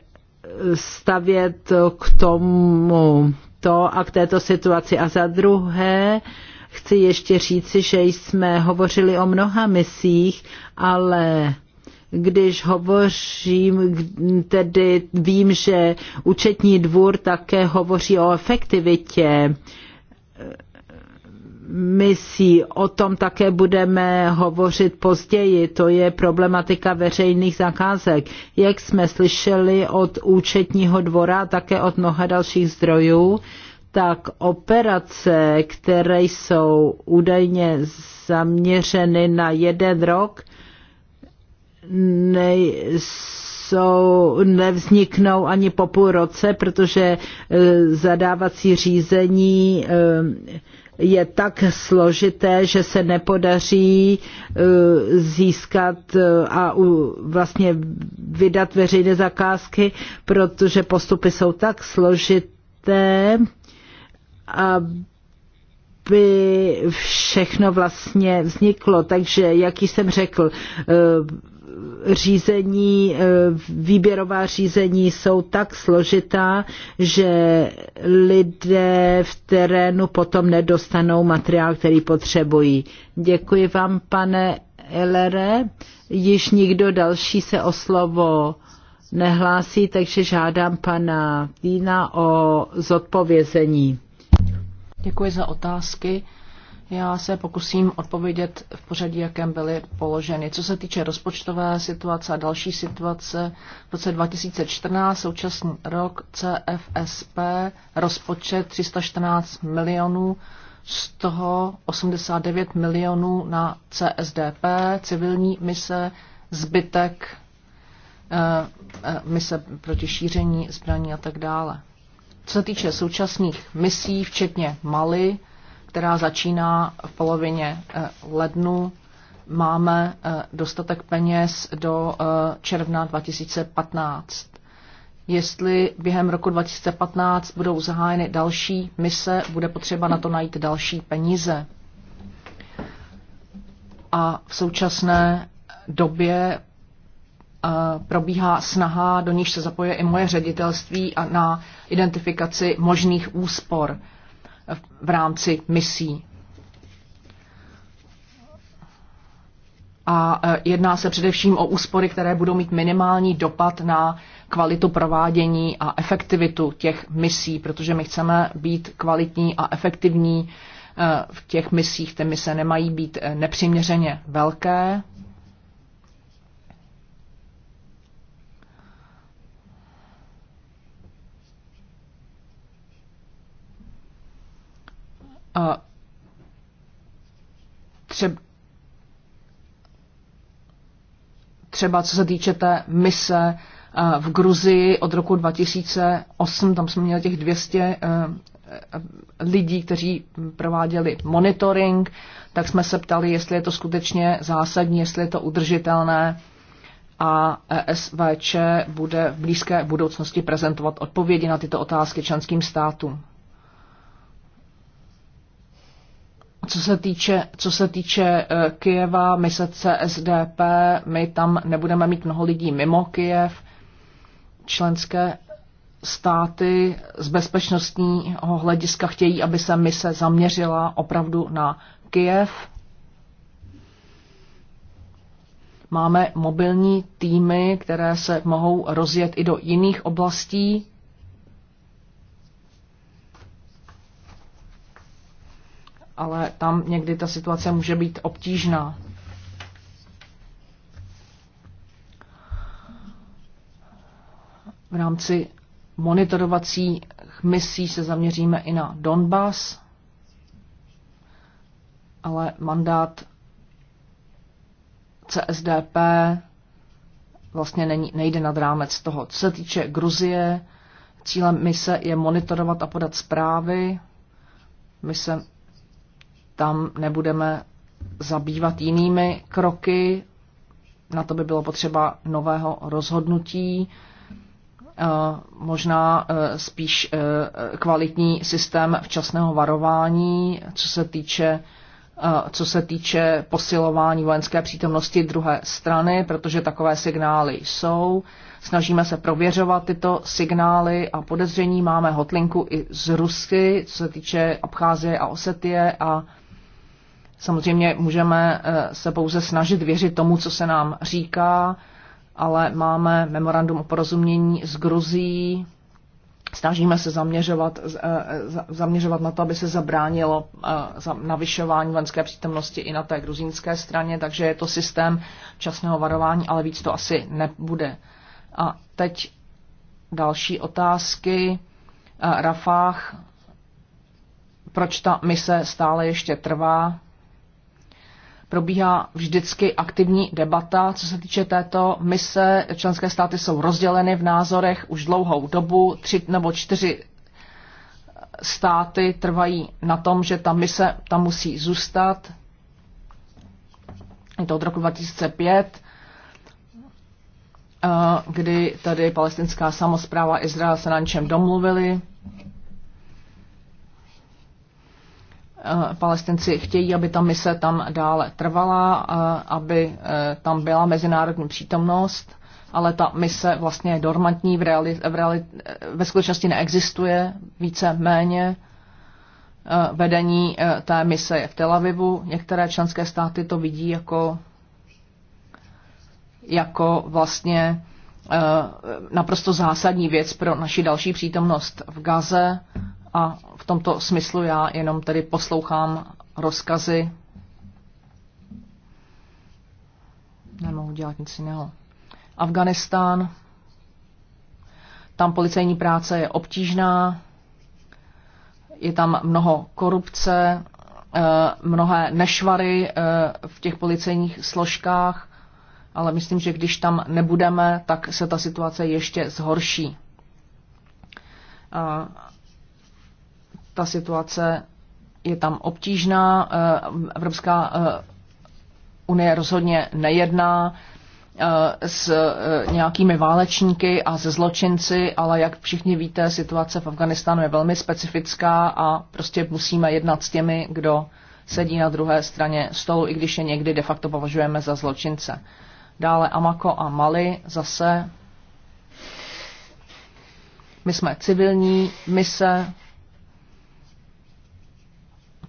stavět k tomu to a k této situaci. A za druhé, chci ještě říci, že jsme hovořili o mnoha misích, ale když hovořím, tedy vím, že účetní dvůr také hovoří o efektivitě misí. O tom také budeme hovořit později. To je problematika veřejných zakázek. Jak jsme slyšeli od účetního dvora, také od mnoha dalších zdrojů, tak operace, které jsou údajně zaměřeny na jeden rok, nejsou, nevzniknou ani po půl roce, protože eh, zadávací řízení eh, je tak složité, že se nepodaří eh, získat eh, a vlastně vydat veřejné zakázky, protože postupy jsou tak složité, aby všechno vlastně vzniklo. Takže, jak jsem řekl, eh, řízení, eh, výběrová řízení jsou tak složitá, že lidé v terénu potom nedostanou materiál, který potřebují. Děkuji vám, pane Elere. Již nikdo další se o slovo nehlásí, takže žádám pana Vína o zodpovězení. Děkuji za otázky. Já se pokusím odpovědět v pořadí, jakém byly položeny. Co se týče rozpočtové situace a další situace, v roce 2014, současný rok, CFSP, rozpočet 314 milionů, z toho 89 milionů na CSDP, civilní mise, zbytek eh, eh, mise proti šíření zbraní a tak dále. Co se týče současných misí, včetně Mali, která začíná v polovině eh, lednu, máme eh, dostatek peněz do eh, června 2015. Jestli během roku 2015 budou zahájeny další mise, bude potřeba na to najít další peníze. A v současné době probíhá snaha, do níž se zapoje i moje ředitelství a na identifikaci možných úspor v rámci misí. A e, jedná se především o úspory, které budou mít minimální dopad na kvalitu provádění a efektivitu těch misí, protože my chceme být kvalitní a efektivní e, v těch misích. Ty mise nemají být e, nepřiměřeně velké, A třeba, třeba co se týče té mise v Gruzii od roku 2008, tam jsme měli těch 200 lidí, kteří prováděli monitoring, tak jsme se ptali, jestli je to skutečně zásadní, jestli je to udržitelné a ESVČ bude v blízké budoucnosti prezentovat odpovědi na tyto otázky členským státům. Co se týče, co se týče eh, Kijeva, se CSDP, my tam nebudeme mít mnoho lidí mimo Kijev. Členské státy z bezpečnostního hlediska chtějí, aby se mise zaměřila opravdu na Kijev. Máme mobilní týmy, které se mohou rozjet i do jiných oblastí ale tam někdy ta situace může být obtížná. V rámci monitorovacích misí se zaměříme i na Donbass, ale mandát CSDP vlastně není, nejde nad rámec toho. Co se týče Gruzie, cílem mise je monitorovat a podat zprávy. Mise tam nebudeme zabývat jinými kroky. Na to by bylo potřeba nového rozhodnutí, eh, možná eh, spíš eh, kvalitní systém včasného varování, co se týče co se týče posilování vojenské přítomnosti druhé strany, protože takové signály jsou. Snažíme se prověřovat tyto signály a podezření. Máme hotlinku i z Rusky, co se týče Abcházie a Osetie a Samozřejmě můžeme eh, se pouze snažit věřit tomu, co se nám říká, ale máme memorandum o porozumění s Gruzí, snažíme se zaměřovat, eh, eh, zaměřovat na to, aby se zabránilo navyšování vojenské přítomnosti i na té gruzínské straně, takže je to systém časného varování, ale víc to asi nebude. A teď další otázky. Rafách, proč ta mise stále ještě trvá? probíhá vždycky aktivní debata, co se týče této mise. Členské státy jsou rozděleny v názorech už dlouhou dobu, tři nebo čtyři eh, státy trvají na tom, že ta mise tam musí zůstat. Je to od roku 2005, eh, kdy tady palestinská samozpráva Izrael se na něčem domluvili. Eh, palestinci chtějí, aby ta mise tam dále trvala, eh, aby eh, tam byla mezinárodní přítomnost, ale ta mise vlastně je dormantní, v reali, v reali, ve skutečnosti neexistuje, více méně. Vedení té mise je v Tel Avivu. Některé členské státy to vidí jako, jako vlastně naprosto zásadní věc pro naši další přítomnost v Gaze a v tomto smyslu já jenom tedy poslouchám rozkazy. Nemohu dělat nic jiného. Afganistán. Tam policejní práce je obtížná, je tam mnoho korupce, eh, mnohé nešvary eh, v těch policejních složkách, ale myslím, že když tam nebudeme, tak se ta situace ještě zhorší. Eh, ta situace je tam obtížná. Eh, Evropská eh, unie rozhodně nejedná eh, s nějakými válečníky a se zločinci, ale jak všichni víte, situace v Afganistánu je velmi specifická a prostě musíme jednat s těmi, kdo sedí na druhé straně stolu, i když je někdy de facto považujeme za zločince. Dále Amako a Mali zase. My jsme civilní mise,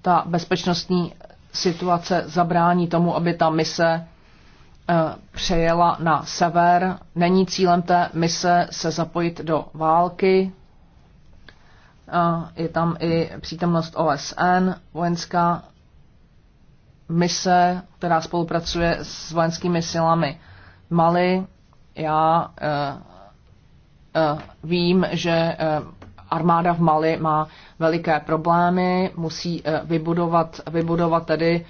ta bezpečnostní situace zabrání tomu, aby ta mise eh, přejela na sever. Není cílem té mise se zapojit do války. Eh, je tam i přítomnost OSN, vojenská mise, která spolupracuje s vojenskými silami Mali. Já eh, vím, že armáda v Mali má veliké problémy, musí eh, vybudovat, vybudovat tedy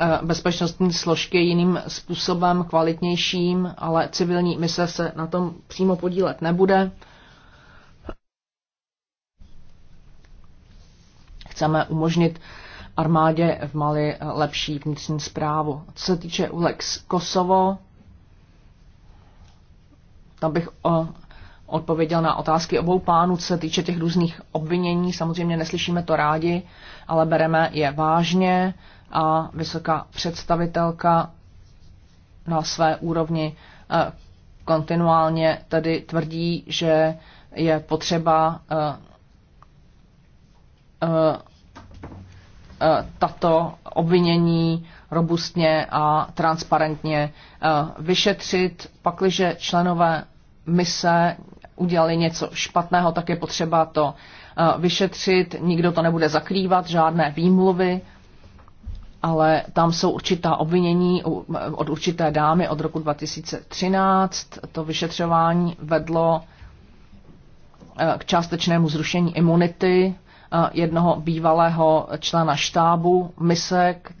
eh, bezpečnostní složky jiným způsobem, kvalitnějším, ale civilní mise se na tom přímo podílet nebude. Chceme umožnit armádě v Mali eh, lepší vnitřní zprávu. Co se týče ULEX Kosovo, tam bych o, odpověděl na otázky obou pánů, co se týče těch různých obvinění. Samozřejmě neslyšíme to rádi, ale bereme je vážně a vysoká představitelka na své úrovni eh, kontinuálně tedy tvrdí, že je potřeba eh, eh, tato obvinění robustně a transparentně vyšetřit, pakliže členové mise udělali něco špatného, tak je potřeba to eh, vyšetřit. Nikdo to nebude zakrývat, žádné výmluvy, ale tam jsou určitá obvinění eh, od určité dámy od roku 2013. To vyšetřování vedlo eh, k částečnému zrušení imunity jednoho bývalého člena štábu misek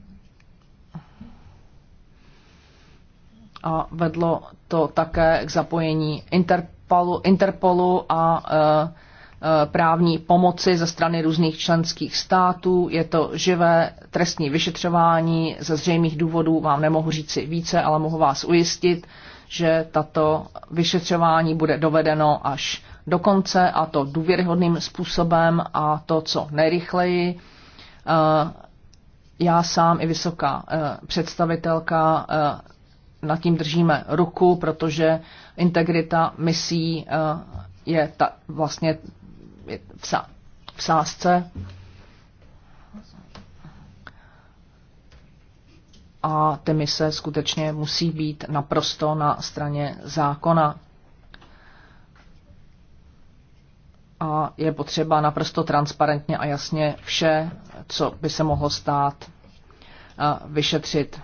a vedlo to také k zapojení inter, Interpolu, Interpolu a e, e, právní pomoci ze strany různých členských států. Je to živé trestní vyšetřování. Ze zřejmých důvodů vám nemohu říci více, ale mohu vás ujistit, že tato vyšetřování bude dovedeno až do konce a to důvěryhodným způsobem a to, co nejrychleji. E, já sám i vysoká představitelka nad tím držíme ruku, protože integrita misí eh, je ta, vlastně v sázce. A ty mise skutečně musí být naprosto na straně zákona. A je potřeba naprosto transparentně a jasně vše, co by se mohlo stát, eh, vyšetřit.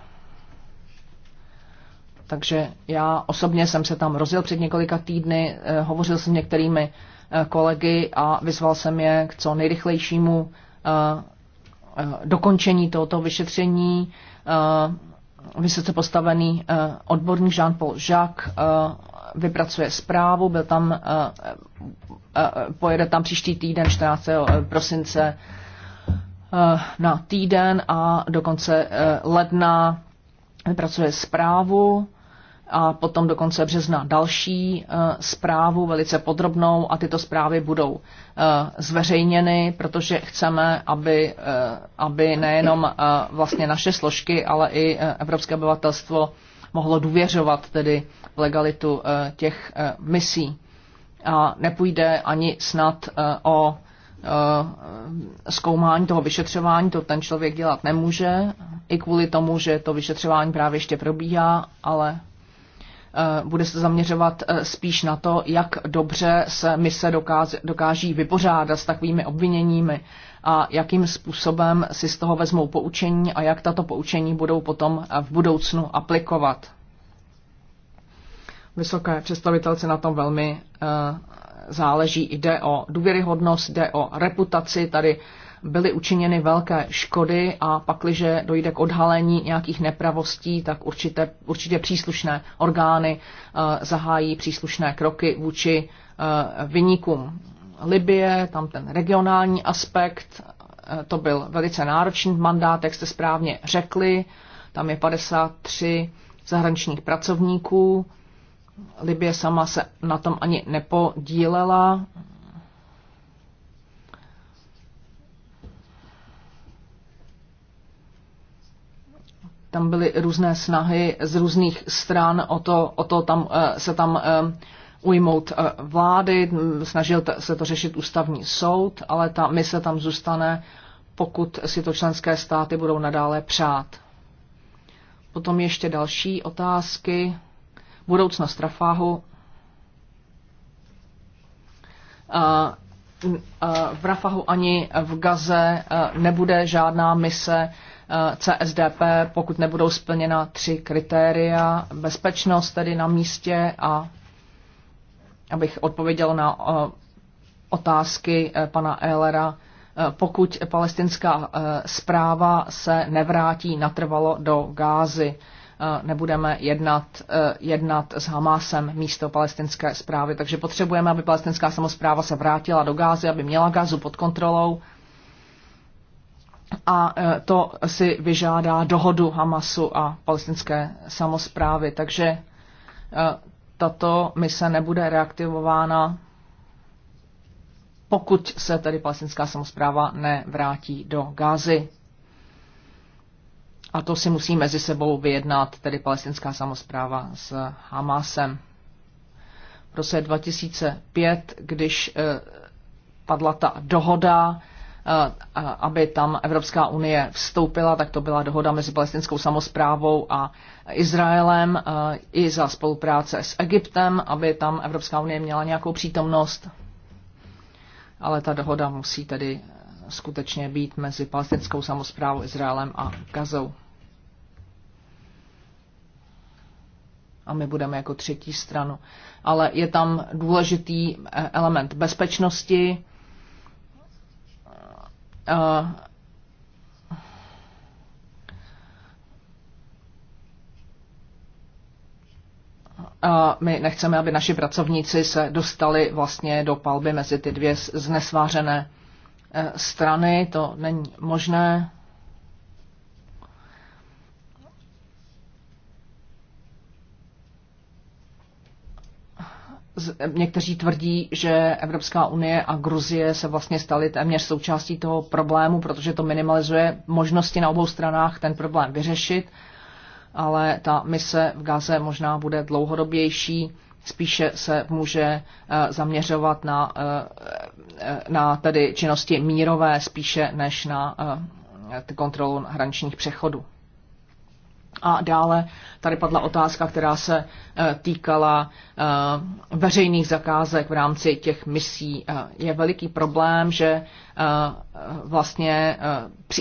Takže já osobně jsem se tam rozjel před několika týdny, eh, hovořil jsem s některými eh, kolegy a vyzval jsem je k co nejrychlejšímu eh, dokončení tohoto vyšetření. Vysoce postavený odborník Jean-Paul Jacques vypracuje zprávu, byl tam, pojede tam příští týden 14. prosince na týden a do konce ledna vypracuje zprávu a potom do konce března další eh, zprávu, velice podrobnou, a tyto zprávy budou eh, zveřejněny, protože chceme, aby, eh, aby nejenom vlastně naše složky, ale i evropské obyvatelstvo mohlo důvěřovat tedy v legalitu těch misí. A nepůjde ani snad o zkoumání toho vyšetřování, to ten člověk dělat nemůže, i kvůli tomu, že to vyšetřování právě ještě probíhá, ale Eh, bude se zaměřovat eh, spíš na to, jak dobře se mise dokáží vypořádat s takovými obviněními a jakým způsobem si z toho vezmou poučení a jak tato poučení budou potom eh, v budoucnu aplikovat. Vysoké představitelce na tom velmi záleží. Jde o důvěryhodnost, jde o reputaci. Tady byly učiněny velké škody a pakliže dojde k odhalení nějakých nepravostí, tak určitě, určitě příslušné orgány eh, zahájí příslušné kroky vůči eh, vynikům. Libie, tam ten regionální aspekt, eh, to byl velice náročný mandát, jak jste správně řekli, tam je 53 zahraničních pracovníků, Libie sama se na tom ani nepodílela, tam byly různé snahy z různých stran o to, o to tam, eh, se tam eh, ujmout eh, vlády, snažil se to řešit ústavní soud, ale ta mise tam zůstane, pokud si to členské státy budou nadále přát. Potom ještě další otázky. Budoucnost Rafáhu. V Rafahu ani v Gaze nebude žádná mise Eh, CSDP, pokud nebudou splněna tři kritéria, bezpečnost tedy na místě a abych odpověděl na eh, otázky eh, pana Ehlera, pokud palestinská zpráva se nevrátí natrvalo do Gázy. Nebudeme jednat, jednat s Hamásem místo palestinské zprávy. Takže potřebujeme, aby palestinská samozpráva se vrátila do Gázy, aby měla Gázu pod kontrolou a e, to si vyžádá dohodu Hamasu a palestinské samozprávy. Takže e, tato mise nebude reaktivována, pokud se tedy palestinská samozpráva nevrátí do Gázy. A to si musí mezi sebou vyjednat tedy palestinská samozpráva s Hamasem. V roce 2005, když e, padla ta dohoda, Eh, aby tam Evropská unie vstoupila, tak to byla dohoda mezi palestinskou samozprávou a Izraelem eh, i za spolupráce s Egyptem, aby tam Evropská unie měla nějakou přítomnost. Ale ta dohoda musí tedy skutečně být mezi palestinskou samozprávou Izraelem a Gazou. a my budeme jako třetí stranu. Ale je tam důležitý eh, element bezpečnosti, a my nechceme, aby naši pracovníci se dostali vlastně do palby mezi ty dvě znesvářené eh, strany. To není možné. Někteří tvrdí, že Evropská unie a Gruzie se vlastně staly téměř součástí toho problému, protože to minimalizuje možnosti na obou stranách ten problém vyřešit, ale ta mise v Gaze možná bude dlouhodobější, spíše se může eh, zaměřovat na, eh, eh, na tedy činnosti mírové spíše než na kontrolu hraničních přechodů. A dále tady padla otázka, která se eh, týkala eh, veřejných zakázek v rámci těch misí. Eh, je veliký problém, že vlastně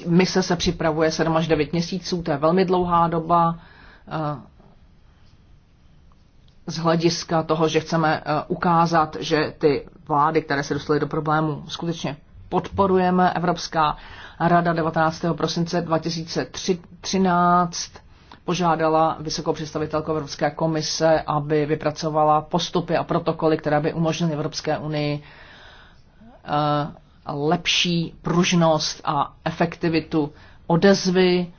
mise se připravuje 7 až 9 měsíců, to je velmi dlouhá doba z hlediska toho, že chceme ukázat, že ty vlády, které se dostaly do problému, skutečně podporujeme. Evropská rada 19. prosince 2013 požádala vysokou představitelku Evropské komise, aby vypracovala postupy a protokoly, které by umožnily Evropské unii eh, lepší pružnost a efektivitu odezvy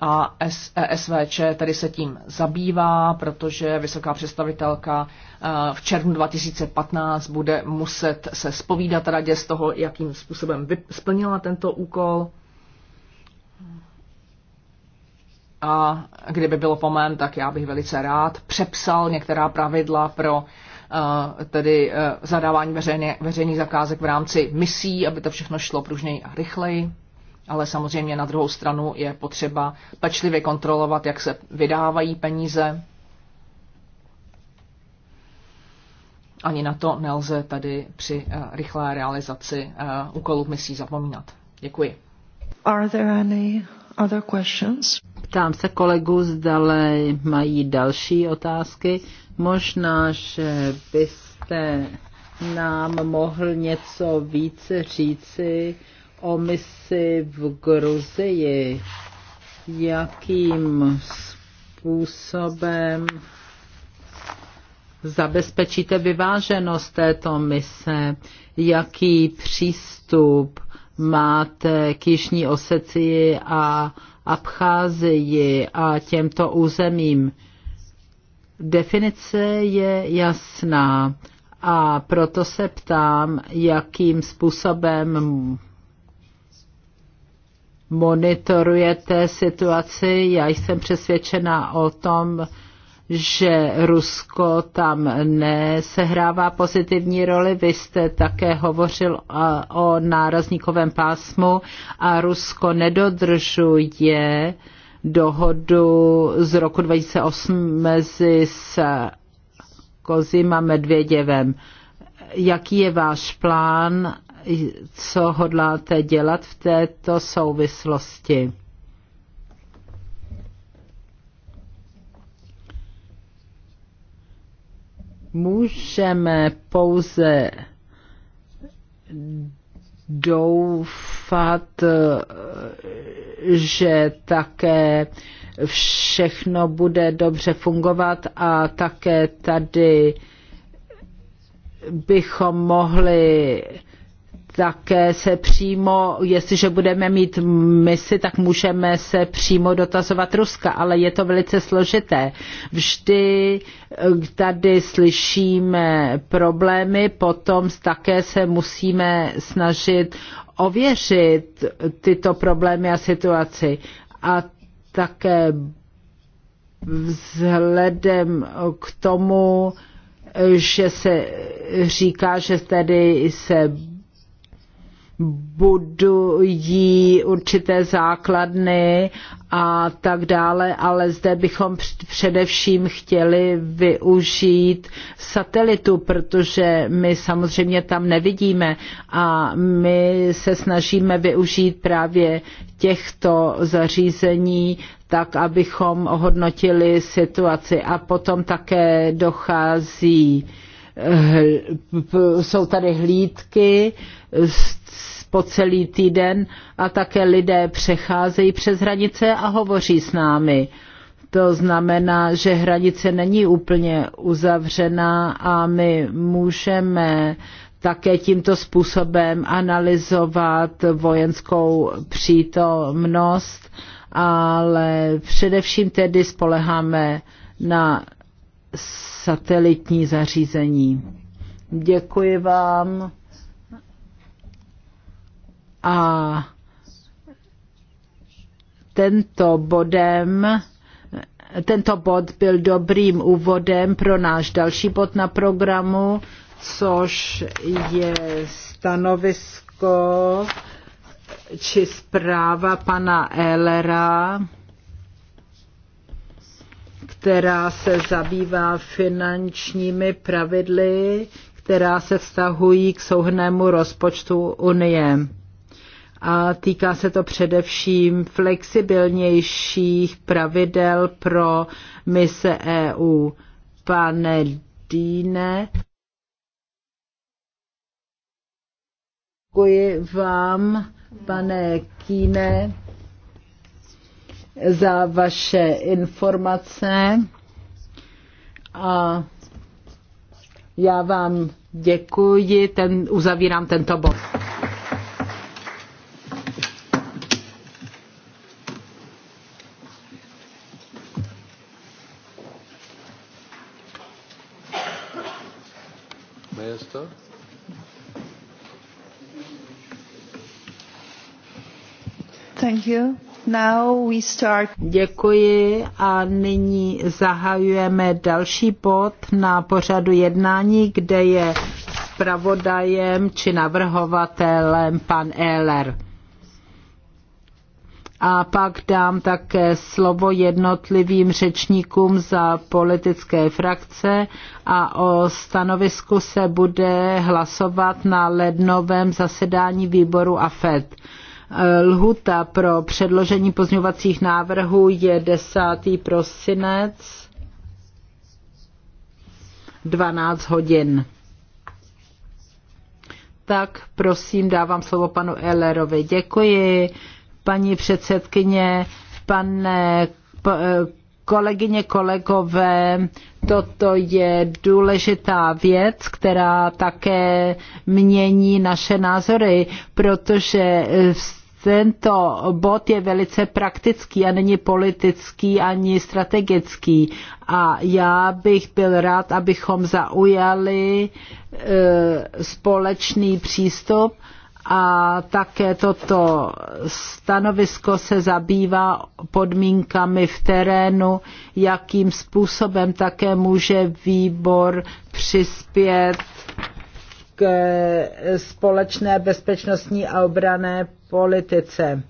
a ESVČ eh, tedy se tím zabývá, protože vysoká představitelka eh, v červnu 2015 bude muset se spovídat radě z toho, jakým způsobem splnila tento úkol. a kdyby bylo po mém, tak já bych velice rád přepsal některá pravidla pro uh, tedy uh, zadávání veřejně, veřejných zakázek v rámci misí, aby to všechno šlo pružněji a rychleji. Ale samozřejmě na druhou stranu je potřeba pečlivě kontrolovat, jak se vydávají peníze. Ani na to nelze tady při uh, rychlé realizaci úkolů misí zapomínat. Děkuji. Are there any other questions? Ptám se kolegu, zdale mají další otázky. Možná, že byste nám mohl něco více říci o misi v Gruzii. Jakým způsobem zabezpečíte vyváženost této mise? Jaký přístup máte k Jižní Osecii a Abcházii a těmto územím. Definice je jasná a proto se ptám, jakým způsobem monitorujete situaci. Já jsem přesvědčena o tom, že Rusko tam nesehrává pozitivní roli. Vy jste také hovořil o nárazníkovém pásmu a Rusko nedodržuje dohodu z roku 2008 mezi Kozim a Medvěděvem. Jaký je váš plán, co hodláte dělat v této souvislosti? můžeme pouze doufat, že také všechno bude dobře fungovat a také tady bychom mohli tak se přímo, jestliže budeme mít misi, tak můžeme se přímo dotazovat Ruska, ale je to velice složité. Vždy eh, tady slyšíme problémy, potom také se musíme snažit ověřit tyto problémy a situaci. A také vzhledem k tomu, eh, že se říká, že tedy se budují určité základny a tak dále, ale zde bychom především chtěli využít satelitu, protože my samozřejmě tam nevidíme a my se snažíme využít právě těchto zařízení tak, abychom hodnotili situaci a potom také dochází jsou tady hlídky, po celý týden a také lidé přecházejí přes hranice a hovoří s námi. To znamená, že hranice není úplně uzavřená a my můžeme také tímto způsobem analyzovat vojenskou přítomnost, ale především tedy spoleháme na satelitní zařízení. Děkuji vám. A tento bodem tento bod byl dobrým úvodem pro náš další bod na programu, což je stanovisko či zpráva pana Ellera, která se zabývá finančními pravidly, která se vztahují k souhnému rozpočtu Unie a týká se to především flexibilnějších pravidel pro mise EU. Pane Dýne, děkuji vám, pane Kýne, za vaše informace a já vám děkuji, ten, uzavírám tento bod. Thank you. Now we start. Děkuji a nyní zahajujeme další bod na pořadu jednání, kde je zpravodajem či navrhovatelem pan Eller. A pak dám také slovo jednotlivým řečníkům za politické frakce a o stanovisku se bude hlasovat na lednovém zasedání výboru AFED. Lhuta pro předložení pozňovacích návrhů je 10. prosinec 12 hodin. Tak prosím, dávám slovo panu Ellerovi. Děkuji, paní předsedkyně, pane eh, kolegyně, kolegové, toto je důležitá věc, která také mění naše názory, protože tento bod je velice praktický a není politický ani strategický. A já bych byl rád, abychom zaujali eh, společný přístup a také toto stanovisko se zabývá podmínkami v terénu, jakým způsobem také může výbor přispět k eh, společné bezpečnostní a obrané politice.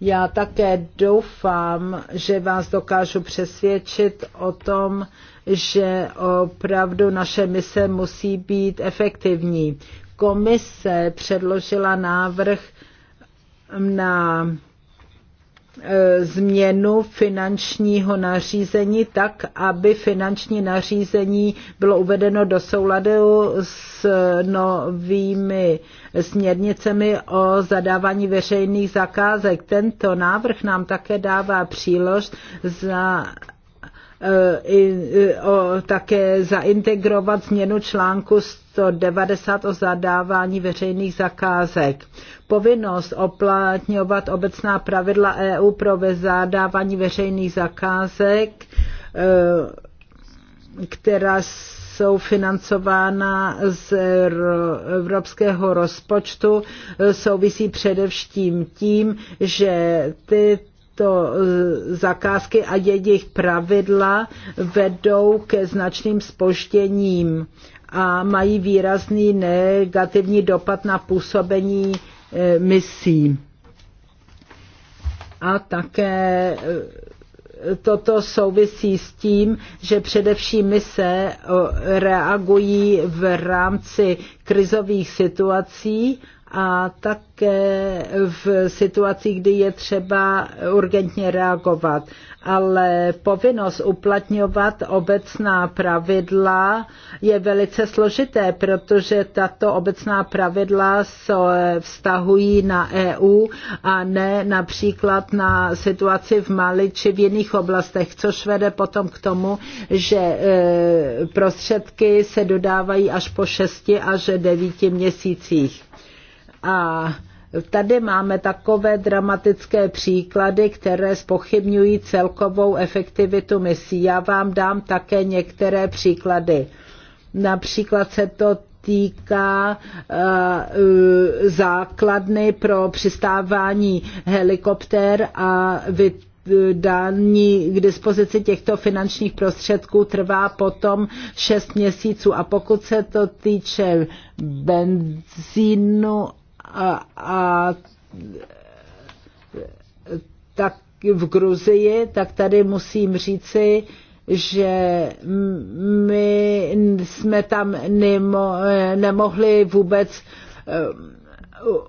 Já také doufám, že vás dokážu přesvědčit o tom, že opravdu naše mise musí být efektivní. Komise předložila návrh na E, změnu finančního nařízení tak, aby finanční nařízení bylo uvedeno do souladu s novými směrnicemi o zadávání veřejných zakázek. Tento návrh nám také dává přílož za e, i, o, také zaintegrovat změnu článku 190 o zadávání veřejných zakázek. Povinnost oplatňovat obecná pravidla EU pro zadávání veřejných zakázek, eh, která jsou financována z evropského rozpočtu, souvisí především tím, že ty tyto zakázky a jejich pravidla vedou ke značným spožděním a mají výrazný negativní dopad na působení e, misí. A také e, toto souvisí s tím, že především mise e, reagují v rámci krizových situací a také v situacích, kdy je třeba urgentně reagovat. Ale povinnost uplatňovat obecná pravidla je velice složité, protože tato obecná pravidla se vztahují na EU a ne například na situaci v Mali či v jiných oblastech, což vede potom k tomu, že e, prostředky se dodávají až po šesti až devíti měsících a tady máme takové dramatické příklady, které spochybňují celkovou efektivitu misí. Já vám dám také některé příklady. Například se to týká uh, základny pro přistávání helikoptér a vydání, k dispozici těchto finančních prostředků trvá potom 6 měsíců. A pokud se to týče benzínu a, a tak v Gruzii, tak tady musím říci, že my jsme tam nemo, nemohli vůbec eh,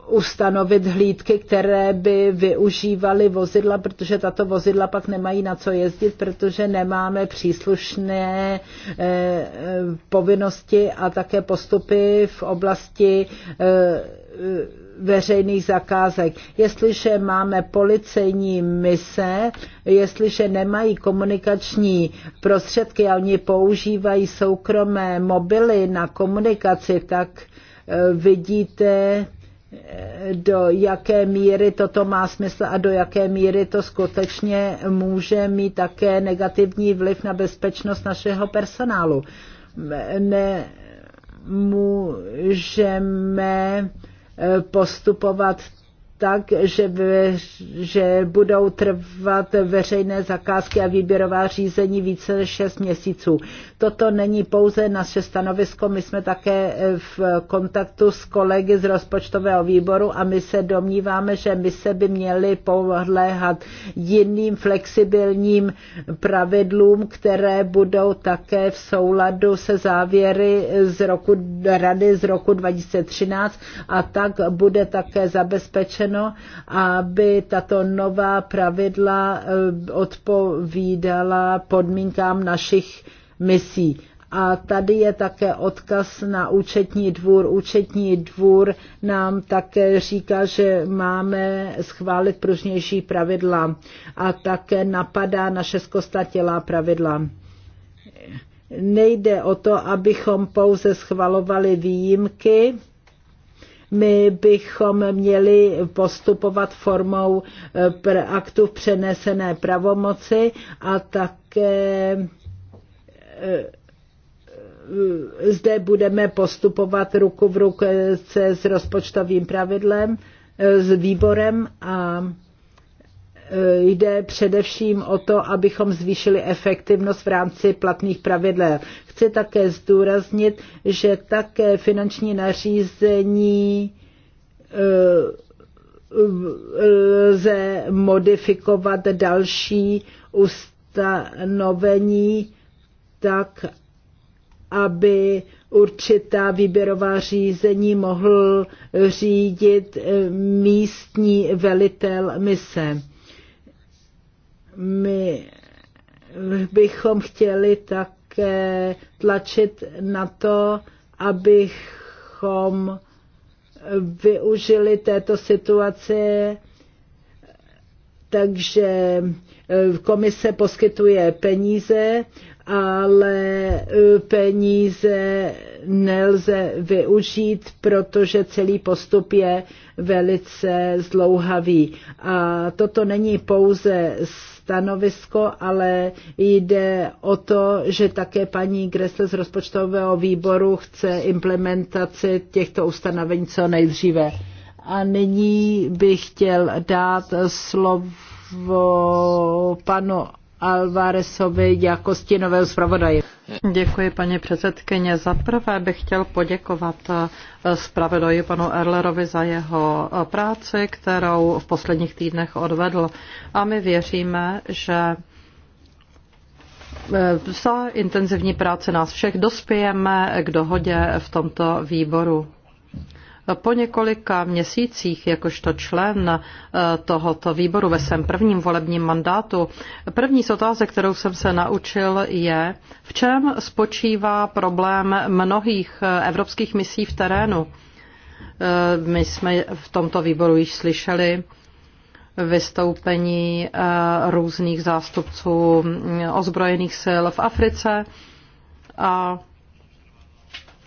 ustanovit hlídky, které by využívaly vozidla, protože tato vozidla pak nemají na co jezdit, protože nemáme příslušné eh, eh, povinnosti a také postupy v oblasti Eh, veřejných zakázek. Jestliže máme policejní mise, jestliže nemají komunikační prostředky a oni používají soukromé mobily na komunikaci, tak eh, vidíte, eh, do jaké míry toto má smysl a do jaké míry to skutečně může mít také negativní vliv na bezpečnost našeho personálu. Ne, můžeme postupovat tak, že, ve, že budou trvat veřejné zakázky a výběrová řízení více než 6 měsíců. Toto není pouze naše stanovisko, my jsme také eh, v kontaktu s kolegy z rozpočtového výboru a my se domníváme, že my se by měli podléhat jiným flexibilním pravidlům, které budou také v souladu se závěry z roku, rady z roku 2013 a tak bude také zabezpečen upraveno, aby tato nová pravidla eh, odpovídala podmínkám našich misí. A tady je také odkaz na účetní dvůr. Účetní dvůr nám také říká, že máme schválit pružnější pravidla a také napadá na šeskostatělá pravidla. Nejde o to, abychom pouze schvalovali výjimky, my bychom měli postupovat formou eh, aktu v přenesené pravomoci a také eh, eh, zde budeme postupovat ruku v ruce s rozpočtovým pravidlem, s výborem a Eh, jde především o to, abychom zvýšili efektivnost v rámci platných pravidel. Chci také zdůraznit, že také finanční nařízení eh, lze modifikovat další ustanovení tak, aby určitá výběrová řízení mohl řídit místní velitel mise. My bychom chtěli také tlačit na to, abychom využili této situace, takže eh, komise poskytuje peníze, ale eh, peníze nelze využít, protože celý postup je velice zlouhavý. A toto není pouze s stanovisko, ale jde o to, že také paní Gressle z rozpočtového výboru chce implementaci těchto ustanovení co nejdříve. A nyní bych chtěl dát slovo panu Alvaresovi jako stěnového zpravodaje. Děkuji, paní předsedkyně. Za prvé bych chtěl poděkovat eh, zpravodaji panu Erlerovi za jeho eh, práci, kterou v posledních týdnech odvedl. A my věříme, že eh, za intenzivní práce nás všech dospějeme k dohodě v tomto výboru. Po několika měsících, jakožto člen eh, tohoto výboru ve svém prvním volebním mandátu, první z otázek, kterou jsem se naučil, je, v čem spočívá problém mnohých eh, evropských misí v terénu. Eh, my jsme v tomto výboru již slyšeli vystoupení různých zástupců mm, ozbrojených sil v Africe a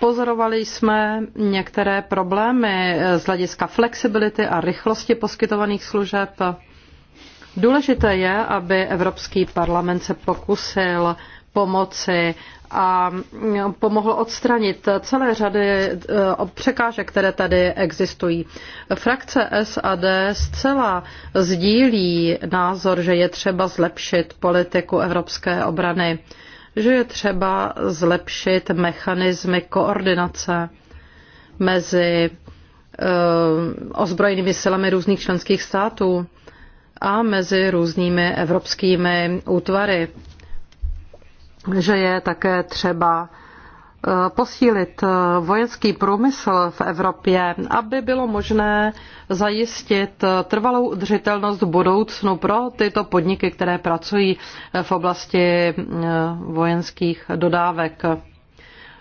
Pozorovali jsme některé problémy z hlediska flexibility a rychlosti poskytovaných služeb. Důležité je, aby Evropský parlament se pokusil pomoci a pomohl odstranit celé řady eh, překážek, které tady existují. Frakce SAD zcela sdílí názor, že je třeba zlepšit politiku evropské obrany že je třeba zlepšit mechanismy koordinace mezi eh, ozbrojenými silami různých členských států a mezi různými evropskými útvary. Že je také třeba Eh, posílit eh, vojenský průmysl v Evropě, aby bylo možné zajistit eh, trvalou udržitelnost v budoucnu pro tyto podniky, které pracují v oblasti vojenských dodávek.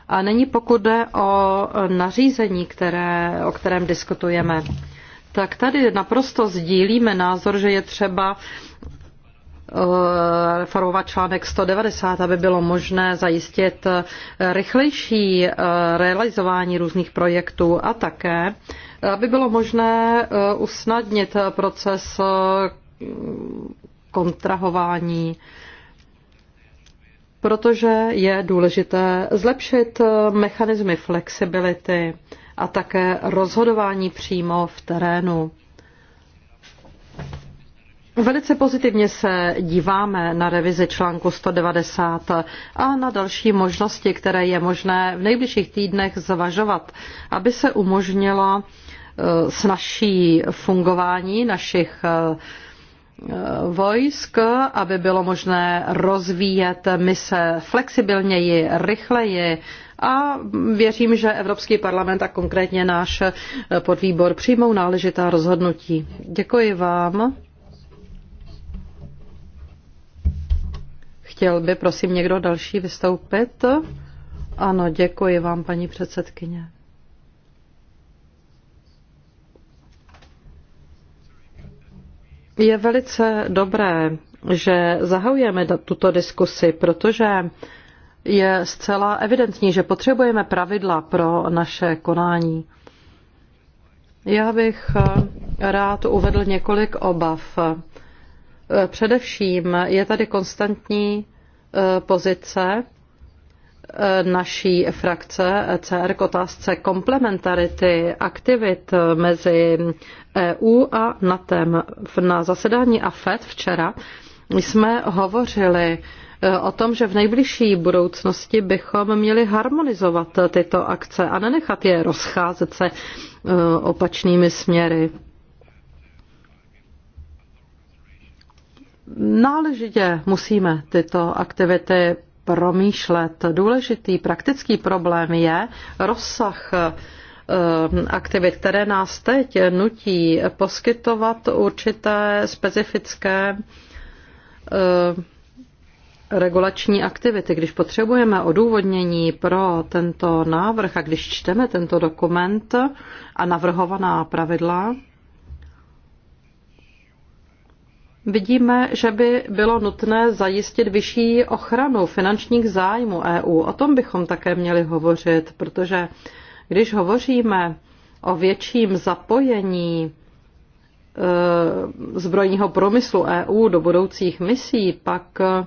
A není pokud jde o nařízení, které, o kterém diskutujeme, tak tady naprosto sdílíme názor, že je třeba reformovat eh, článek 190, aby bylo možné zajistit rychlejší eh, realizování různých projektů a také, eh, aby bylo možné usnadnit proces kontrahování protože je důležité zlepšit mechanismy flexibility a také rozhodování přímo v terénu. Velice pozitivně se díváme na revizi článku 190 a na další možnosti, které je možné v nejbližších týdnech zvažovat, aby se umožnilo eh, naší fungování našich eh, vojsk, aby bylo možné rozvíjet mise flexibilněji, rychleji a věřím, že Evropský parlament a konkrétně náš eh, podvýbor přijmou náležitá rozhodnutí. Děkuji vám. Chtěl by, prosím, někdo další vystoupit? Ano, děkuji vám, paní předsedkyně. Je velice dobré, že zahajujeme tuto diskusi, protože je zcela evidentní, že potřebujeme pravidla pro naše konání. Já bych eh, rád uvedl několik obav Eh, především je tady konstantní eh, pozice eh, naší frakce e CR k otázce komplementarity aktivit mezi EU a NATEM. Na zasedání AFED včera jsme hovořili o tom, že v nejbližší budoucnosti bychom měli harmonizovat tyto akce a nenechat je rozcházet se opačnými směry. náležitě musíme tyto aktivity promýšlet. Důležitý praktický problém je rozsah eh, aktivit, které nás teď nutí poskytovat určité specifické eh, regulační aktivity. Když potřebujeme odůvodnění pro tento návrh a když čteme tento dokument a navrhovaná pravidla, Vidíme, že by bylo nutné zajistit vyšší ochranu finančních zájmů EU. O tom bychom také měli hovořit, protože když hovoříme o větším zapojení eh, zbrojního průmyslu EU do budoucích misí, pak eh,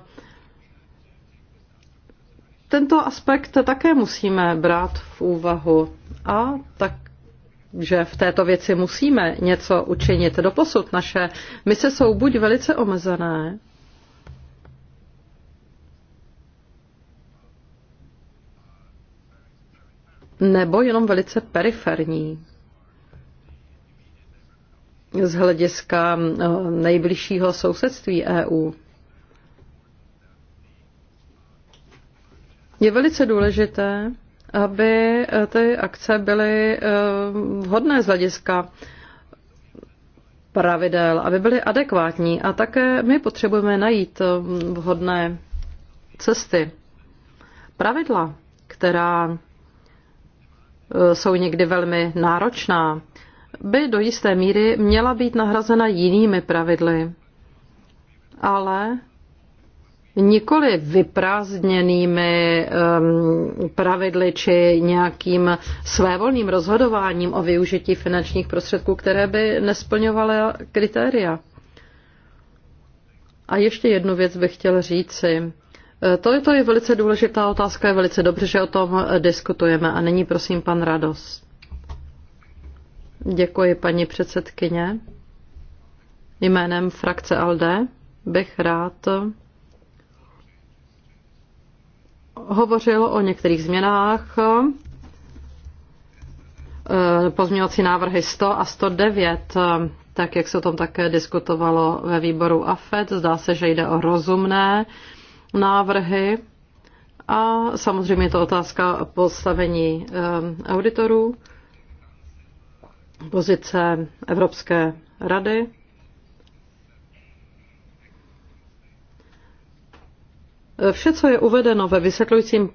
tento aspekt také musíme brát v úvahu a tak že v této věci musíme něco učinit. Doposud naše mise jsou buď velice omezené, nebo jenom velice periferní z hlediska eh, nejbližšího sousedství EU. Je velice důležité, aby eh, ty akce byly eh, vhodné z hlediska pravidel, aby byly adekvátní. A také my potřebujeme najít eh, vhodné cesty. Pravidla, která jsou někdy velmi náročná, by do jisté míry měla být nahrazena jinými pravidly. Ale nikoli vyprázdněnými pravidly či nějakým svévolným rozhodováním o využití finančních prostředků, které by nesplňovaly kritéria. A ještě jednu věc bych chtěl říci. E, to je, to je velice důležitá otázka, je velice dobře, že o tom diskutujeme. A nyní prosím pan Rados. Děkuji, paní předsedkyně. Jménem frakce ALDE bych rád hovořil o některých změnách. Eh, pozměňovací návrhy 100 a 109, eh, tak jak se o tom také diskutovalo ve výboru AFED, zdá se, že jde o rozumné návrhy. A samozřejmě je to otázka postavení eh, auditorů, pozice Evropské rady Vše, co je uvedeno ve vysvětlujícím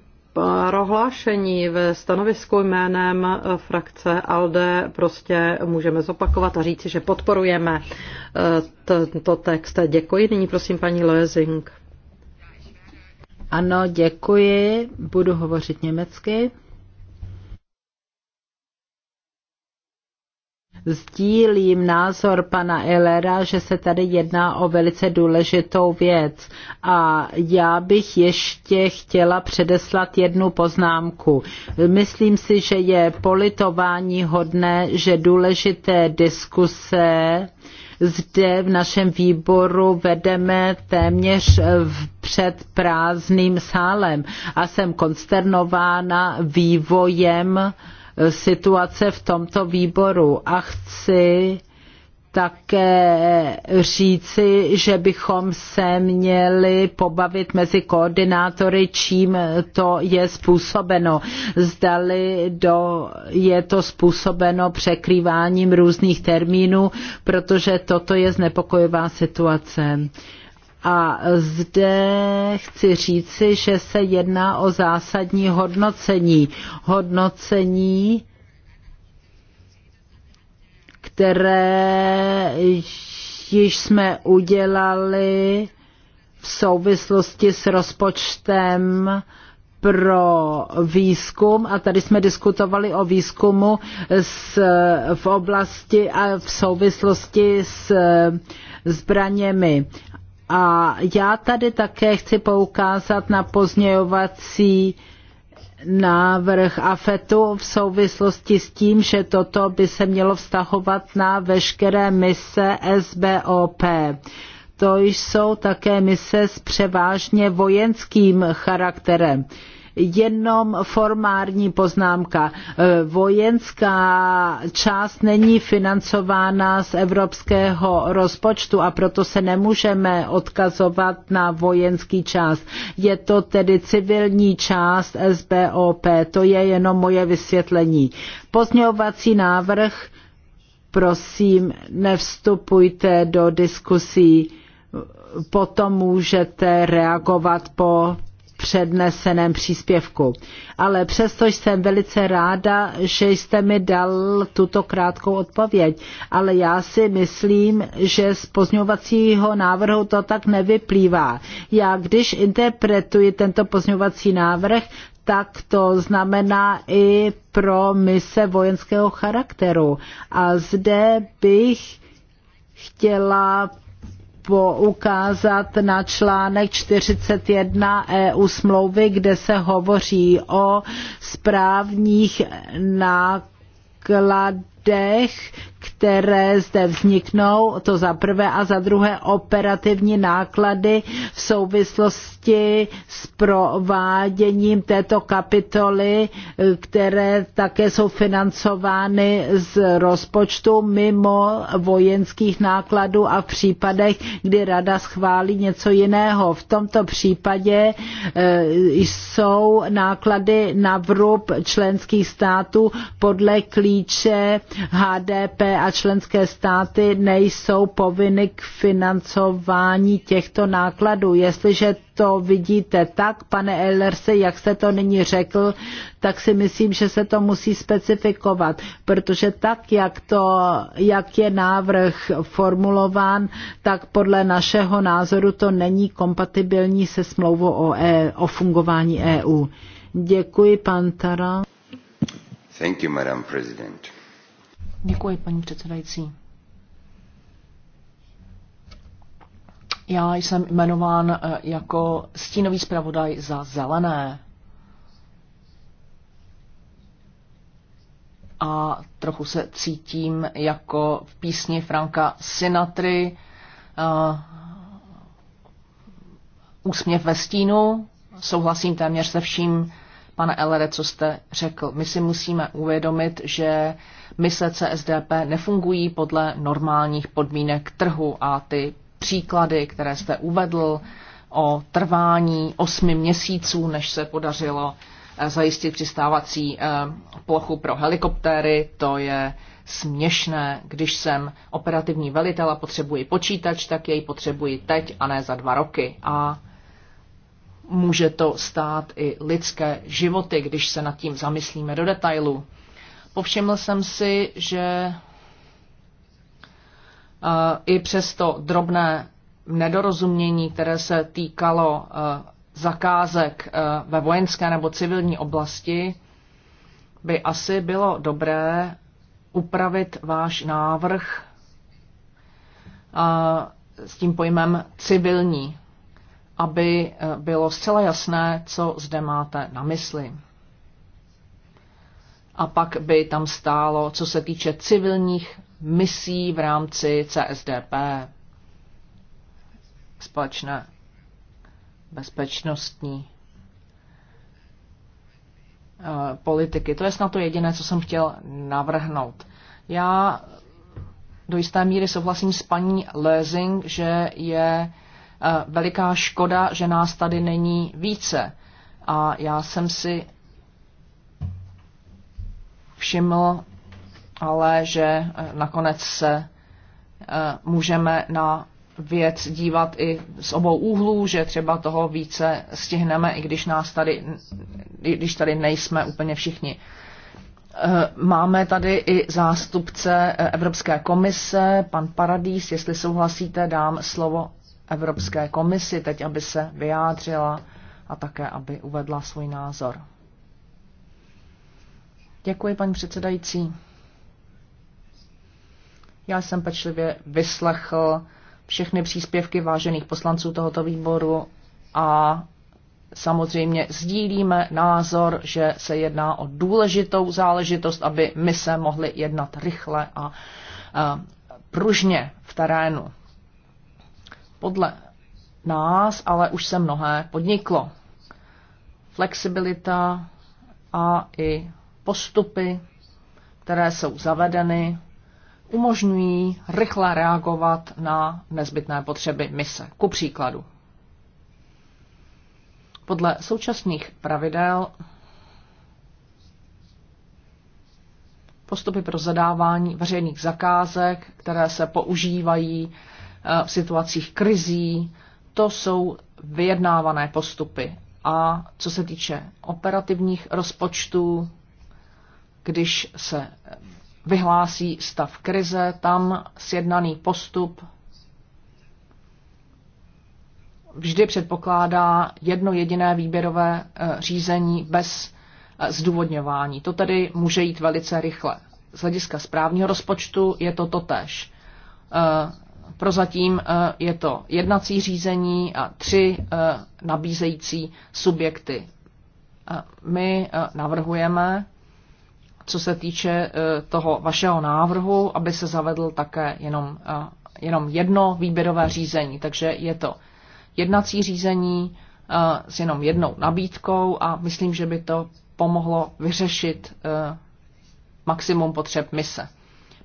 prohlášení ve stanovisku jménem frakce ALDE prostě můžeme zopakovat a říci, že podporujeme eh, tento text. Děkuji. Nyní prosím paní Lezing. Ano, děkuji. Budu hovořit německy. Sdílím názor pana Elera, že se tady jedná o velice důležitou věc. A já bych ještě chtěla předeslat jednu poznámku. Myslím si, že je politování hodné, že důležité diskuse zde v našem výboru vedeme téměř před prázdným sálem a jsem konsternována vývojem situace v tomto výboru a chci také říci, že bychom se měli pobavit mezi koordinátory, čím to je způsobeno. Zdali do, je to způsobeno překrýváním různých termínů, protože toto je znepokojivá situace. Uh, a zde chci říci, že se jedná o zásadní hodnocení. Hodnocení, které již jsme udělali v souvislosti s rozpočtem pro výzkum a tady jsme diskutovali o výzkumu s, v oblasti a v souvislosti s zbraněmi. A já tady také chci poukázat na pozměňovací návrh AFETu v souvislosti s tím, že toto by se mělo vztahovat na veškeré mise SBOP. To jsou také mise s převážně vojenským charakterem jenom formální poznámka. E, vojenská část není financována z evropského rozpočtu a proto se nemůžeme odkazovat na vojenský část. Je to tedy civilní část SBOP. To je jenom moje vysvětlení. Pozměňovací návrh prosím, nevstupujte do diskusí, potom můžete reagovat po předneseném příspěvku. Ale přesto jsem velice ráda, že jste mi dal tuto krátkou odpověď. Ale já si myslím, že z pozňovacího návrhu to tak nevyplývá. Já když interpretuji tento pozňovací návrh, tak to znamená i pro mise vojenského charakteru. A zde bych chtěla poukázat na článek 41 EU smlouvy, kde se hovoří o správních nákladech, které zde vzniknou, to za prvé a za druhé operativní náklady v souvislosti s prováděním této kapitoly, které také jsou financovány z rozpočtu mimo vojenských nákladů a v případech, kdy rada schválí něco jiného. V tomto případě eh, jsou náklady na vrub členských států podle klíče HDP a členské státy nejsou povinny k financování těchto nákladů. Jestliže to vidíte tak, pane Ellerse, jak jste to nyní řekl, tak si myslím, že se to musí specifikovat, protože tak, jak, to, jak je návrh formulován, tak podle našeho názoru to není kompatibilní se smlouvou o, e, o fungování EU. Děkuji, pan Tara. Thank you, Madam President. Děkuji, paní předsedající. Já jsem jmenován eh, jako stínový zpravodaj za zelené. A trochu se cítím jako v písni Franka Sinatry eh, Úsměv ve stínu. Souhlasím téměř se vším, pane Elere, co jste řekl. My si musíme uvědomit, že mise CSDP nefungují podle normálních podmínek trhu a ty příklady, které jste uvedl o trvání osmi měsíců, než se podařilo eh, zajistit přistávací eh, plochu pro helikoptéry, to je směšné. Když jsem operativní velitel a potřebuji počítač, tak jej potřebuji teď a ne za dva roky. A může to stát i lidské životy, když se nad tím zamyslíme do detailu. Povšiml jsem si, že eh, i přesto drobné nedorozumění, které se týkalo eh, zakázek eh, ve vojenské nebo civilní oblasti, by asi bylo dobré upravit váš návrh s tím pojmem civilní, aby bylo zcela jasné, co zde máte na mysli a pak by tam stálo, co se týče civilních misí v rámci CSDP, společné bezpečnostní eh, politiky. To je snad to jediné, co jsem chtěl navrhnout. Já do jisté míry souhlasím s paní Lezing, že je eh, veliká škoda, že nás tady není více. A já jsem si všiml, ale že eh, nakonec se eh, můžeme na věc dívat i z obou úhlů, že třeba toho více stihneme, i když, nás tady, i když tady nejsme úplně všichni. Eh, máme tady i zástupce Evropské komise, pan Paradís, jestli souhlasíte, dám slovo Evropské komisi teď, aby se vyjádřila a také, aby uvedla svůj názor. Děkuji, paní předsedající. Já jsem pečlivě vyslechl všechny příspěvky vážených poslanců tohoto výboru a samozřejmě sdílíme názor, že se jedná o důležitou záležitost, aby my se mohli jednat rychle a, a pružně v terénu. Podle nás ale už se mnohé podniklo. Flexibilita a i postupy, které jsou zavedeny, umožňují rychle reagovat na nezbytné potřeby mise. Ku příkladu. Podle současných pravidel postupy pro zadávání veřejných zakázek, které se používají eh, v situacích krizí, to jsou vyjednávané postupy. A co se týče operativních rozpočtů, když se vyhlásí stav krize, tam sjednaný postup vždy předpokládá jedno jediné výběrové eh, řízení bez eh, zdůvodňování. To tedy může jít velice rychle. Z hlediska správního rozpočtu je to totéž. Eh, prozatím je to jednací řízení a tři nabízející subjekty. My navrhujeme, co se týče eh, toho vašeho návrhu, aby se zavedl také jenom, eh, jenom jedno výběrové řízení. Takže je to jednací řízení eh, s jenom jednou nabídkou a myslím, že by to pomohlo vyřešit maximum potřeb mise.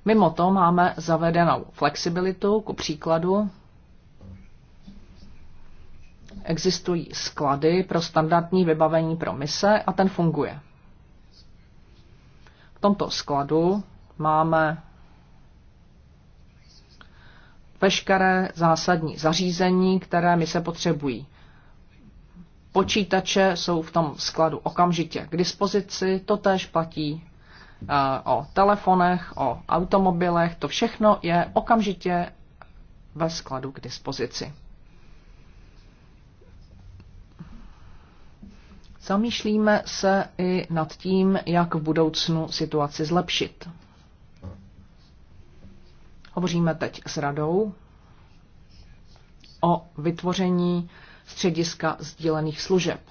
Mimo to máme zavedenou flexibilitu, ku příkladu existují sklady pro standardní vybavení pro mise a ten funguje. V tomto skladu máme veškeré zásadní zařízení, které mi se potřebují. Počítače jsou v tom skladu okamžitě k dispozici, to též platí eh, o telefonech, o automobilech, to všechno je okamžitě ve skladu k dispozici. Zamýšlíme se i nad tím, jak v budoucnu situaci zlepšit. Hovoříme teď s radou o vytvoření střediska sdílených služeb.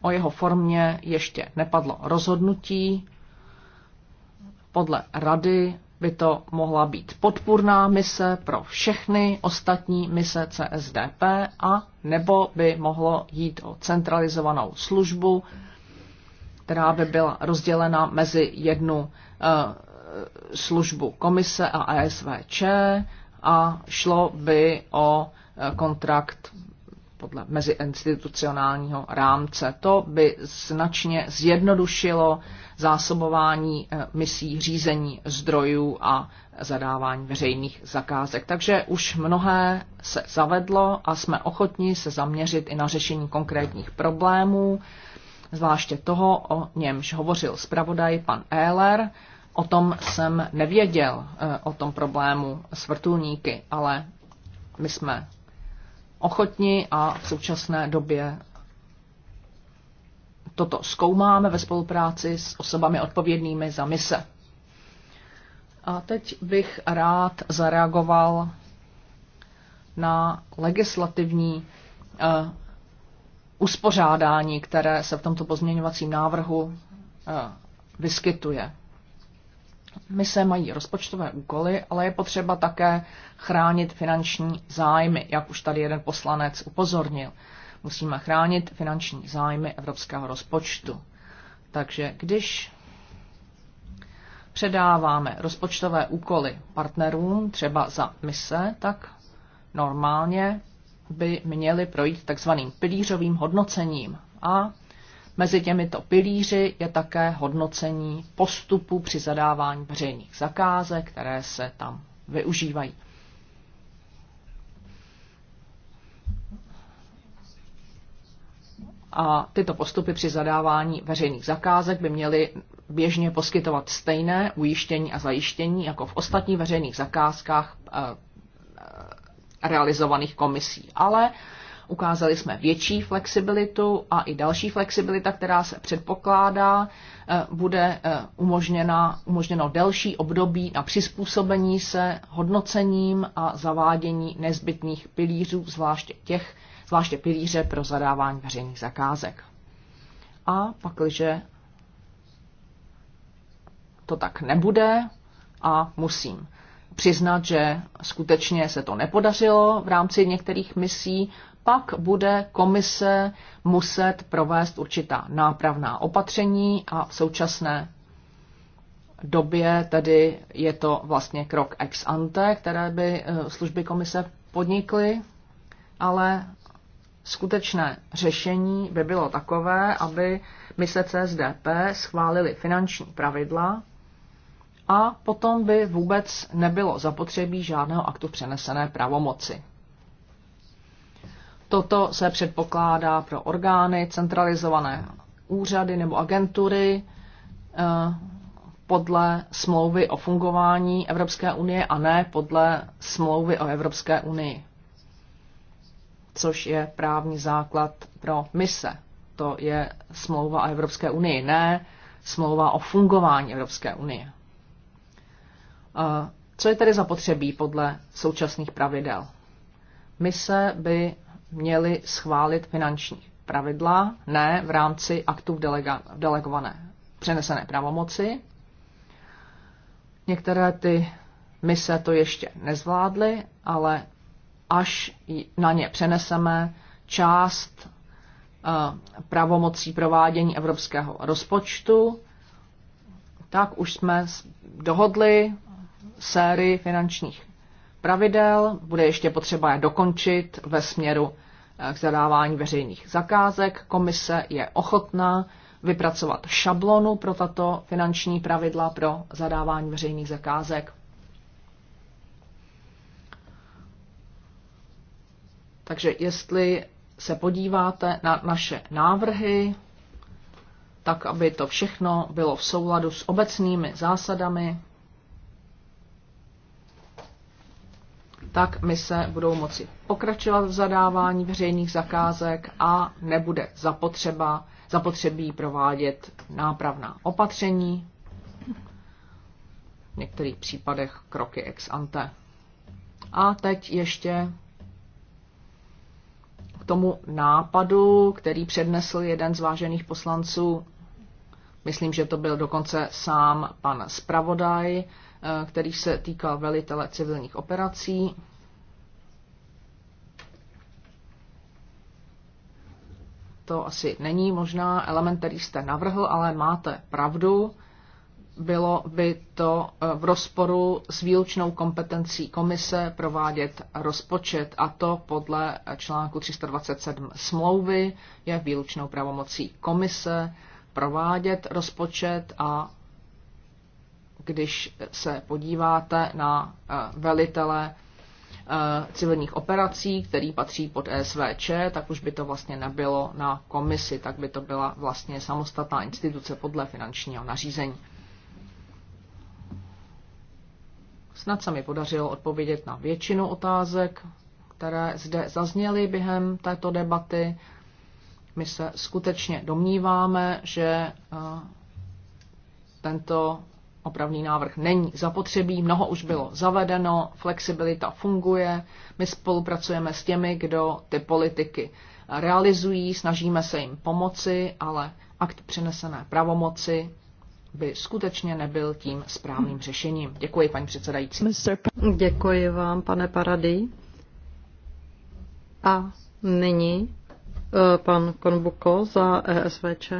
O jeho formě ještě nepadlo rozhodnutí. Podle rady by to mohla být podpůrná mise pro všechny ostatní mise CSDP a nebo by mohlo jít o centralizovanou službu, která by byla rozdělena mezi jednu uh, službu komise a ASVČ a šlo by o eh, kontrakt podle meziinstitucionálního rámce. To by značně zjednodušilo zásobování eh, misí, řízení zdrojů a zadávání veřejných zakázek. Takže už mnohé se zavedlo a jsme ochotní se zaměřit i na řešení konkrétních problémů, zvláště toho, o němž hovořil zpravodaj pan Ehler. O tom jsem nevěděl, eh, o tom problému s vrtulníky, ale my jsme ochotni a v současné době toto zkoumáme ve spolupráci s osobami odpovědnými za mise. A teď bych rád zareagoval na legislativní uh, uspořádání, které se v tomto pozměňovacím návrhu uh, vyskytuje. Mise mají rozpočtové úkoly, ale je potřeba také chránit finanční zájmy, jak už tady jeden poslanec upozornil. Uh, Musíme chránit finanční zájmy evropského rozpočtu. Takže když předáváme rozpočtové úkoly partnerům, třeba za mise, tak normálně by měly projít takzvaným pilířovým hodnocením. A mezi těmito pilíři je také hodnocení postupu při zadávání veřejných zakázek, které se tam využívají. a tyto postupy při zadávání veřejných zakázek by měly běžně poskytovat stejné ujištění a zajištění jako v ostatních veřejných zakázkách eh, eh, realizovaných komisí. Ale ukázali jsme větší flexibilitu a i další flexibilita, která se předpokládá, eh, bude umožněna, umožněno delší období na přizpůsobení se hodnocením a zavádění nezbytných pilířů, zvláště těch, zvláště pilíře pro zadávání veřejných zakázek. A pakliže to tak nebude a musím přiznat, že skutečně se to nepodařilo v rámci některých misí, pak bude komise muset provést určitá nápravná opatření a v současné době tedy je to vlastně krok ex ante, které by eh, služby komise podnikly, ale skutečné řešení by bylo takové, aby mise CSDP schválili finanční pravidla a potom by vůbec nebylo zapotřebí žádného aktu přenesené pravomoci. Toto se předpokládá pro orgány, centralizované úřady nebo agentury eh, podle smlouvy o fungování Evropské unie a ne podle smlouvy o Evropské unii což je právní základ pro mise. To je smlouva o Evropské unii, ne smlouva o fungování Evropské unie. Co je tedy zapotřebí podle současných pravidel? Mise by měly schválit finanční pravidla, ne v rámci aktů v, delega, v delegované přenesené pravomoci. Některé ty mise to ještě nezvládly, ale až na ně přeneseme část eh, pravomocí provádění evropského rozpočtu, tak už jsme dohodli sérii finančních pravidel, bude ještě potřeba je dokončit ve směru eh, k zadávání veřejných zakázek. Komise je ochotná vypracovat šablonu pro tato finanční pravidla pro zadávání veřejných zakázek. Takže jestli se podíváte na naše návrhy, tak aby to všechno bylo v souladu s obecnými zásadami, tak my se budou moci pokračovat v zadávání veřejných zakázek a nebude zapotřeba, zapotřebí provádět nápravná opatření, v některých případech kroky ex ante. A teď ještě tomu nápadu, který přednesl jeden z vážených poslanců, myslím, že to byl dokonce sám pan zpravodaj, eh, který se týkal velitele civilních operací. To asi není možná element, který jste navrhl, ale máte pravdu bylo by to eh, v rozporu s výlučnou kompetencí komise provádět rozpočet a to podle článku 327 smlouvy je výlučnou pravomocí komise provádět rozpočet a když se podíváte na eh, velitele eh, civilních operací, který patří pod ESVČ, tak už by to vlastně nebylo na komisi, tak by to byla vlastně samostatná instituce podle finančního nařízení. Snad se mi podařilo odpovědět na většinu otázek, které zde zazněly během této debaty. My se skutečně domníváme, že eh, tento opravný návrh není zapotřebí, mnoho už bylo zavedeno, flexibilita funguje, my spolupracujeme s těmi, kdo ty politiky realizují, snažíme se jim pomoci, ale akt přenesené pravomoci by skutečně nebyl tím správným řešením. Děkuji, paní předsedající. Děkuji vám, pane Paradý. A nyní eh, pan Konbuko za ESVČ.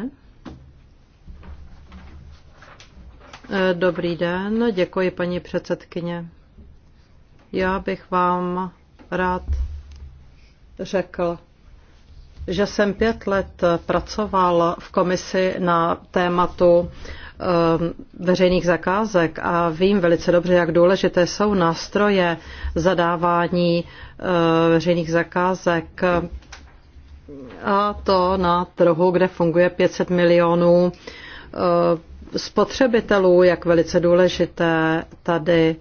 Eh, dobrý den, děkuji paní předsedkyně. Já bych vám rád řekl, že jsem pět let pracoval v komisi na tématu Eh, veřejných zakázek a vím velice dobře, jak důležité jsou nástroje zadávání eh, veřejných zakázek a to na trhu, kde funguje 500 milionů eh, spotřebitelů, jak velice důležité tady.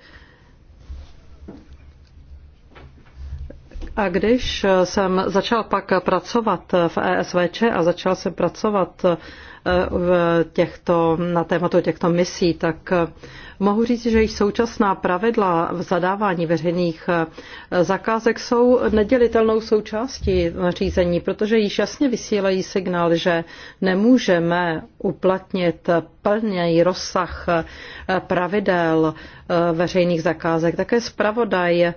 A když jsem začal pak pracovat v ESVČ a začal jsem pracovat E, v těchto, na tématu těchto misí, tak e, mohu říct, že již současná pravidla v zadávání veřejných e, zakázek jsou nedělitelnou součástí řízení, protože již jasně vysílají signál, že nemůžeme uplatnit plný rozsah pravidel veřejných zakázek. Také zpravodaj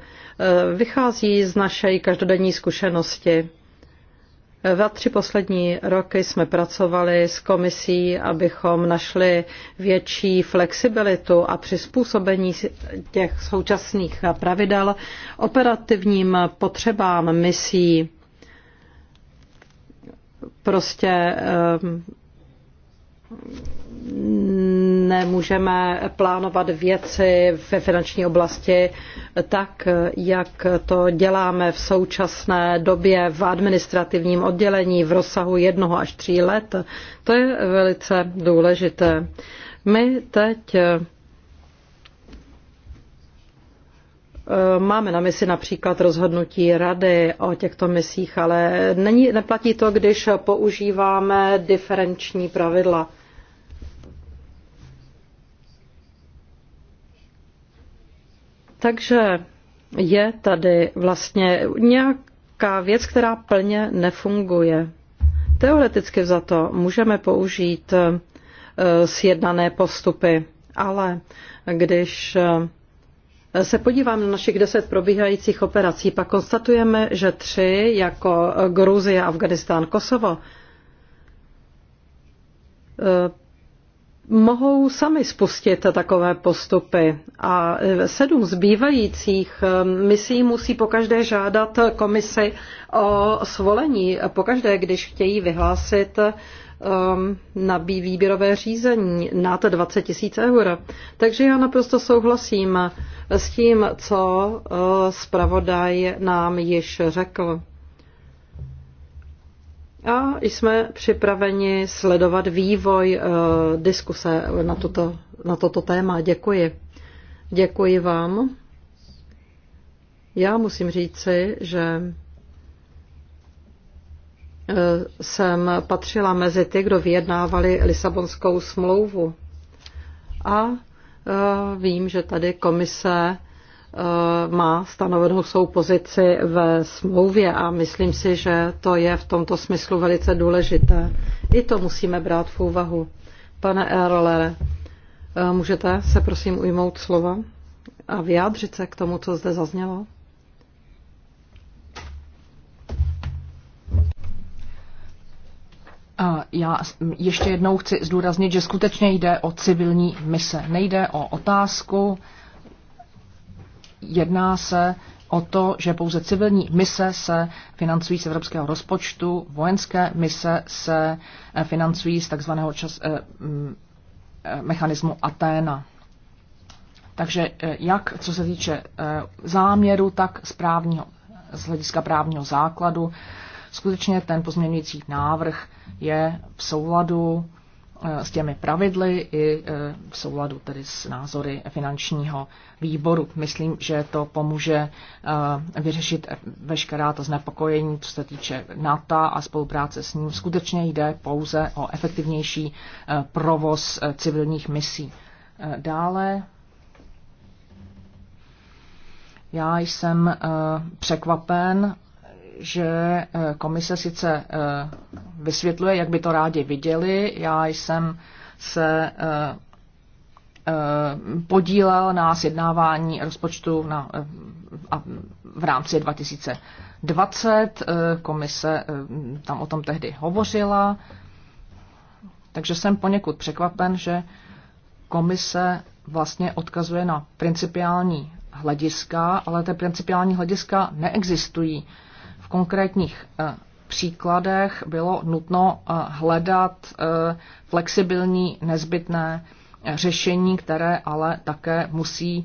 vychází z naší každodenní zkušenosti. Ve tři poslední roky jsme pracovali s komisí, abychom našli větší flexibilitu a přizpůsobení těch současných pravidel operativním potřebám misí. Prostě nemůžeme plánovat věci ve finanční oblasti tak, jak to děláme v současné době v administrativním oddělení v rozsahu jednoho až tří let. To je velice důležité. My teď eh, Máme na misi například rozhodnutí rady o těchto misích, ale není, neplatí to, když používáme diferenční pravidla. Takže je tady vlastně nějaká věc, která plně nefunguje. Teoreticky za to můžeme použít eh, sjednané postupy, ale když eh, se podívám na našich deset probíhajících operací, pak konstatujeme, že tři, jako Gruzie, Afganistán, Kosovo, eh, mohou sami spustit takové postupy a sedm zbývajících eh, misí musí pokaždé žádat komisi o svolení, pokaždé, když chtějí vyhlásit um, na výběrové řízení nad 20 tisíc eur. Takže já naprosto souhlasím s tím, co eh, zpravodaj nám již řekl a jsme připraveni sledovat vývoj eh, diskuse na toto, na toto téma. Děkuji. Děkuji vám. Já musím říci, že eh, jsem patřila mezi ty, kdo vyjednávali Lisabonskou smlouvu. A eh, vím, že tady komise Eh, má stanovenou svou pozici ve smlouvě a myslím si, že to je v tomto smyslu velice důležité. I to musíme brát v úvahu. Pane Erlere, eh, můžete se prosím ujmout slova a vyjádřit se k tomu, co zde zaznělo? Eh, já ještě jednou chci zdůraznit, že skutečně jde o civilní mise. Nejde o otázku, jedná se o to, že pouze civilní mise se financují z evropského rozpočtu, vojenské mise se eh, financují z takzvaného čas, eh, mm, eh mechanismu Aténa. Takže eh, jak co se týče záměru, tak z, právního, z hlediska právního základu, skutečně ten pozměňující návrh je v souladu Eh, s těmi pravidly i eh, v souladu tedy s názory finančního výboru. Myslím, že to pomůže eh, vyřešit veškerá to znepokojení, co se týče NATO a spolupráce s ním. Skutečně jde pouze o efektivnější provoz civilních misí. Dále já jsem překvapen že eh, komise sice eh, vysvětluje, jak by to rádi viděli. Já jsem se eh, podílel na sjednávání rozpočtu na, a v rámci 2020. Komise tam o tom tehdy hovořila. Takže jsem poněkud překvapen, že komise vlastně odkazuje na principiální hlediska, ale ty principiální hlediska neexistují konkrétních eh, příkladech bylo nutno eh, hledat eh, flexibilní nezbytné řešení, které ale také musí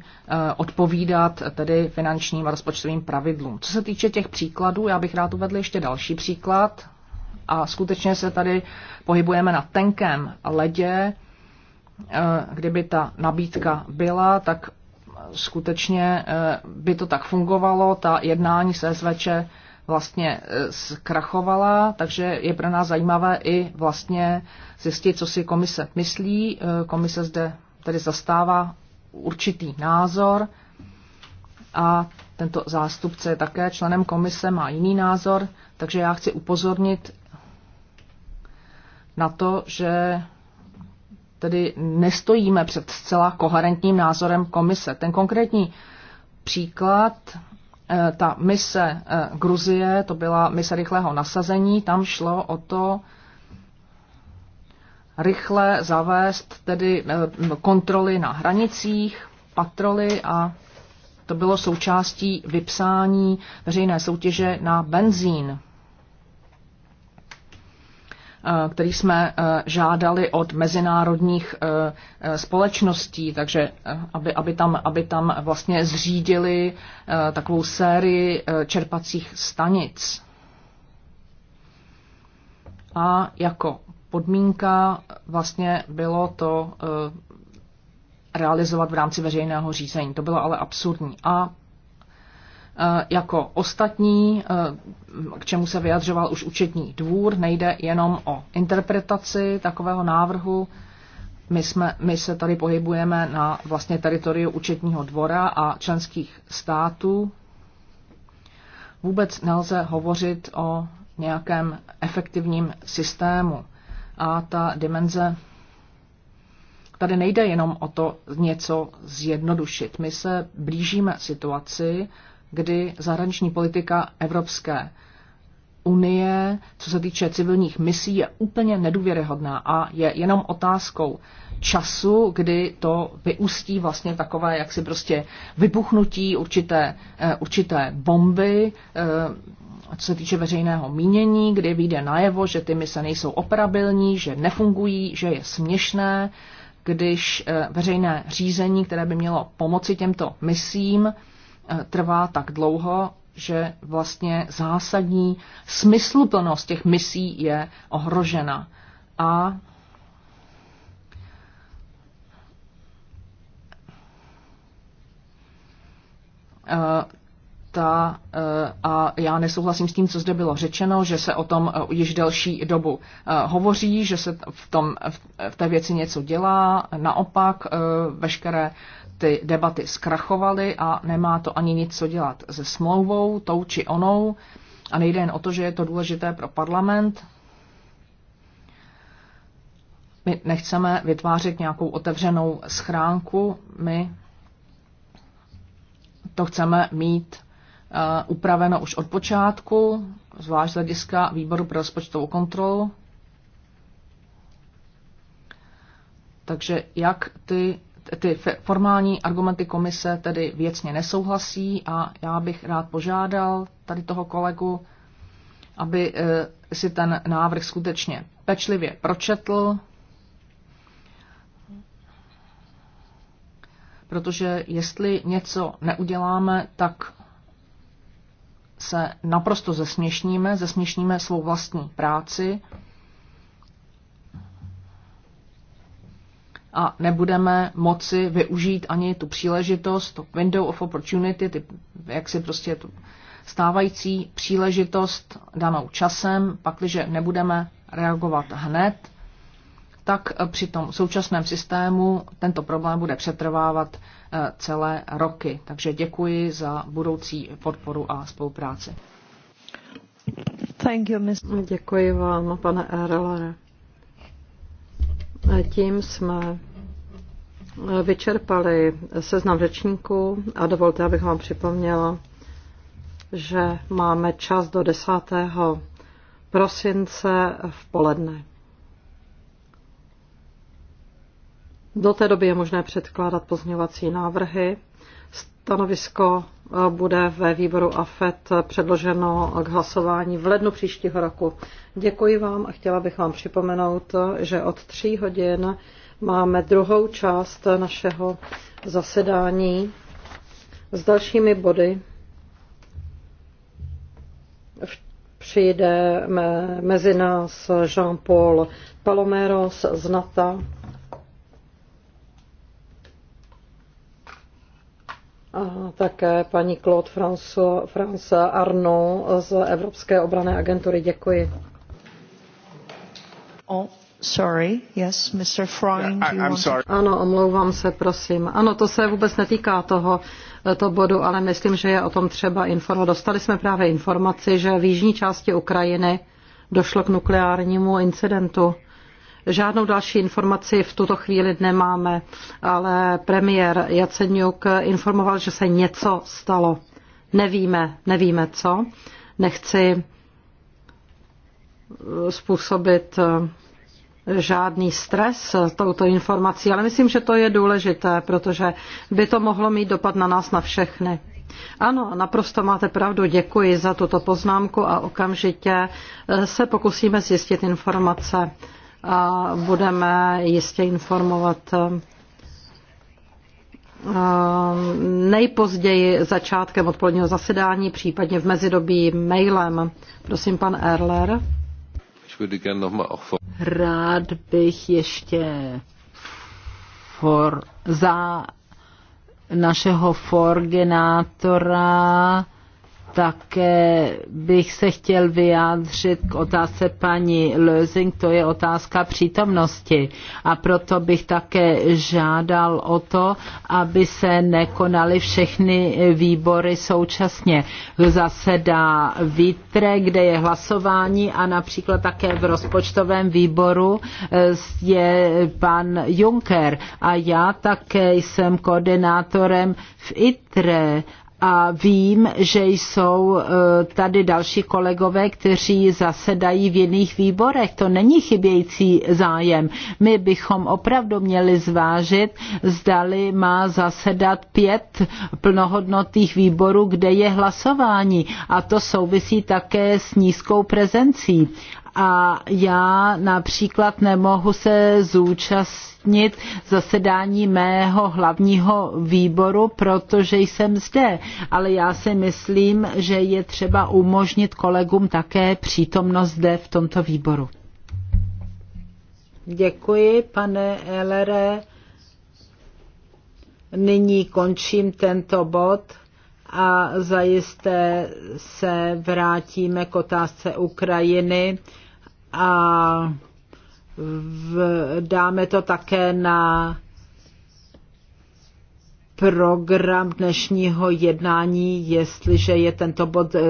odpovídat tedy finančním a rozpočtovým pravidlům. Co se týče těch příkladů, já bych rád uvedl ještě další příklad. A skutečně se tady pohybujeme na tenkém ledě. Kdyby ta nabídka byla, tak skutečně by to tak fungovalo. Ta jednání se SVČ vlastně e, zkrachovala, takže je pro nás zajímavé i vlastně zjistit, co si komise myslí. E, komise zde tedy zastává určitý názor a tento zástupce je také členem komise, má jiný názor, takže já chci upozornit na to, že tedy nestojíme před zcela koherentním názorem komise. Ten konkrétní příklad Eh, ta mise eh, Gruzie, to byla mise rychlého nasazení, tam šlo o to rychle zavést tedy eh, kontroly na hranicích, patroly a to bylo součástí vypsání veřejné soutěže na benzín. Eh, který jsme eh, žádali od mezinárodních eh, společností, takže aby, aby, tam, aby tam vlastně zřídili takovou sérii čerpacích stanic. A jako podmínka vlastně bylo to realizovat v rámci veřejného řízení. To bylo ale absurdní. A Eh, jako ostatní, eh, k čemu se vyjadřoval už účetní dvůr, nejde jenom o interpretaci takového návrhu. My, jsme, my se tady pohybujeme na vlastně teritoriu účetního dvora a členských států. Vůbec nelze hovořit o nějakém efektivním systému. A ta dimenze Tady nejde jenom o to něco zjednodušit. My se blížíme situaci, kdy zahraniční politika Evropské unie, co se týče civilních misí, je úplně nedůvěryhodná a je jenom otázkou času, kdy to vyústí vlastně takové jaksi prostě vybuchnutí určité, eh, určité bomby, eh, co se týče veřejného mínění, kdy vyjde najevo, že ty mise nejsou operabilní, že nefungují, že je směšné, když eh, veřejné řízení, které by mělo pomoci těmto misím, trvá tak dlouho, že vlastně zásadní smysluplnost těch misí je ohrožena. A ta, a já nesouhlasím s tím, co zde bylo řečeno, že se o tom e, již delší dobu e, hovoří, že se v, tom, v té věci něco dělá. Naopak e, veškeré ty debaty zkrachovaly a nemá to ani nic co dělat se smlouvou, tou či onou. A nejde jen o to, že je to důležité pro parlament. My nechceme vytvářet nějakou otevřenou schránku, my to chceme mít uh, upraveno už od počátku, zvlášť z hlediska výboru pro rozpočtovou kontrolu. Takže jak ty ty formální argumenty komise tedy věcně nesouhlasí a já bych rád požádal tady toho kolegu, aby eh, si ten návrh skutečně pečlivě pročetl, protože jestli něco neuděláme, tak se naprosto zesměšníme, zesměšníme svou vlastní práci a nebudeme moci využít ani tu příležitost, to window of opportunity, ty, jak si prostě tu stávající příležitost danou časem, pakliže nebudeme reagovat hned, tak eh, při tom současném systému tento problém bude přetrvávat eh, celé roky. Takže děkuji za budoucí podporu a spolupráci. Thank you, Děkuji vám, pane Erlare. Tím jsme vyčerpali seznam řečníků a dovolte, abych vám připomněla, že máme čas do 10. prosince v poledne. Do té doby je možné předkládat pozměňovací návrhy. Stanovisko bude ve výboru AFET předloženo k hlasování v lednu příštího roku. Děkuji vám a chtěla bych vám připomenout, že od tří hodin máme druhou část našeho zasedání s dalšími body. Přijde mezi nás Jean-Paul Paloméros z NATO a také paní Claude François, France Arno z Evropské obrané agentury. Děkuji. Oh, sorry. Yes, Mr. Freund, yeah, I, I'm sorry. Ano, omlouvám se, prosím. Ano, to se vůbec netýká toho, to bodu, ale myslím, že je o tom třeba informovat. Dostali jsme právě informaci, že v jižní části Ukrajiny došlo k nukleárnímu incidentu. Žádnou další informaci v tuto chvíli nemáme, ale premiér Jaceňuk informoval, že se něco stalo. Nevíme, nevíme co. Nechci eh, způsobit eh, žádný stres touto informací, ale myslím, že to je důležité, protože by to mohlo mít dopad na nás na všechny. Ano, naprosto máte pravdu, děkuji za tuto poznámku a okamžitě eh, se pokusíme zjistit informace a budeme jistě informovat eh, nejpozději začátkem odpoledního zasedání, případně v mezidobí mailem. Prosím, pan Erler. Rád bych ještě for, za našeho forgenátora také bych se chtěl vyjádřit k otázce paní Lösing, to je otázka přítomnosti. A proto bych také žádal o to, aby se nekonaly všechny výbory současně. Zasedá vítre, kde je hlasování a například také v rozpočtovém výboru eh, je pan Juncker a já také jsem koordinátorem v ITRE a vím, že jsou e, tady další kolegové, kteří zasedají v jiných výborech. To není chybějící zájem. My bychom opravdu měli zvážit, zdali má zasedat pět plnohodnotných výborů, kde je hlasování. A to souvisí také s nízkou prezencí. A já například nemohu se zúčastnit účastnit zasedání mého hlavního výboru, protože jsem zde. Ale já si myslím, že je třeba umožnit kolegům také přítomnost zde v tomto výboru. Děkuji, pane Elere. Nyní končím tento bod a zajisté se vrátíme k otázce Ukrajiny a v, dáme to také na program dnešního jednání, jestliže je tento bod eh,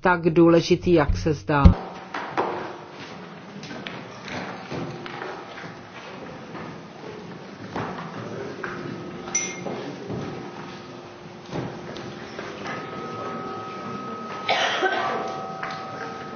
tak důležitý, jak se zdá.